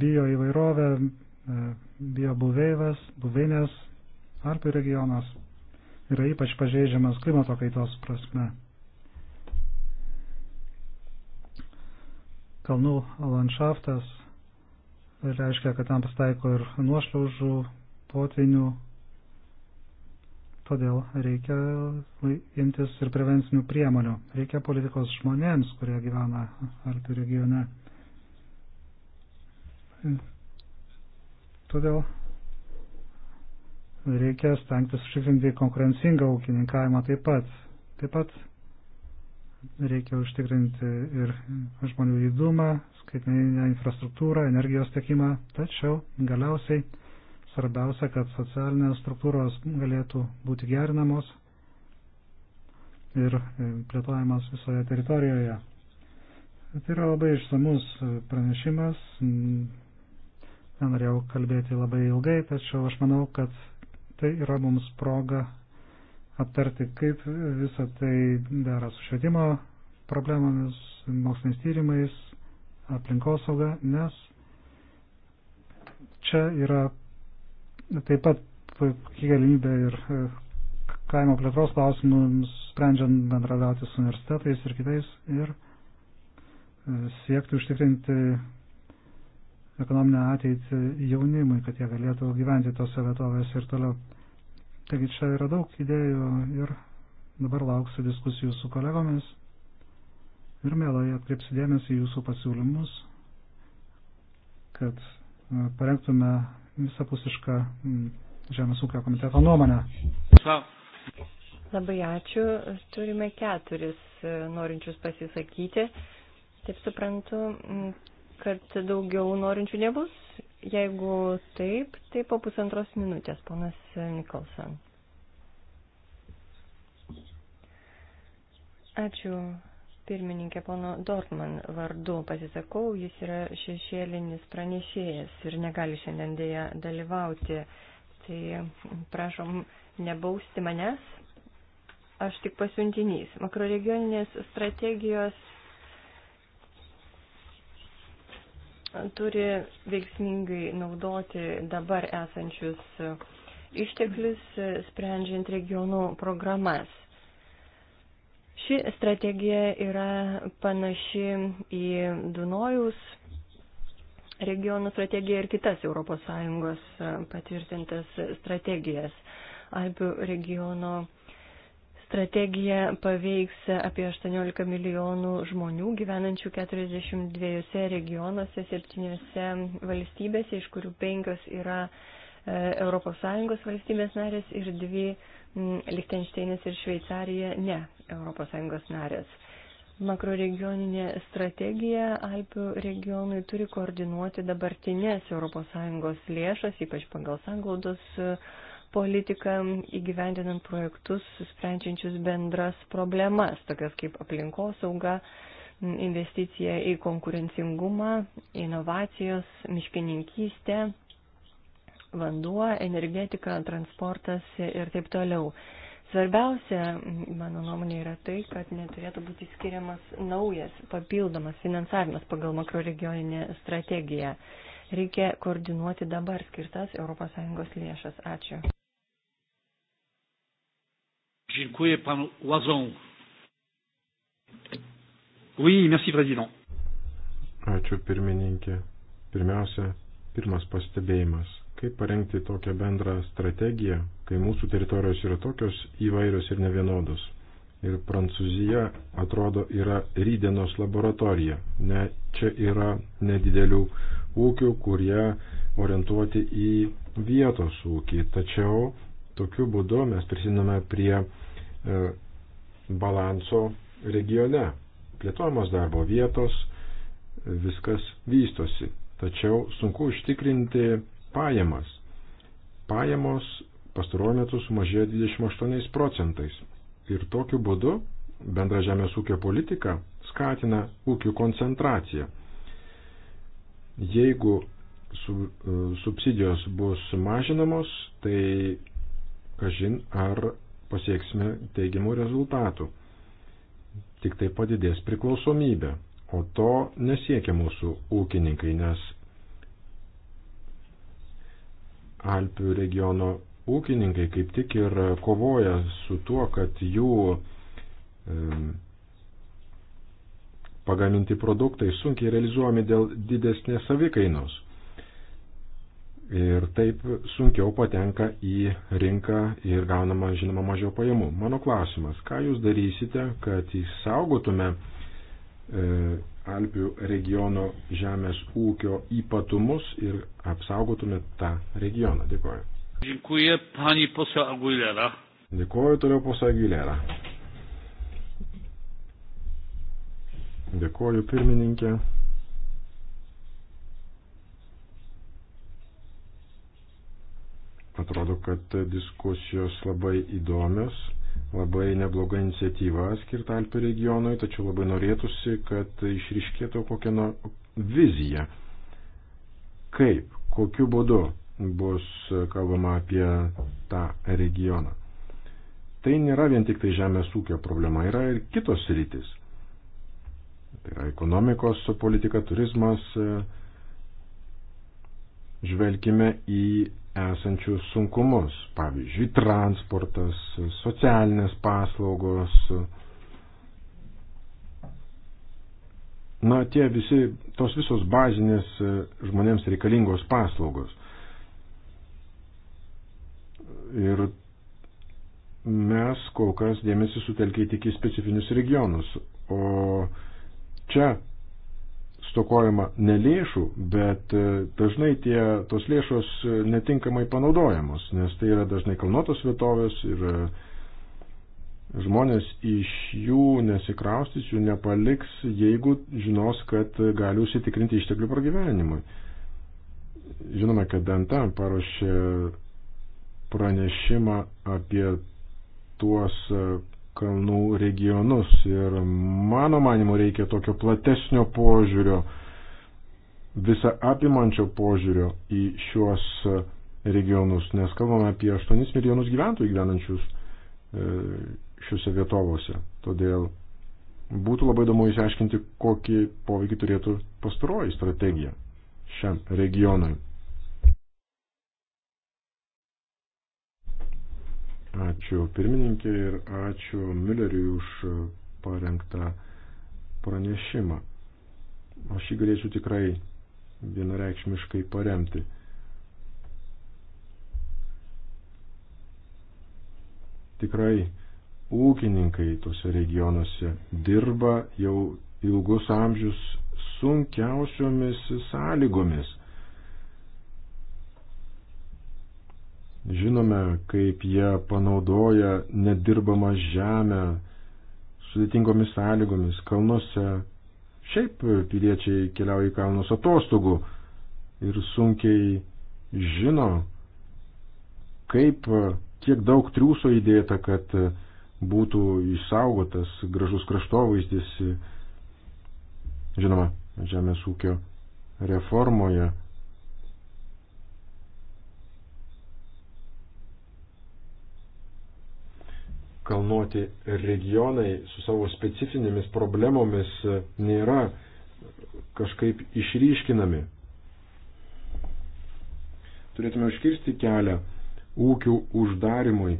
bio įvairovę, e, bio buveivės, buveinės, Alpių regionas yra ypač pažeidžiamas klimato kaitos prasme. Kalnų landšaftas reiškia, kad tam pasitaiko ir nuošliaužų, potvinių Todėl reikia imtis ir prevencinių priemonių. Reikia politikos žmonėms, kurie gyvena Alpių regione. Todėl reikia stengtis užtikrinti konkurencingą ūkininkavimą taip pat. Taip pat reikia užtikrinti ir žmonių judumą, skaitmeninę infrastruktūrą, energijos tiekimą, tačiau galiausiai Svarbiausia, kad socialinės struktūros galėtų būti gerinamos ir e, plėtojamas visoje teritorijoje. Tai yra labai išsamus e, pranešimas. Nenorėjau kalbėti labai ilgai, tačiau aš manau, kad tai yra mums proga aptarti, kaip visą tai dera su švietimo problemomis, moksliniais tyrimais, aplinkosauga, nes čia yra taip pat puikiai galimybė ir e, kaimo plėtros klausimams sprendžiant bendradauti su universitetais ir kitais ir e, siekti užtikrinti ekonominę ateitį jaunimui, kad jie galėtų gyventi tose vietovėse ir toliau. Taigi čia yra daug idėjų ir dabar lauksiu diskusijų su kolegomis ir mielai atkreipsiu dėmesį jūsų pasiūlymus, kad e, parengtume visapusišką mm, Žemės ūkio komiteto nuomonę. Labai ačiū. Turime keturis e, norinčius pasisakyti. Taip suprantu, mm, kad daugiau norinčių nebus. Jeigu taip, tai po pusantros minutės, ponas Nikolson. Ačiū, pirmininkė pono Dortman vardu pasisakau, jis yra šešėlinis pranešėjas ir negali šiandien dėja dalyvauti. Tai prašom nebausti manęs, aš tik pasiuntinys. Makroregioninės strategijos turi veiksmingai naudoti dabar esančius išteklius, sprendžiant regionų programas Ši strategija yra panaši į Dunojaus regionų strategiją ir kitas ES e, patvirtintas strategijas. Alpių regiono strategija paveiks apie 18 milijonų žmonių gyvenančių 42 regionuose, 7 valstybėse, iš kurių 5 yra ES valstybės narės ir 2 Lichtensteinas ir Šveicarija ne ES narės. Makroregioninė strategija Alpių regionui turi koordinuoti dabartinės ES lėšas, ypač pagal sanglaudos e, politiką, įgyvendinant projektus, sprendžiančius bendras problemas, tokias kaip aplinkosauga, investicija į konkurencingumą, inovacijos, miškininkystę vanduo, energetika, transportas ir taip toliau. Svarbiausia, mano nuomonė, yra tai, kad neturėtų būti skiriamas naujas, papildomas finansavimas pagal makroregioninę strategiją. Reikia koordinuoti dabar skirtas ES lėšas. Ačiū. Dziękuję panu Łazon. Oui, merci, président. Ačiū pirmininkė. Pirmiausia, pirmas pastebėjimas kaip parengti tokią bendrą strategiją, kai mūsų teritorijos yra tokios įvairios ir nevienodos. Ir Prancūzija, atrodo, yra rydienos laboratorija. Ne, čia yra nedidelių ūkių, kurie orientuoti į vietos ūkį. Tačiau tokiu būdu mes prisidame prie e, balanso regione. Plėtojamos darbo vietos, viskas vystosi. Tačiau sunku užtikrinti pajamas. Pajamos pastaruoju metu sumažėjo 28 procentais. Ir tokiu būdu bendra žemės ūkio politika skatina ūkių koncentraciją. Jeigu su, e, subsidijos bus mažinamos, tai kažin ar pasieksime teigiamų rezultatų. Tik tai padidės priklausomybė, o to nesiekia mūsų ūkininkai, nes Alpių regiono ūkininkai kaip tik ir kovoja su tuo, kad jų pagaminti produktai sunkiai realizuojami dėl didesnės savikainos. Ir taip sunkiau patenka į rinką ir gaunama, žinoma, mažiau pajamų. Mano klausimas, ką jūs darysite, kad įsaugotume E, Alpių regiono žemės ūkio ypatumus ir apsaugotume tą regioną. Dėkuoju. Dėkuoju, pani posio Aguilera. Dėkuoju toliau posio Aguilera. Dėkuoju pirmininkė. Atrodo, kad diskusijos labai įdomios labai nebloga iniciatyva skirta Alpių regionui, tačiau labai norėtųsi, kad išriškėtų kokią no viziją, kaip, kokiu būdu bus kalbama apie tą regioną. Tai nėra vien tik tai žemės ūkio problema, yra ir kitos rytis. Tai yra ekonomikos politika, turizmas. Žvelgime į esančius sunkumus, pavyzdžiui, transportas, socialinės paslaugos. Na, tie visi, tos visos bazinės e, žmonėms reikalingos paslaugos. Ir mes kol kas dėmesį sutelkia tik į specifinius regionus, o čia stokojama ne lėšų, bet e, dažnai tie, tos lėšos e, netinkamai panaudojamos, nes tai yra dažnai kalnotos vietovės ir e, žmonės iš jų nesikraustys, jų nepaliks, jeigu žinos, kad gali užsitikrinti išteklių pragyvenimui. Žinome, kad Danta paruošė pranešimą apie tuos kalnų regionus. Ir mano manimu reikia tokio platesnio požiūrio, visą apimančio požiūrio į šiuos regionus, nes kalbame apie 8 milijonus gyventojų gyvenančius e, šiuose vietovose. Todėl būtų labai įdomu išsiaiškinti, kokį poveikį turėtų pastaroji strategija šiam regionui. Ačiū pirmininkė ir ačiū Mülleriui už parengtą pranešimą. Aš jį galėčiau tikrai vienareikšmiškai paremti. Tikrai ūkininkai tose regionuose dirba jau ilgus amžius sunkiausiomis sąlygomis Žinome, kaip jie panaudoja nedirbamą žemę sudėtingomis sąlygomis kalnuose. Šiaip piliečiai keliauja į kalnus atostogų ir sunkiai žino, kaip, kiek daug triūso įdėta, kad būtų išsaugotas gražus kraštovaizdis, žinoma, žemės ūkio reformoje kalnuoti regionai su savo specifinėmis problemomis e, nėra kažkaip išryškinami. Turėtume užkirsti kelią ūkių uždarimui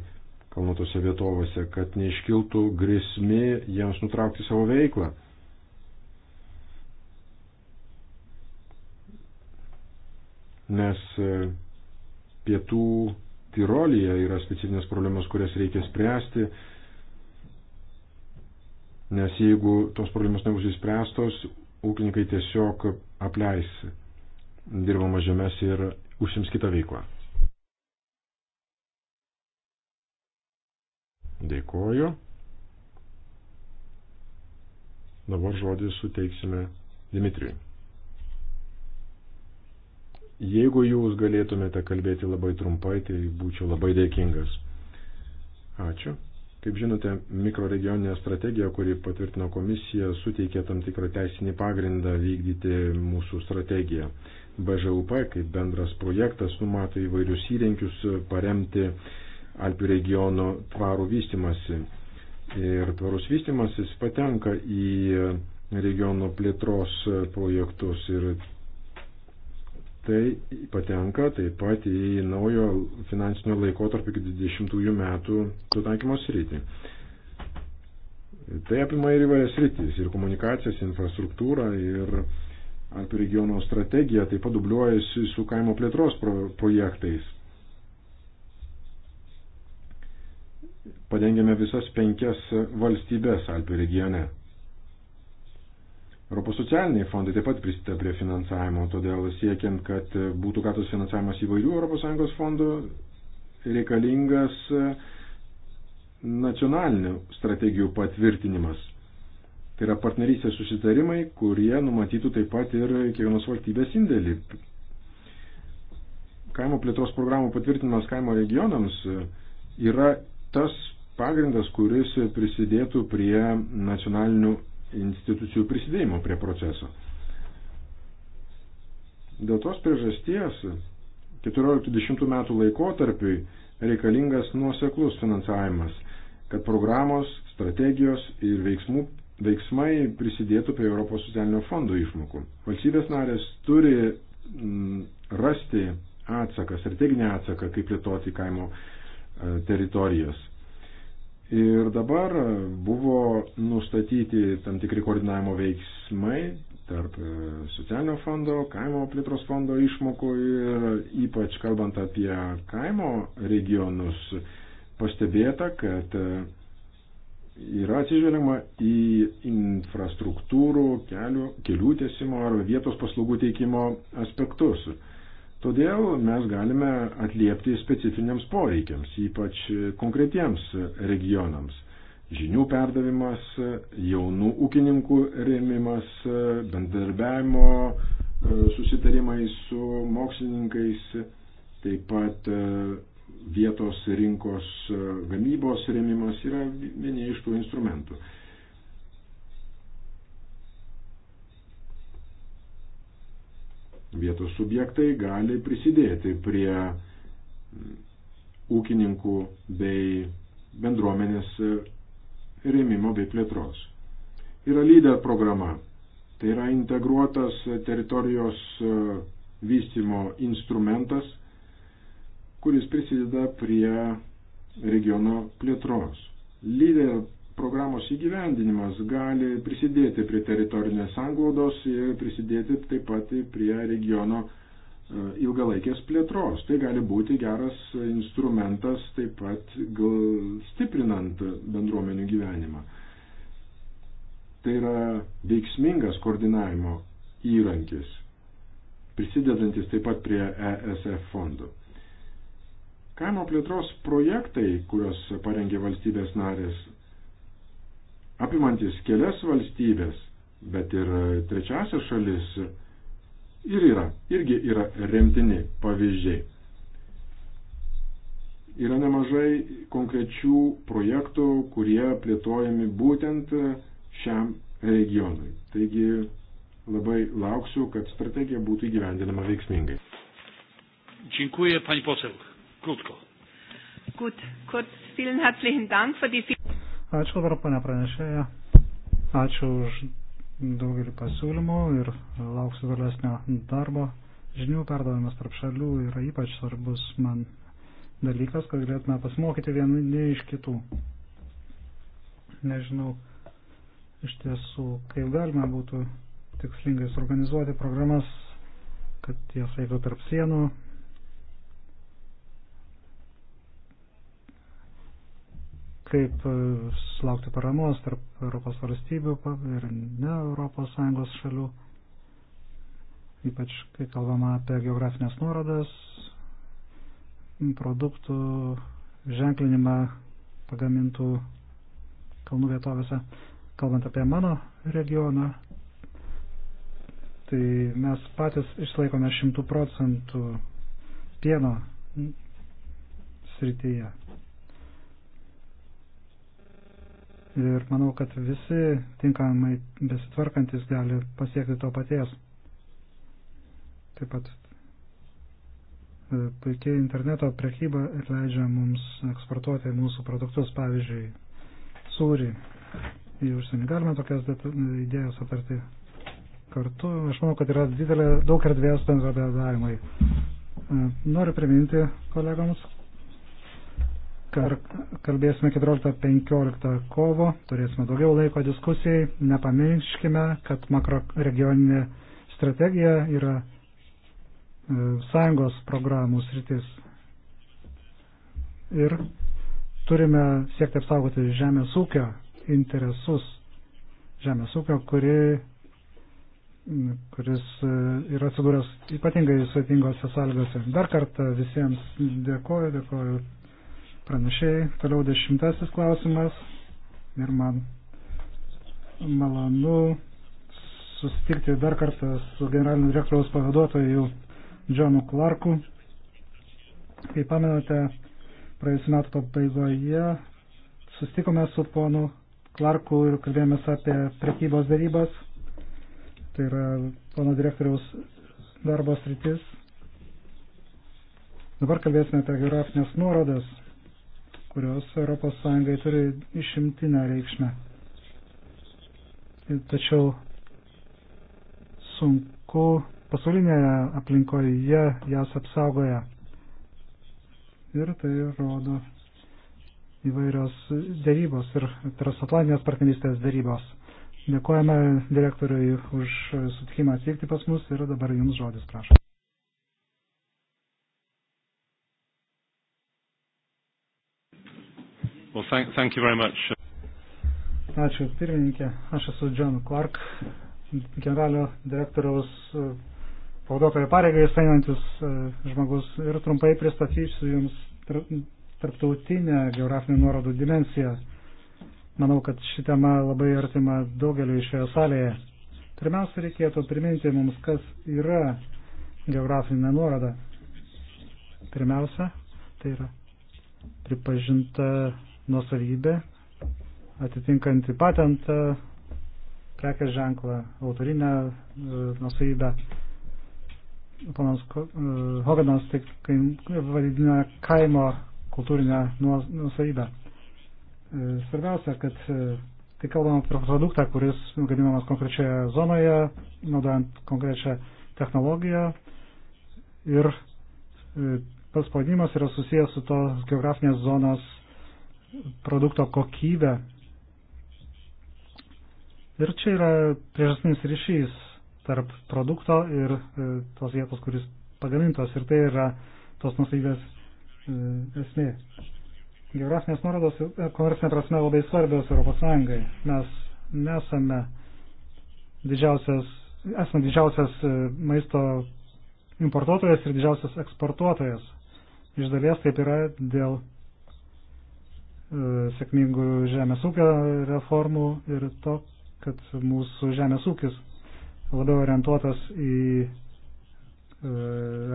kalnuotose vietovose, kad neiškiltų grėsmė jiems nutraukti savo veiklą. Nes e, pietų Tirolyje yra specifinės problemos, kurias reikia spręsti, nes jeigu tos problemos nebus įspręstos, ūkininkai tiesiog apleis dirbama žemės ir užsims kitą veiklą. Dėkoju. Dabar žodį suteiksime Dimitriui. Jeigu jūs galėtumėte kalbėti labai trumpai, tai būčiau labai dėkingas. Ačiū. Kaip žinote, mikroregioninė strategija, kuri patvirtino komisija, suteikė tam tikrą teisinį pagrindą vykdyti mūsų strategiją. BŽUP kaip bendras projektas numato įvairius įrankius paremti Alpių regiono tvarų vystimasi. Ir tvarus vystimasis patenka į regiono plėtros projektus ir Tai patenka taip pat į naujo finansinio laikotarpio iki 20 metų sutaikymo sritį. Tai apima ir įvairias rytis, ir komunikacijas, infrastruktūrą, ir Alpių regiono strategija taip pat dubliuojasi su kaimo plėtros pro projektais. Padengiame visas penkias valstybės Alpių regione. Europos socialiniai fondai taip pat prisideda prie finansavimo, todėl siekiant, kad būtų gautas finansavimas įvairių ES fondų, reikalingas nacionalinių strategijų patvirtinimas. Tai yra partnerystės susitarimai, kurie numatytų taip pat ir kiekvienos valstybės indėlį. Kaimo plėtros programų patvirtinimas kaimo regionams yra tas pagrindas, kuris prisidėtų prie nacionalinių institucijų prisidėjimo prie proceso. Dėl tos priežasties 14-20 metų laikotarpiui reikalingas nuoseklus finansavimas, kad programos, strategijos ir veiksmų, veiksmai prisidėtų prie Europos socialinio fondo išmokų. Valstybės narės turi m, mm, rasti atsaką, strateginį atsaką, kaip plėtoti kaimo e, teritorijas. Ir dabar buvo nustatyti tam tikri koordinavimo veiksmai tarp e, socialinio fondo, kaimo plėtros fondo išmokų ir ypač kalbant apie kaimo regionus, pastebėta, kad e, yra atsižvelgiama į infrastruktūrų, kelių, kelių tiesimo ar vietos paslaugų teikimo aspektus. Todėl mes galime atliepti specifiniams poreikiams, ypač konkretiems regionams. Žinių perdavimas, jaunų ūkininkų rėmimas, bendarbiavimo e, susitarimai su mokslininkais, taip pat e, vietos rinkos e, gamybos rėmimas yra vieni iš tų instrumentų. Vietos subjektai gali prisidėti prie ūkininkų bei bendruomenės rėmimo bei plėtros. Yra lyder programa. Tai yra integruotas teritorijos e, vystimo instrumentas, kuris prisideda prie regiono plėtros. Lyder programos įgyvendinimas gali prisidėti prie teritorinės sanglaudos ir prisidėti taip pat prie regiono e, ilgalaikės plėtros. Tai gali būti geras instrumentas taip pat stiprinant bendruomenių gyvenimą. Tai yra veiksmingas koordinavimo įrankis, prisidedantis taip pat prie ESF fondų. Kaimo plėtros projektai, kuriuos parengė valstybės narės, apimantis kelias valstybės, bet ir trečiasias šalis ir yra, irgi yra remtini pavyzdžiai. Yra nemažai konkrečių projektų, kurie plėtojami būtent šiam regionui. Taigi labai lauksiu, kad strategija būtų įgyvendinama veiksmingai. Dziękuję, pani poseł. Krótko. Gut, kurz, vielen herzlichen Dank für die Ačiū dabar, pane pranešėja. Ačiū už daugelį pasiūlymų ir lauksiu tolesnio darbo. Žinių perdavimas tarp šalių yra ypač svarbus man dalykas, kad galėtume pasimokyti vieni iš kitų. Nežinau iš tiesų, kaip galima būtų tikslingai suorganizuoti programas, kad jas eitų tarp sienų, kaip e, sulaukti paramos tarp Europos valstybių ir ne Europos Sąjungos šalių, ypač kai kalbama apie geografinės nuorodas, produktų ženklinimą pagamintų kalnų vietovėse. Kalbant apie mano regioną, tai mes patys išlaikome šimtų procentų pieno srityje. ir manau, kad visi tinkamai besitvarkantis gali pasiekti to paties. Taip pat e, puikiai interneto prekyba leidžia mums eksportuoti mūsų produktus, pavyzdžiui, sūrį į užsienį. Galime tokias idėjas aptarti kartu. Aš manau, kad yra didelė, daug erdvės bendradarbiavimai. E, noriu priminti kolegoms, kar, kalbėsime 14-15 kovo, turėsime daugiau laiko diskusijai. Nepamirškime, kad makroregioninė strategija yra e, sąjungos programų sritis. Ir turime siekti apsaugoti žemės ūkio interesus. Žemės ūkio, kuri, kuris e, yra atsidūręs ypatingai sudėtingose sąlygose. Dar kartą visiems dėkoju, dėkoju pranešėjai. Toliau dešimtasis klausimas. Ir man malonu susitikti dar kartą su generaliniu direktoriaus pavaduotoju Johnu Clarku. Kaip pamenate, praėjusiu metu pabaigoje susitikome su ponu Clarku ir kalbėjomės apie prekybos darybas. Tai yra pono direktoriaus darbo sritis. Dabar kalbėsime apie geografinės nuorodas kurios ES turi išimtinę reikšmę. Tačiau sunku pasaulinėje aplinkoje jas apsaugoja. Ir tai rodo įvairios darybos ir transatlantinės partnerystės darybos. Dėkojame direktoriui už sutikimą atvykti pas mus ir dabar jums žodis prašau. Well, thank, thank you very much. Ačiū pirmininkė. Aš esu John Clark, generalinio direktoriaus e, pavaduotojo pareigai einantis e, žmogus ir trumpai pristatysiu Jums tarptautinę geografinių nuorodų dimensiją. Manau, kad ši tema labai artima daugeliu šioje salėje. Pirmiausia, reikėtų priminti mums, kas yra geografinė nuoroda. Pirmiausia, tai yra pripažinta nusavybė atitinkantį patentą, prekės ženklą, autorinę e, nusavybę. Panas e, Hoganas tik vadina kaimo kultūrinę nusavybę. E, svarbiausia, kad tai kalbama apie produktą, kuris gaminamas konkrečioje zonoje, naudojant konkrečią technologiją ir tas pavadinimas yra susijęs su tos geografinės zonos produkto kokybę. Ir čia yra priežastinis ryšys tarp produkto ir e, tos vietos, kuris pagamintos. Ir tai yra tos nusavybės e, esmė. Geografinės nuorodos komercinė prasme labai svarbios Europos Sąjungai. Mes nesame didžiausias, esame didžiausias e, maisto importuotojas ir didžiausias eksportuotojas. Iš dalies taip yra dėl E, sėkmingų žemės ūkio reformų ir to, kad mūsų žemės ūkis labiau orientuotas į e,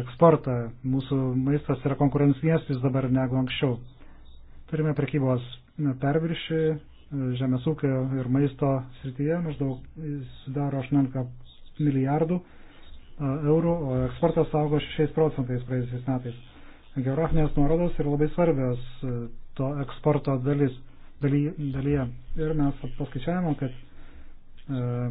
eksportą. Mūsų maistas yra konkurencingesnis dabar negu anksčiau. Turime prekybos perviršį e, žemės ūkio ir maisto srityje, maždaug sudaro 18 milijardų eurų, o eksportas augo 6 procentais praėjusiais metais. Geografinės nuorodos yra labai svarbios to eksporto dalis, daly, dalyje. Ir mes paskaičiavome, kad e,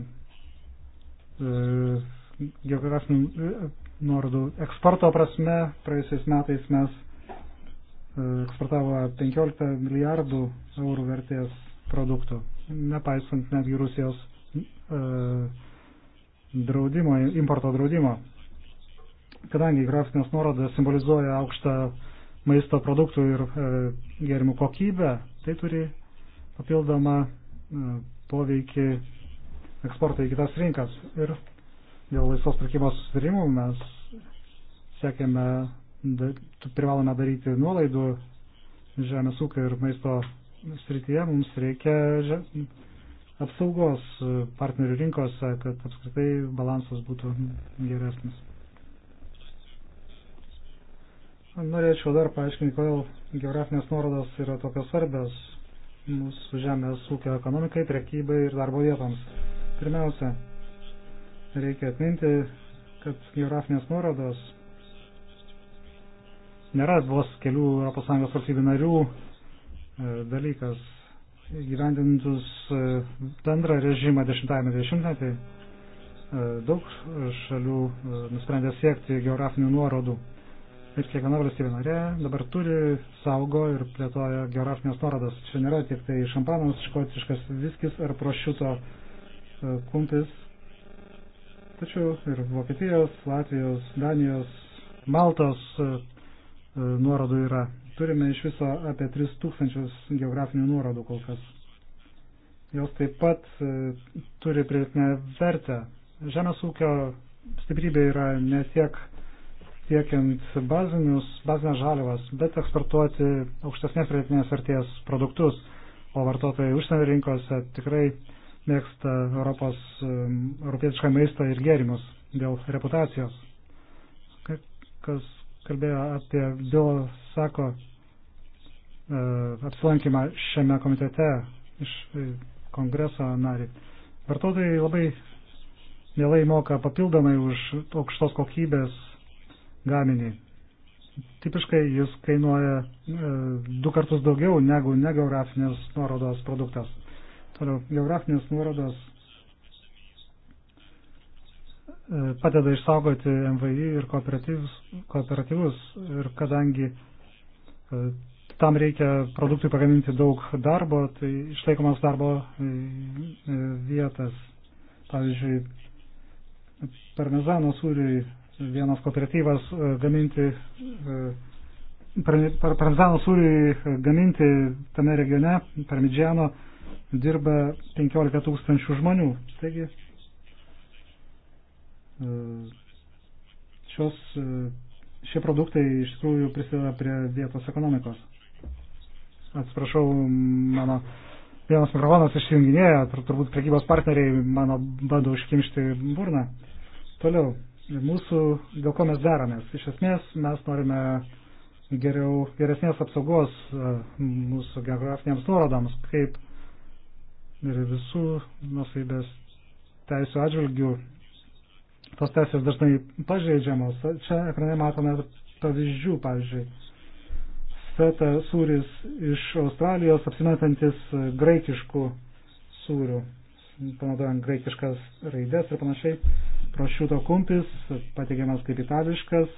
e, geografinių e, nuorodų eksporto prasme praėjusiais metais mes e, eksportavo 15 milijardų eurų vertės produktų, nepaisant netgi Rusijos e, draudimo, importo draudimo. Kadangi grafinės nuorodas simbolizuoja aukštą maisto produktų ir e, gėrimų kokybę, tai turi papildomą e, poveikį eksportą į kitas rinkas. Ir dėl laisvos prekybos susitarimų mes siekiame, privalome daryti nuolaidų žemės ūkio ir maisto srityje. Mums reikia apsaugos e, partnerių rinkose, kad apskritai balansas būtų geresnis. Norėčiau dar paaiškinti, kodėl geografinės nuorodos yra tokios svarbios mūsų žemės ūkio ekonomikai, prekybai ir darbo vietoms. Pirmiausia, reikia atminti, kad geografinės nuorodos nėra vos kelių ES valstybių narių e, dalykas. Gyvendintus e, bendrą režimą 10-ame dešimtmetį e, daug šalių nusprendė siekti geografinių nuorodų ir kiekviena valstybė narė dabar turi, saugo ir plėtoja geografinės nuorodas. Čia nėra tik tai šampanas, škotiškas viskis ar prošiuto e, kumpis. Tačiau ir Vokietijos, Latvijos, Danijos, Maltos e, e, nuorodų yra. Turime iš viso apie 3000 geografinių nuorodų kol kas. Jos taip pat turi pridėtinę vertę. Žemės ūkio stiprybė yra ne tiek tiekiant bazinius, bazinės žalivas, bet eksportuoti aukštesnės pridėtinės vertės produktus, o vartotojai užsienio rinkose tikrai mėgsta Europos, europietišką maistą ir gėrimus dėl reputacijos. Kas kalbėjo apie Bilo Sako e, apsilankymą šiame komitete iš e, kongreso narį. Vartotojai labai mielai moka papildomai už aukštos kokybės gaminį. Tipiškai jis kainuoja e, du kartus daugiau negu negeografinės nuorodos produktas. Toliau, geografinės nuorodos e, padeda išsaugoti MVI ir kooperatyvus, kooperatyvus ir kadangi e, tam reikia produktui pagaminti daug darbo, tai išlaikomas darbo e, e, vietas. Pavyzdžiui, parmezano sūriui vienas kooperatyvas e, gaminti e, parmezano sūrį e, gaminti tame regione, parmidžiano, dirba 15 tūkstančių žmonių. Taigi šios, šie produktai iš tikrųjų prisideda prie vietos ekonomikos. Atsiprašau, mano vienas mikrofonas išjunginėja, turbūt prekybos partneriai mano bando užkimšti burną. Toliau mūsų, dėl ko mes daromės. Iš esmės mes norime geriau, geresnės apsaugos e, mūsų geografinėms nuorodams, kaip ir visų nusaibės teisų atžvilgių. Tos teisės dažnai pažeidžiamos. Čia ekrane matome pavyzdžių, pavyzdžiui, feta sūris iš Australijos apsimetantis graikiškų sūrių, panaudojant graikiškas raides ir panašiai. Prošiuto kumpis pateikiamas kaip itališkas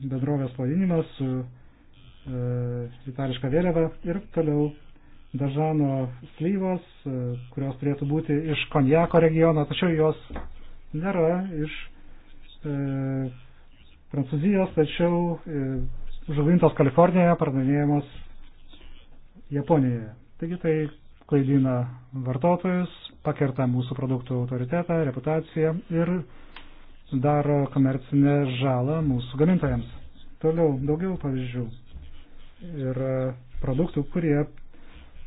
bendrovės pavadinimas su e, itališka vėliava ir toliau dažano slyvos, e, kurios turėtų būti iš konjako regiono, tačiau jos nėra iš e, Prancūzijos, tačiau e, žuvintos Kalifornijoje pardavinėjamos Japonijoje. Taigi tai klaidina vartotojus, pakerta mūsų produktų autoritetą, reputaciją ir daro komercinę žalą mūsų gamintojams. Toliau daugiau pavyzdžių. Ir produktų, kurie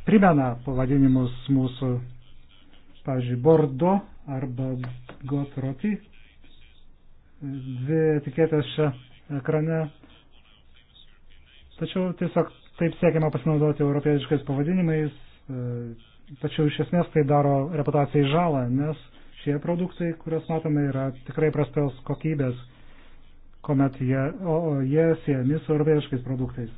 primena pavadinimus mūsų, pavyzdžiui, Bordo arba Gotroti. Dvi etiketės čia ekrane. Tačiau tiesiog taip siekiama pasinaudoti europietiškais pavadinimais E, tačiau iš esmės tai daro reputacijai žalą, nes šie produktai, kuriuos matome, yra tikrai prastos kokybės, kuomet jie, o, o, jie siejami su europiečiais produktais.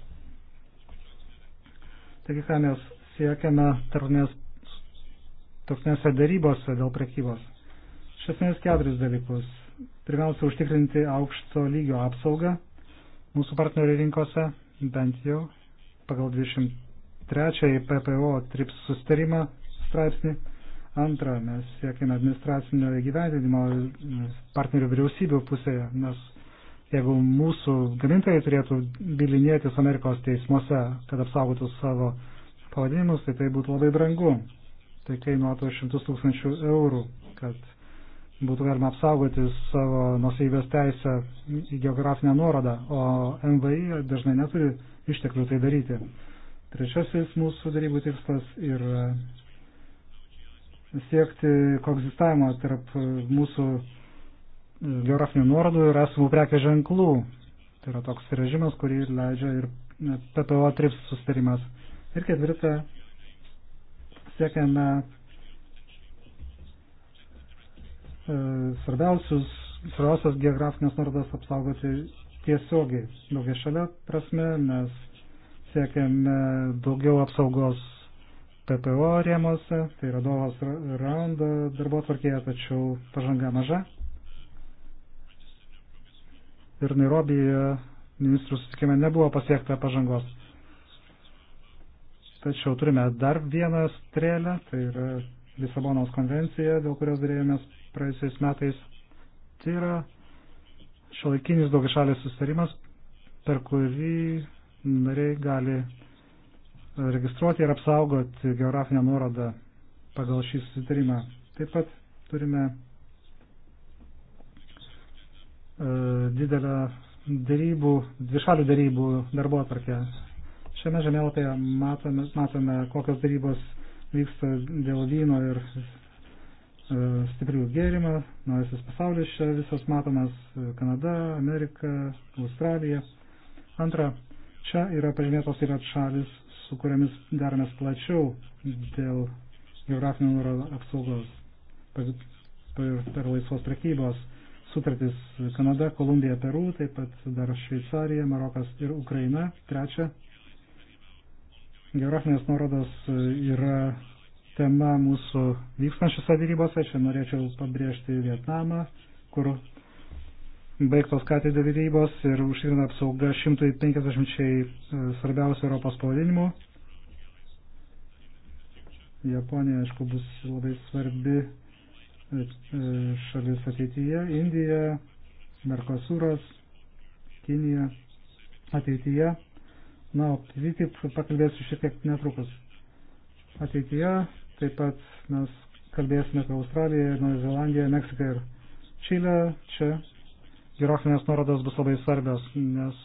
Taigi, ką mes siekiame tarptautinėse darybose dėl prekybos? Iš esmės keturis dalykus. Pirmiausia, užtikrinti aukšto lygio apsaugą mūsų partnerių rinkose, bent jau pagal 20 trečiąjį PPO TRIPS sustarimą straipsnį. Antra, mes siekime administracinio įgyvendinimo partnerių vyriausybių pusėje, nes jeigu mūsų gamintojai turėtų bilinėtis Amerikos teismuose, kad apsaugotų savo pavadinimus, tai tai būtų labai brangu. Tai kainuotų šimtus tūkstančių eurų, kad būtų galima apsaugoti savo nusavybės teisę į geografinę nuorodą, o MVI dažnai neturi išteklių tai daryti. Trečiasis mūsų darybų tikslas yra siekti koegzistavimo tarp mūsų geografinių nuorodų ir esamų prekės ženklų. Tai yra toks režimas, kurį leidžia ir PPO trips sustarimas. Ir ketvirta, siekiame e, svarbiausius, svarbiausias geografinės nuorodas apsaugoti tiesiogiai. Daugia šalia prasme mes siekiame daugiau apsaugos PPO rėmose, tai yra dovas raundo darbo tvarkėje, tačiau pažanga maža. Ir Nairobijoje ministrų susitikime nebuvo pasiekta pažangos. Tačiau turime dar vieną strėlę, tai yra Lisabonos konvencija, dėl kurios dėrėjomės praėjusiais metais. Tai yra šiolaikinis daugišalės sustarimas, per kurį nariai gali registruoti ir apsaugoti geografinę nuorodą pagal šį susitarimą. Taip pat turime e, didelę dėrybų, dvišalių dėrybų darbo atvarkę. Šiame žemėlapyje matome, matome, kokios dėrybos vyksta dėl vyno ir e, stiprių gėrimą, naujasis pasaulis čia visas matomas Kanada, Amerika, Australija. Antra, Čia yra pažymėtos ir atšalis, su kuriamis deramės plačiau dėl geografinių nuorodų apsaugos per, per, per laisvos prekybos sutartis Kanada, Kolumbija, Peru, taip pat dar Šveicarija, Marokas ir Ukraina. Trečia, geografinės nuorodos yra tema mūsų vykstančiose dėrybose. Čia norėčiau pabrėžti Vietnamą, kur baigtos ką tik darybos ir užtikrina apsauga 150 e, svarbiausių Europos pavadinimų. Japonija, aišku, bus labai svarbi e, e, šalis ateityje. Indija, Merkosūras, Kinija ateityje. Na, o TTIP pakalbėsiu šiek tiek netrukus. Ateityje taip pat mes kalbėsime apie Australiją, Naują Zelandiją, Meksiką ir Čilę. Čia geografinės nuorodos bus labai svarbios, nes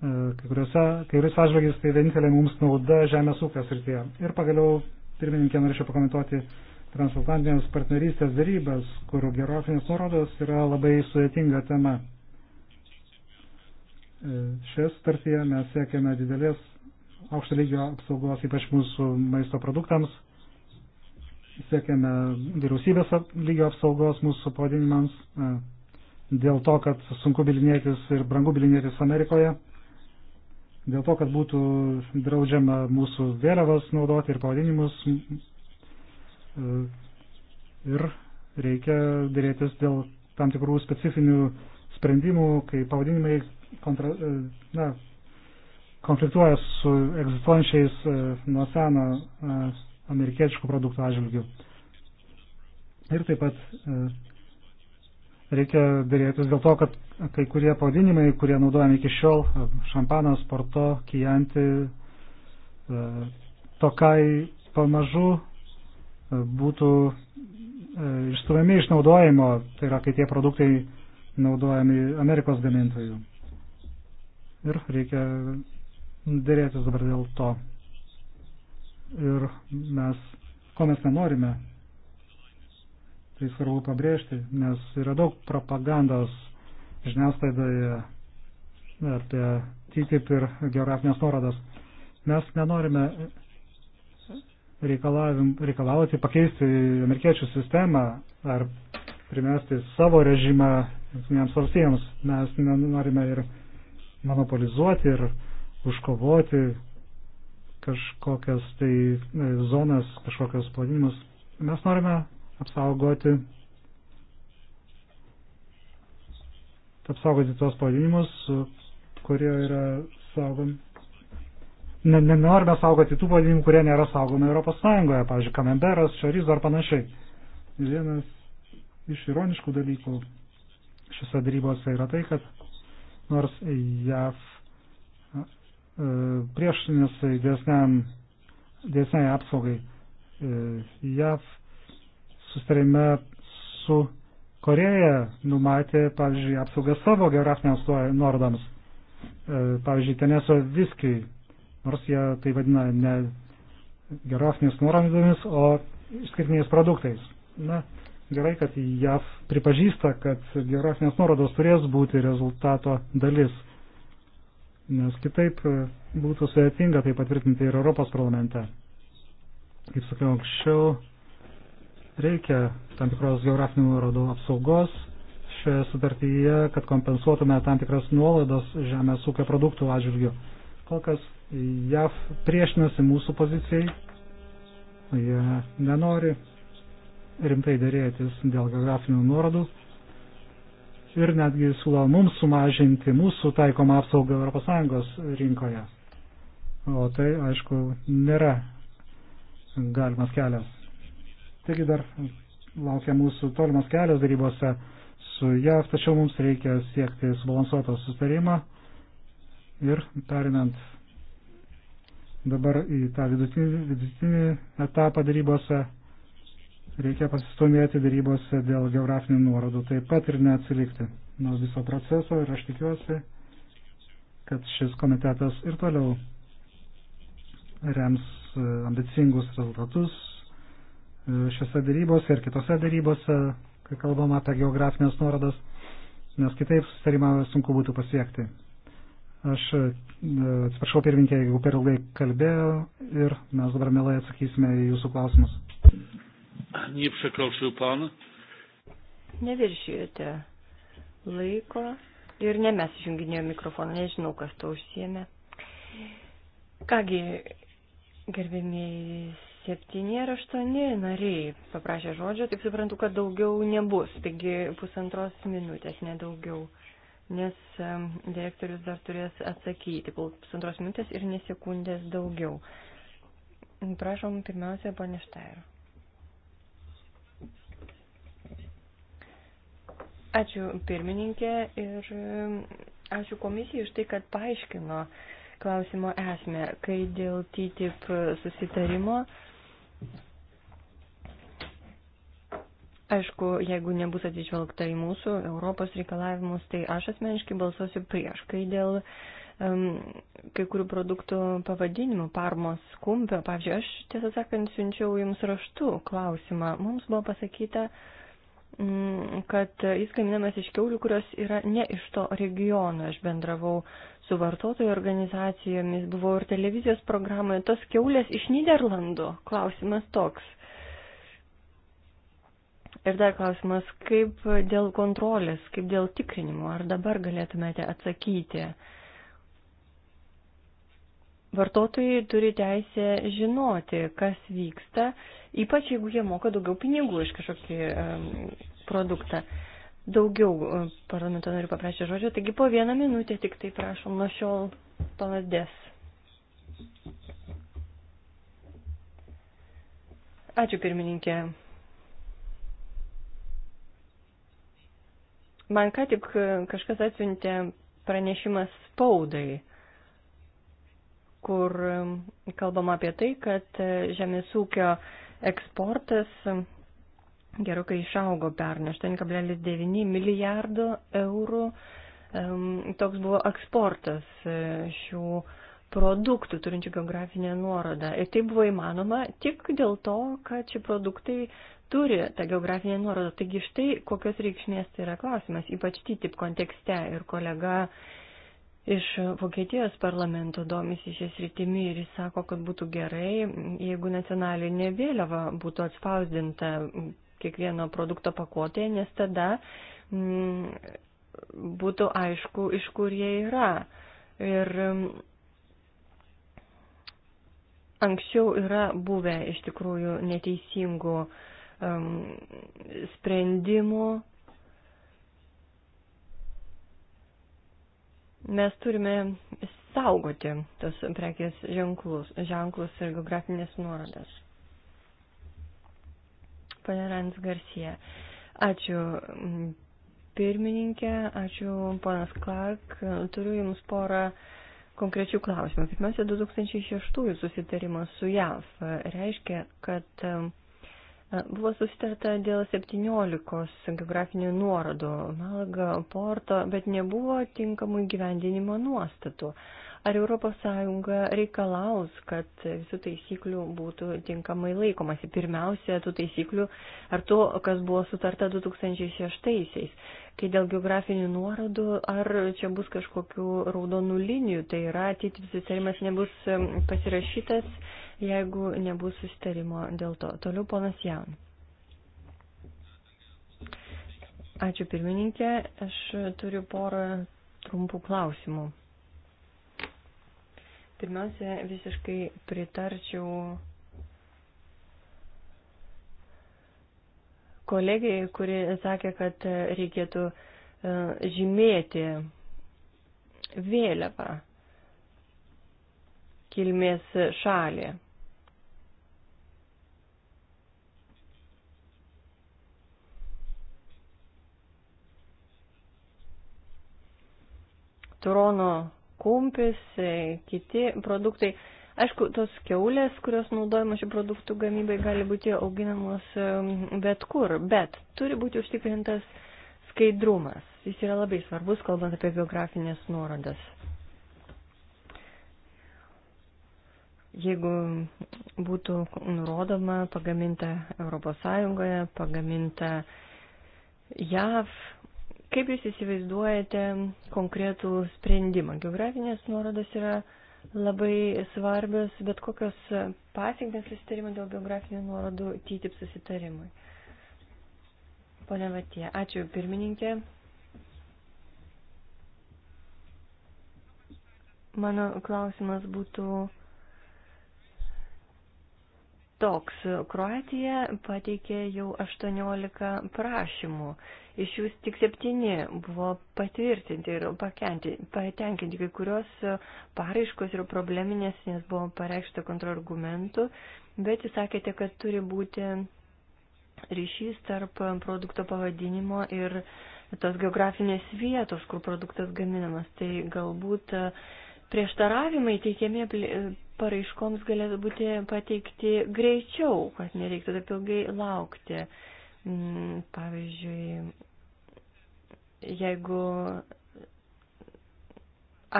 e, kai kuriuose, kai kuriuos atžvilgiais tai vienintelė mums nauda žemės ūkio srityje. Ir pagaliau, pirmininkė, norėčiau pakomentuoti transatlantinės partnerystės darybas, kur geografinės nuorodos yra labai sudėtinga tema. E, šioje sutartyje mes siekiame didelės aukšto lygio apsaugos, ypač mūsų maisto produktams. Siekiame vyriausybės lygio apsaugos mūsų pavadinimams, e, dėl to, kad sunku bilinėtis ir brangu bilinėtis Amerikoje, dėl to, kad būtų draudžiama mūsų vėliavas naudoti ir pavadinimus e, ir reikia dėrėtis dėl tam tikrų specifinių sprendimų, kai pavadinimai kontra, e, na, konfliktuoja su egzistuojančiais e, nuo seno amerikiečių produktų atžvilgių. Ir taip pat reikia dėrėtis dėl to, kad kai kurie pavadinimai, kurie naudojami iki šiol, šampanas, porto, kijanti, e, tokai pamažu e, būtų e, išstumiami išnaudojimo, tai yra, kai tie produktai naudojami Amerikos gamintojų. Ir reikia dėrėtis dabar dėl to. Ir mes, ko mes nenorime, tai svarbu pabrėžti, nes yra daug propagandos žiniasklaidoje apie TTIP tai, ir geografinės nuorodas. Mes nenorime reikalauti pakeisti amerikiečių sistemą ar primesti savo režimą jungtinėms valstijams. Mes norime ir monopolizuoti ir užkovoti kažkokias tai zonas, kažkokius pavadinimus. Mes norime apsaugoti, apsaugoti tos pavadinimus, kurie yra saugomi. Ne, nenorime saugoti tų pavadinimų, kurie nėra saugomi Europos Sąjungoje, pavyzdžiui, Kamemberas, Šarys ar panašiai. Vienas iš ironiškų dalykų šiuose darybose yra tai, kad nors JAV e, priešinasi dėsniai apsaugai. E, JAV sustarime su Koreja numatė, pavyzdžiui, apsaugą savo geografiniams nuorodams, e, pavyzdžiui, Teneso viskiai, nors jie tai vadina ne geografinės nuorodomis, o išskirtiniais produktais. Na, gerai, kad JAV pripažįsta, kad geografinės nuorodos turės būti rezultato dalis, nes kitaip e, būtų sudėtinga tai patvirtinti ir Europos parlamente. Kaip sakiau anksčiau, Reikia tam tikros geografinių nuorodų apsaugos šioje sutartyje, kad kompensuotume tam tikras nuolaidas žemės ūkio produktų atžvilgių. Kol kas JAV priešinasi mūsų pozicijai, jie nenori rimtai dėrėtis dėl geografinių nuorodų ir netgi siūlo mums sumažinti mūsų taikomą apsaugą ES rinkoje. O tai, aišku, nėra galimas kelias. Taigi dar laukia mūsų tolimas kelias darybose su JAV, tačiau mums reikia siekti subalansuotą sustarimą ir perinant dabar į tą vidutinį, vidutinį etapą darybose reikia pasistumėti darybose dėl geografinių nuorodų, taip pat ir neatsilikti nuo viso proceso ir aš tikiuosi, kad šis komitetas ir toliau rems e, ambicingus rezultatus, šiose darybose ir kitose darybose, kai kalbam apie geografinės nuorodas, nes kitaip susitarimą sunku būtų pasiekti. Aš e, atsiprašau pirminkė, jeigu per ilgai kalbėjau ir mes dabar mielai atsakysime į jūsų klausimus. Nepriklausiu pan. Neviršijote laiko ir ne mes išjunginėjo mikrofoną, nežinau, kas to užsiemė. Kągi, gerbėmėjai Septyni ar aštuoni nariai paprašė žodžio, taip suprantu, kad daugiau nebus, taigi pusantros minutės, nedaugiau, nes direktorius dar turės atsakyti pusantros minutės ir nesekundės daugiau. Prašom, pirmiausia, ponė Štairo. Ačiū pirmininkė ir ačiū komisijai už tai, kad paaiškino klausimo esmę, kai dėl TTIP susitarimo. Uh, Aišku, jeigu nebus atsižvelgta į mūsų Europos reikalavimus, tai aš asmeniškai balsuosiu prieš, kai dėl um, kai kurių produktų pavadinimų, parmos kumpio, pavyzdžiui, aš tiesą sakant siunčiau jums raštu klausimą. Mums buvo pasakyta, mm, kad jis gaminamas iš keulių, kurios yra ne iš to regiono. Aš bendravau su vartotojų organizacijomis, buvau ir televizijos programoje. Tos keulės iš Niderlandų. Klausimas toks. Ir dar klausimas, kaip dėl kontrolės, kaip dėl tikrinimo, ar dabar galėtumėte atsakyti? Vartotojai turi teisę žinoti, kas vyksta, ypač jeigu jie moka daugiau pinigų iš kažkokį um, produktą. Daugiau e, parlamento narių paprašė žodžio, taigi po vieną minutę tik tai prašom nuo šiol paladės. Ačiū pirmininkė. Man ką tik e, kažkas atsiuntė pranešimas spaudai, kur e, kalbama apie tai, kad e, žemės ūkio eksportas gerokai išaugo pernai 8,9 milijardo eurų. Toks buvo eksportas šių produktų turinčių geografinę nuorodą. Ir tai buvo įmanoma tik dėl to, kad šie produktai turi tą geografinę nuorodą. Taigi štai kokios reikšmės tai yra klausimas, ypač TTIP kontekste ir kolega iš Vokietijos parlamento domisi šią sritimį ir jis sako, kad būtų gerai, jeigu nacionalinė vėliava būtų atspausdinta kiekvieno produkto pakuotėje, nes tada m, mm, būtų aišku, iš kur jie yra. Ir mm, anksčiau yra buvę iš tikrųjų neteisingų uh, um, sprendimų. Mes turime saugoti tos prekės ženklus, ženklus ir geografinės nuorodas. Pane Rans Garcia, ačiū pirmininkė, ačiū ponas Clark. Turiu Jums porą konkrečių klausimų. Pirmiausia, 2006 susitarimas su JAV reiškia, kad um, Buvo susitarta dėl 17 geografinių nuorodų Malaga, Porto, bet nebuvo tinkamų gyvendinimo nuostatų. Ar ES reikalaus, kad visų taisyklių būtų tinkamai laikomasi? Pirmiausia, tų taisyklių ar to, kas buvo sutarta 2006-aisiais, kai dėl geografinių nuorodų, ar čia bus kažkokių raudonų linijų, tai yra atitims susitarimas nebus pasirašytas jeigu nebus sustarimo dėl to. Toliau ponas Jaun. Ačiū pirmininkė, aš turiu porą trumpų klausimų. Pirmiausia, visiškai pritarčiau kolegijai, kuri sakė, kad reikėtų e, žymėti vėliavą kilmės šalį. turono kumpis, e, kiti produktai. Aišku, tos keulės, kurios naudojamos šių produktų gamybai, gali būti auginamos e, bet kur, bet turi būti užtikrintas skaidrumas. Jis yra labai svarbus, kalbant apie geografinės nuorodas. Jeigu būtų nurodoma pagaminta ES, pagaminta JAV, Kaip Jūs įsivaizduojate konkretų sprendimą? Geografinės nuorodos yra labai svarbios, bet kokios pasiekmes susitarimo dėl geografinių nuorodų TTIP susitarimui. Pone Vatie, ačiū pirmininkė. Mano klausimas būtų toks. Kroatija pateikė jau 18 prašymų, iš jų tik 7 buvo patvirtinti ir pakenti, patenkinti, kai kurios paraiškos yra probleminės, nes buvo pareikšta kontrargumentų, bet jūs sakėte, kad turi būti ryšys tarp produkto pavadinimo ir tos geografinės vietos, kur produktas gaminamas. Tai galbūt prieštaravimai teikiami paraiškoms galėtų būti pateikti greičiau, kad nereiktų taip ilgai laukti. Mm, pavyzdžiui, jeigu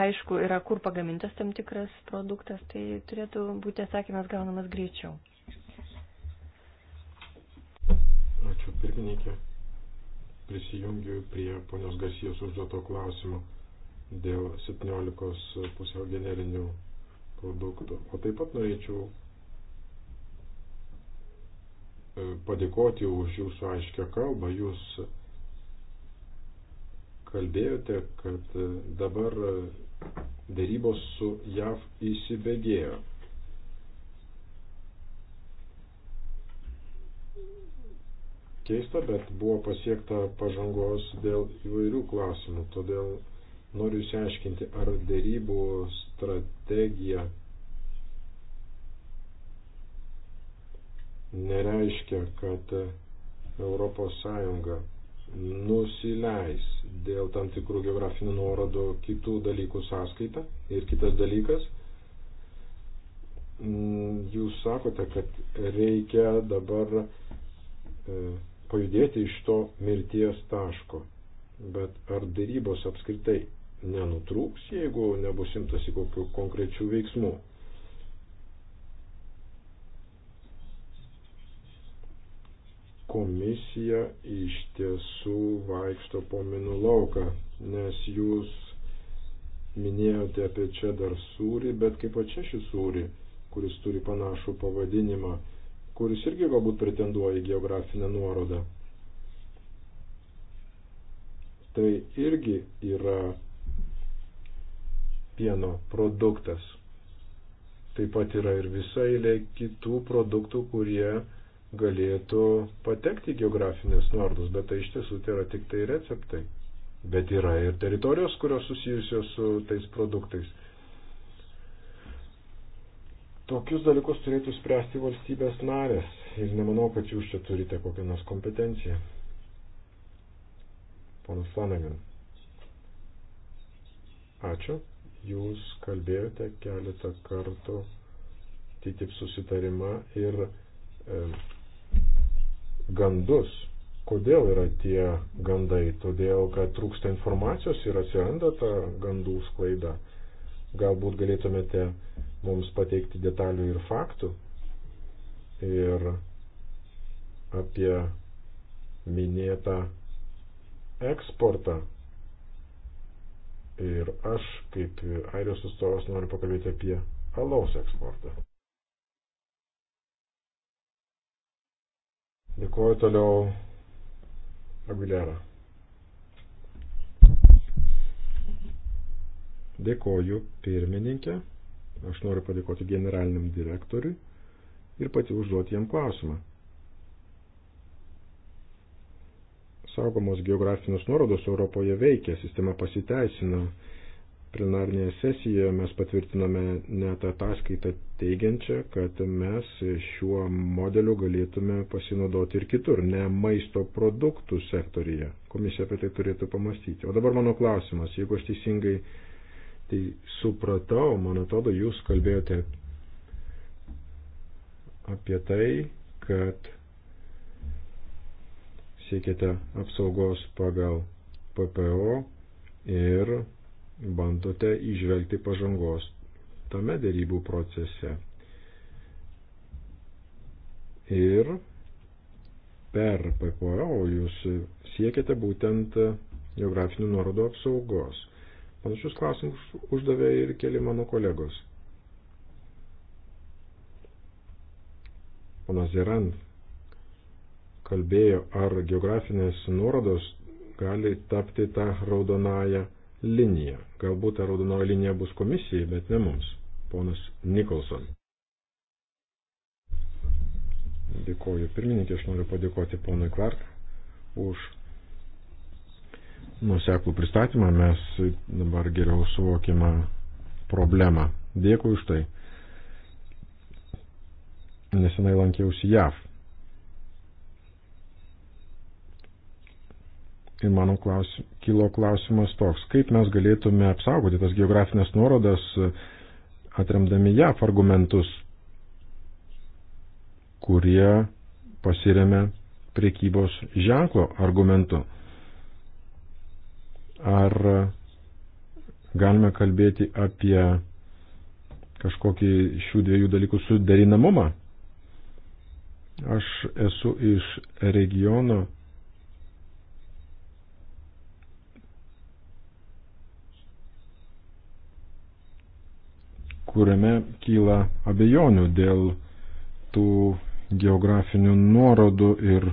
aišku yra, kur pagamintas tam tikras produktas, tai turėtų būti atsakymas gaunamas greičiau. Ačiū, pirmininkė. Prisijungiu prie ponios Gasijos užduoto klausimo dėl 17 pusiau generinių produktų. O taip pat norėčiau e, padėkoti už jūsų aiškę kalbą. Jūs kalbėjote, kad e, dabar e, dėrybos su JAV įsibėgėjo. Keista, bet buvo pasiekta pažangos dėl įvairių klausimų, todėl Noriu išsiaiškinti, ar dėrybų strategija nereiškia, kad ES nusileis dėl tam tikrų geografinių nuorodų kitų dalykų sąskaita. Ir kitas dalykas, mm, jūs sakote, kad reikia dabar e, pajudėti iš to mirties taško. Bet ar darybos apskritai nenutrūks, jeigu nebus imtasi kokių konkrečių veiksmų. Komisija iš tiesų vaikšto po minų lauką, nes jūs minėjote apie čia dar sūrį, bet kaip pačia šį sūrį, kuris turi panašų pavadinimą, kuris irgi galbūt pretenduoja į geografinę nuorodą. Tai irgi yra pieno produktas. Taip pat yra ir visa eilė kitų produktų, kurie galėtų patekti geografinės nuordus, bet tai iš tiesų tai yra tik tai receptai. Bet yra ir teritorijos, kurios susijusios su tais produktais. Tokius dalykus turėtų spręsti valstybės narės ir nemanau, kad jūs čia turite kokią nors kompetenciją. Ponas Flanagan. Ačiū. Jūs kalbėjote keletą kartų TTIP susitarimą ir e, gandus. Kodėl yra tie gandai? Todėl, kad trūksta informacijos ir atsiranda ta gandų sklaida. Galbūt galėtumėte mums pateikti detalių ir faktų ir apie minėtą eksportą Ir aš, kaip airijos atstovas, noriu pakalbėti apie alaus eksportą. Dėkuoju toliau Aguilera. Dėkuoju pirmininkė. Aš noriu padėkoti generaliniam direktoriui ir pati užduoti jam klausimą. saugomos geografinės nuorodos Europoje veikia, sistema pasiteisina. Plenarnėje sesijoje mes patvirtinome net ataskaitą teigiančią, kad mes šiuo modeliu galėtume pasinaudoti ir kitur, ne maisto produktų sektorija. Komisija apie tai turėtų pamastyti. O dabar mano klausimas, jeigu aš teisingai tai supratau, man atrodo, jūs kalbėjote apie tai, kad siekiate apsaugos pagal PPO ir bandote išvelgti pažangos tame dėrybų procese. Ir per PPO jūs siekiate būtent geografinių nuorodų apsaugos. Panašius klausimus uždavė ir keli mano kolegos. Panas Zerand kalbėjo, ar geografinės nuorodos gali tapti tą raudonąją liniją. Galbūt ta raudonoji linija bus komisijai, bet ne mums. Ponas Nikolson. Dėkoju pirmininkė, aš noriu padėkoti ponui Clark už nuseklų pristatymą. Mes dabar geriau suvokime problemą. Dėkui už tai. Nesenai lankiausi JAV Ir tai mano klausim, kilo klausimas toks, kaip mes galėtume apsaugoti tas geografinės nuorodas, atremdami JAF argumentus, kurie pasiremia priekybos ženklo argumentu. Ar galime kalbėti apie kažkokį šių dviejų dalykų suderinamumą? Aš esu iš regiono kuriame kyla abejonių dėl tų geografinių nuorodų ir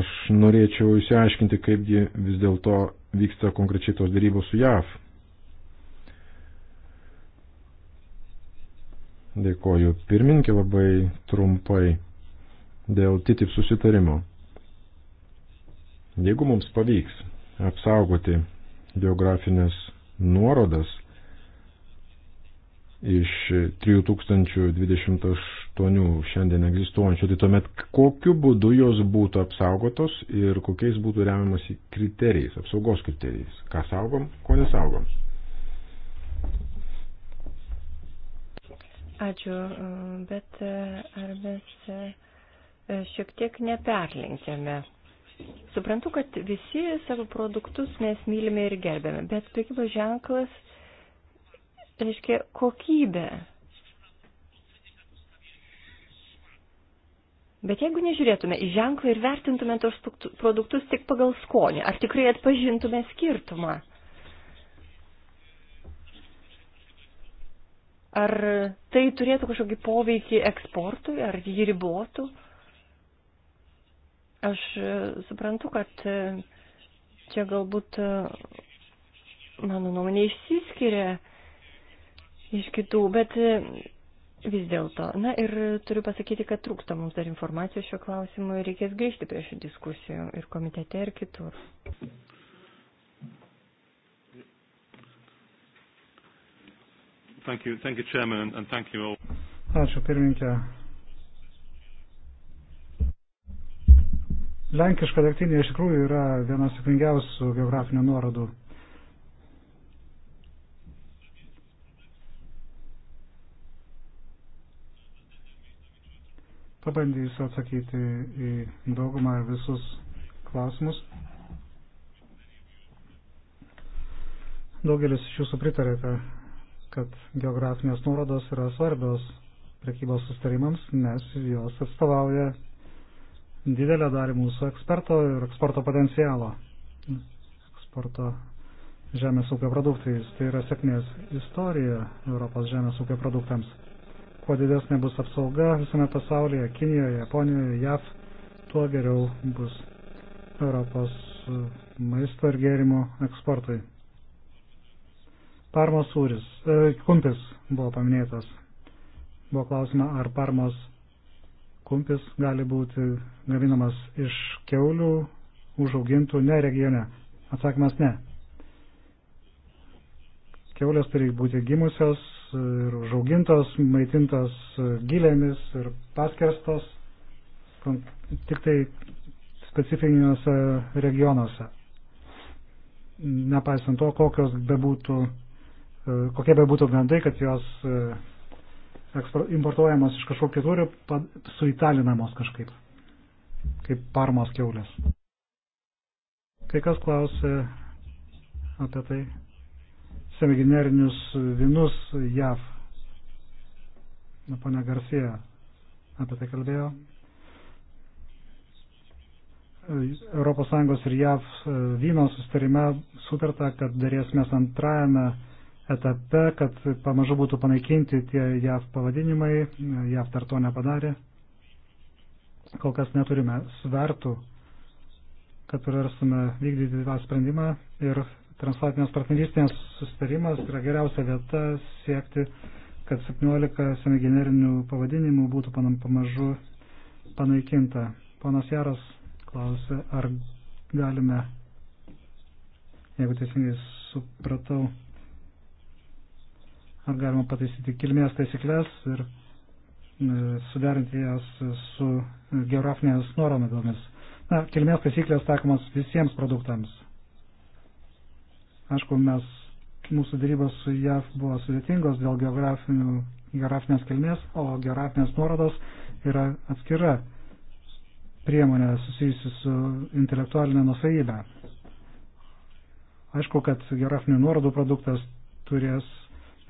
aš norėčiau įsiaiškinti, kaipgi vis dėlto vyksta konkrečiai tos dėrybos su JAV. Dėkoju pirmininkė labai trumpai dėl TTIP susitarimo. Jeigu mums pavyks apsaugoti geografinės nuorodas iš 3028 šiandien egzistuojančių, tai tuomet kokiu būdu jos būtų apsaugotos ir kokiais būtų remiamasi kriterijais, apsaugos kriterijais, ką saugom, ko nesaugom. Ačiū, bet ar mes e, šiek tiek neperlinkėme Suprantu, kad visi savo produktus mes mylime ir gerbėme, bet prekybos ženklas reiškia kokybę. Bet jeigu nežiūrėtume į ženklą ir vertintume tos produktus tik pagal skonį, ar tikrai atpažintume skirtumą? Ar tai turėtų kažkokį poveikį eksportui, ar jį ribotų? Aš e, suprantu, kad e, čia galbūt e, mano nuomonė išsiskiria iš kitų, bet vis dėlto. Na ir turiu pasakyti, kad trūksta mums dar informacijos šio klausimu ir reikės grįžti prie šių diskusijų ir komitete, ir kitur. Thank you, thank you, Chairman, and thank you all. Ačiū pirmininkė, Lenkiška degtinė iš tikrųjų yra viena sėkmingiausių geografinių nuorodų. Pabandysiu atsakyti į daugumą ir visus klausimus. Daugelis iš jūsų pritarėte, kad geografinės nuorodos yra svarbios prekybos sustarimams, nes jos atstovauja didelę dalį mūsų eksperto ir eksporto potencialo, eksporto žemės ūkio produktais. Tai yra sėkmės istorija Europos žemės ūkio produktams. Kuo didesnė bus apsauga visame pasaulyje, Kinijoje, Japonijoje, JAV, tuo geriau bus Europos maisto ir gėrimo eksportui. Parmos sūris, e, kumpis buvo paminėtas. Buvo klausima, ar parmos kumpis gali būti gaminamas iš keulių užaugintų ne regione? Atsakymas ne. Keulės turi būti gimusios ir užaugintos, maitintos gilėmis ir paskerstos tik tai specifiniuose regionuose. Nepaisant to, kokios bebūtų, e, kokie bebūtų gandai, kad jos e, importuojamos iš kažkur kitur suitalinamos kažkaip, kaip parmos keulės. Kai kas klausė apie tai semigenerinius vinus JAV. Pane Garcia apie tai kalbėjo. ES ir JAV vyno sustarime sutarta, kad dėrėsime antrajame etape, kad pamažu būtų panaikinti tie JAV pavadinimai, JAV dar to nepadarė. Kol kas neturime svertų, kad prarasime vykdyti tą sprendimą ir transatlantinės partnerystės sustarimas yra geriausia vieta siekti, kad 17 semigenerinių pavadinimų būtų pamažu panaikinta. Ponas Jaras klausė, ar galime, jeigu teisingai supratau, ar galima pataisyti kilmės taisyklės ir e, suderinti jas su geografinės nuorodomis. Na, kilmės taisyklės taikomas visiems produktams. Aišku, mes, mūsų darybos su JAV buvo sudėtingos dėl geografinės kilmės, o geografinės nuorodos yra atskira priemonė susijusi su intelektualinė nusavybė. Aišku, kad geografinių nuorodų produktas turės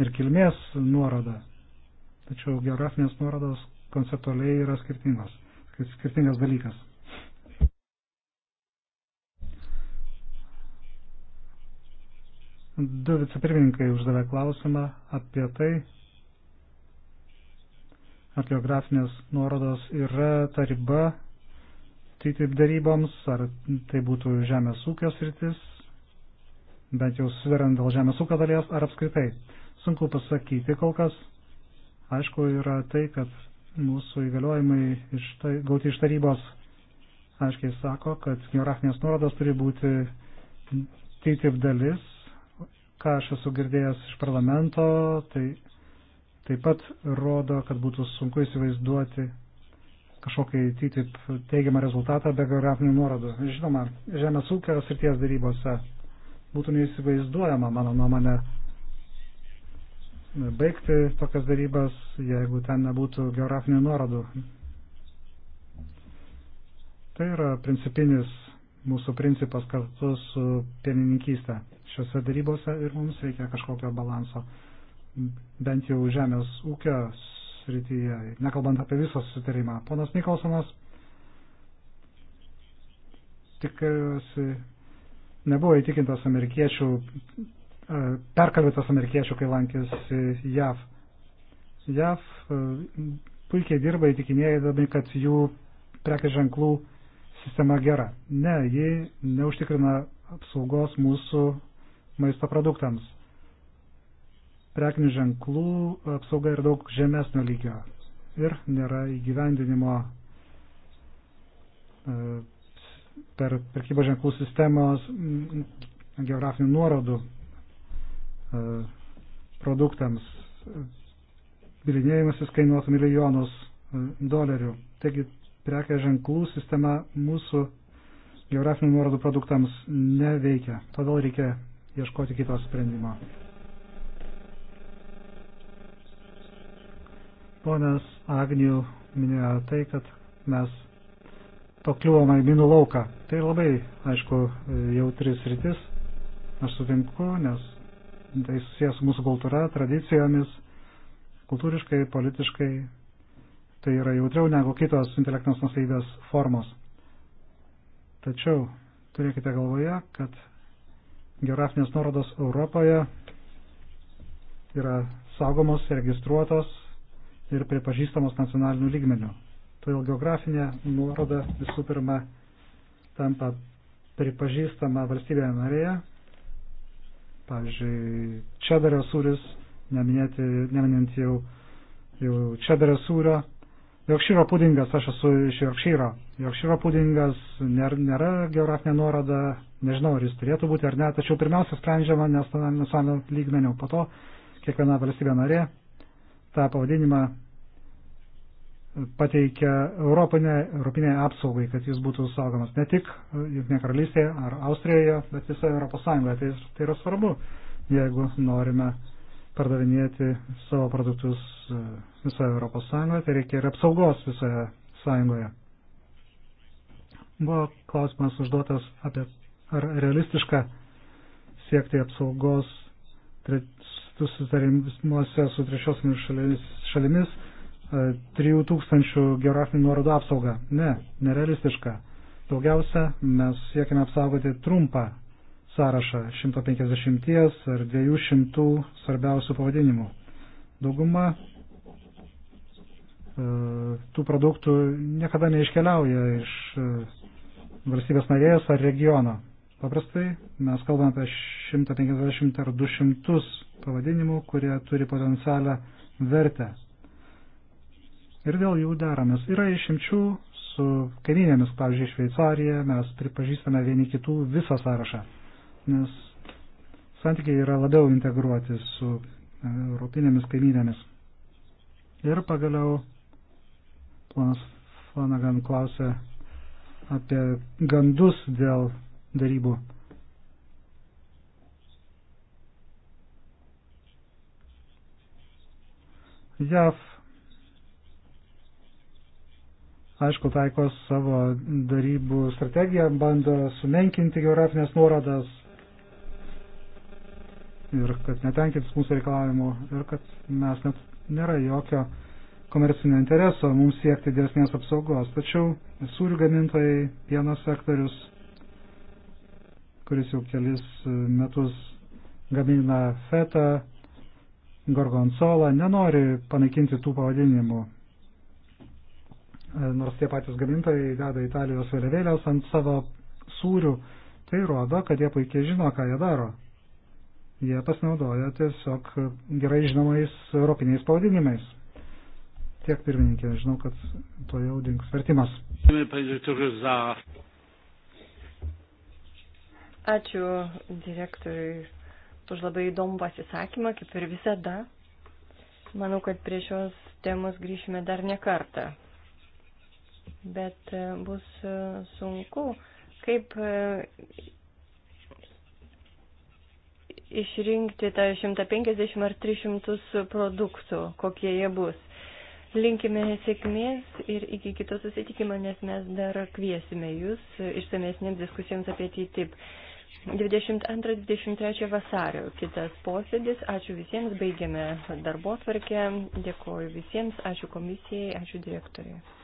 ir kilmės nuoroda. Tačiau geografinės nuorodos konceptualiai yra skirtingos, skirtingas dalykas. Du vicepirmininkai uždavė klausimą apie tai, ar geografinės nuorodos yra ta riba TTIP daryboms, ar tai būtų žemės ūkio sritis, bent jau sudarant dėl žemės ūkio dalies, ar apskritai. Sunku pasakyti kol kas. Aišku, yra tai, kad mūsų įgaliojimai iš tai, gauti iš tarybos aiškiai sako, kad geografinės nuorodos turi būti TTIP dalis. Ką aš esu girdėjęs iš parlamento, tai taip pat rodo, kad būtų sunku įsivaizduoti kažkokį TTIP teigiamą rezultatą be geografinių nuorodų. Žinoma, žemės ūkio srities darybose būtų neįsivaizduojama, mano nuomonė, baigti tokias darybas, jeigu ten nebūtų geografinių nuorodų. Tai yra principinis mūsų principas kartu su pienininkystė. Šiuose darybose ir mums reikia kažkokio balanso, bent jau žemės ūkio srityje, nekalbant apie visą susitarimą. Ponas Nikolsonas tikiuosi nebuvo įtikintas amerikiečių E, perkalbėtas amerikiečių, kai lankėsi JAV. JAV e, puikiai dirba įtikinėjami, kad jų prekės ženklų sistema gera. Ne, ji neužtikrina apsaugos mūsų maisto produktams. Prekinių ženklų apsauga yra daug žemesnio lygio ir nėra įgyvendinimo e, per prekybo ženklų sistemos geografinių nuorodų E, produktams. Bilinėjimasis kainuotų milijonus e, dolerių. Taigi prekės ženklų sistema mūsų geografinių nuorodų produktams neveikia. Todėl reikia ieškoti kitos sprendimo. Ponas Agnių minėjo tai, kad mes pakliuvome į minų lauką. Tai labai, aišku, e, jautris rytis. Aš sutinku, nes tai susijęs su mūsų kultūra, tradicijomis, kultūriškai, politiškai, tai yra jautriau negu kitos intelektinės nusaidės formos. Tačiau turėkite galvoje, kad geografinės nuorodos Europoje yra saugomos, registruotos ir pripažįstamos nacionaliniu lygmeniu. Todėl geografinė nuoroda visų pirma tampa pripažįstama valstybėje narėje Pavyzdžiui, čederio sūris, neminint jau, jau čederio sūrio. Jokšyro pudingas, aš esu iš Jokšyro. Jokšyro pudingas nėra, nėra geografinė nuoroda, nežinau, ar jis turėtų būti ar ne, tačiau pirmiausia sprendžiama nacionalinio lygmenio, po to kiekviena valstybė narė tą pavadinimą pateikia Europinė, Europinė apsaugai, kad jis būtų saugomas ne tik Junktinė karalystėje ar Austrijoje, bet visoje Europos Sąjungoje. Tai, tai yra svarbu, jeigu norime pardavinėti savo produktus e, visoje Europos Sąjungoje, tai reikia ir apsaugos visoje Sąjungoje. Buvo klausimas užduotas apie ar realistiška siekti apsaugos susitarimuose su trečiosiomis šalimis, šalimis 3000 geografinių nuorodų apsaugą. Ne, nerealistiška. Daugiausia mes siekime apsaugoti trumpą sąrašą 150 ar 200 svarbiausių pavadinimų. Dauguma e, tų produktų niekada neiškeliauja iš e, valstybės narės ar regiono. Paprastai mes kalbame apie 150 ar 200 pavadinimų, kurie turi potencialią vertę ir dėl jų deramės. Yra išimčių su kaiminėmis, pavyzdžiui, Šveicarija, mes pripažįstame vieni kitų visą sąrašą, nes santykiai yra labiau integruoti su e, europinėmis kaiminėmis. Ir pagaliau planas Flanagan klausė apie gandus dėl darybų. JAV aišku, taiko savo darybų strategiją, bando sumenkinti geografinės nuorodas ir kad netenkins mūsų reikalavimų ir kad mes net nėra jokio komercinio intereso mums siekti dėsnės apsaugos. Tačiau sūrių gamintojai, pieno sektorius, kuris jau kelis metus gamina fetą, gorgonzola, nenori panaikinti tų pavadinimų. E, nors tie patys gamintojai deda Italijos vėliavėlės ant savo sūrių, tai rodo, kad jie puikiai žino, ką jie daro. Jie pasinaudoja tiesiog gerai žinomais europiniais pavadinimais. Tiek pirmininkė, žinau, kad to jau dinks vertimas. Ačiū direktoriui už labai įdomų pasisakymą, kaip ir visada. Manau, kad prie šios temos grįšime dar ne kartą bet e, bus e, sunku, kaip e, išrinkti tą 150 ar 300 produktų, kokie jie bus. Linkime sėkmės ir iki kito susitikimo, nes mes dar kviesime jūs išsamesnėms diskusijoms apie TTIP. 22-23 vasario kitas posėdis. Ačiū visiems, baigiame darbo tvarkę. Dėkuoju visiems, ačiū komisijai, ačiū direktoriai.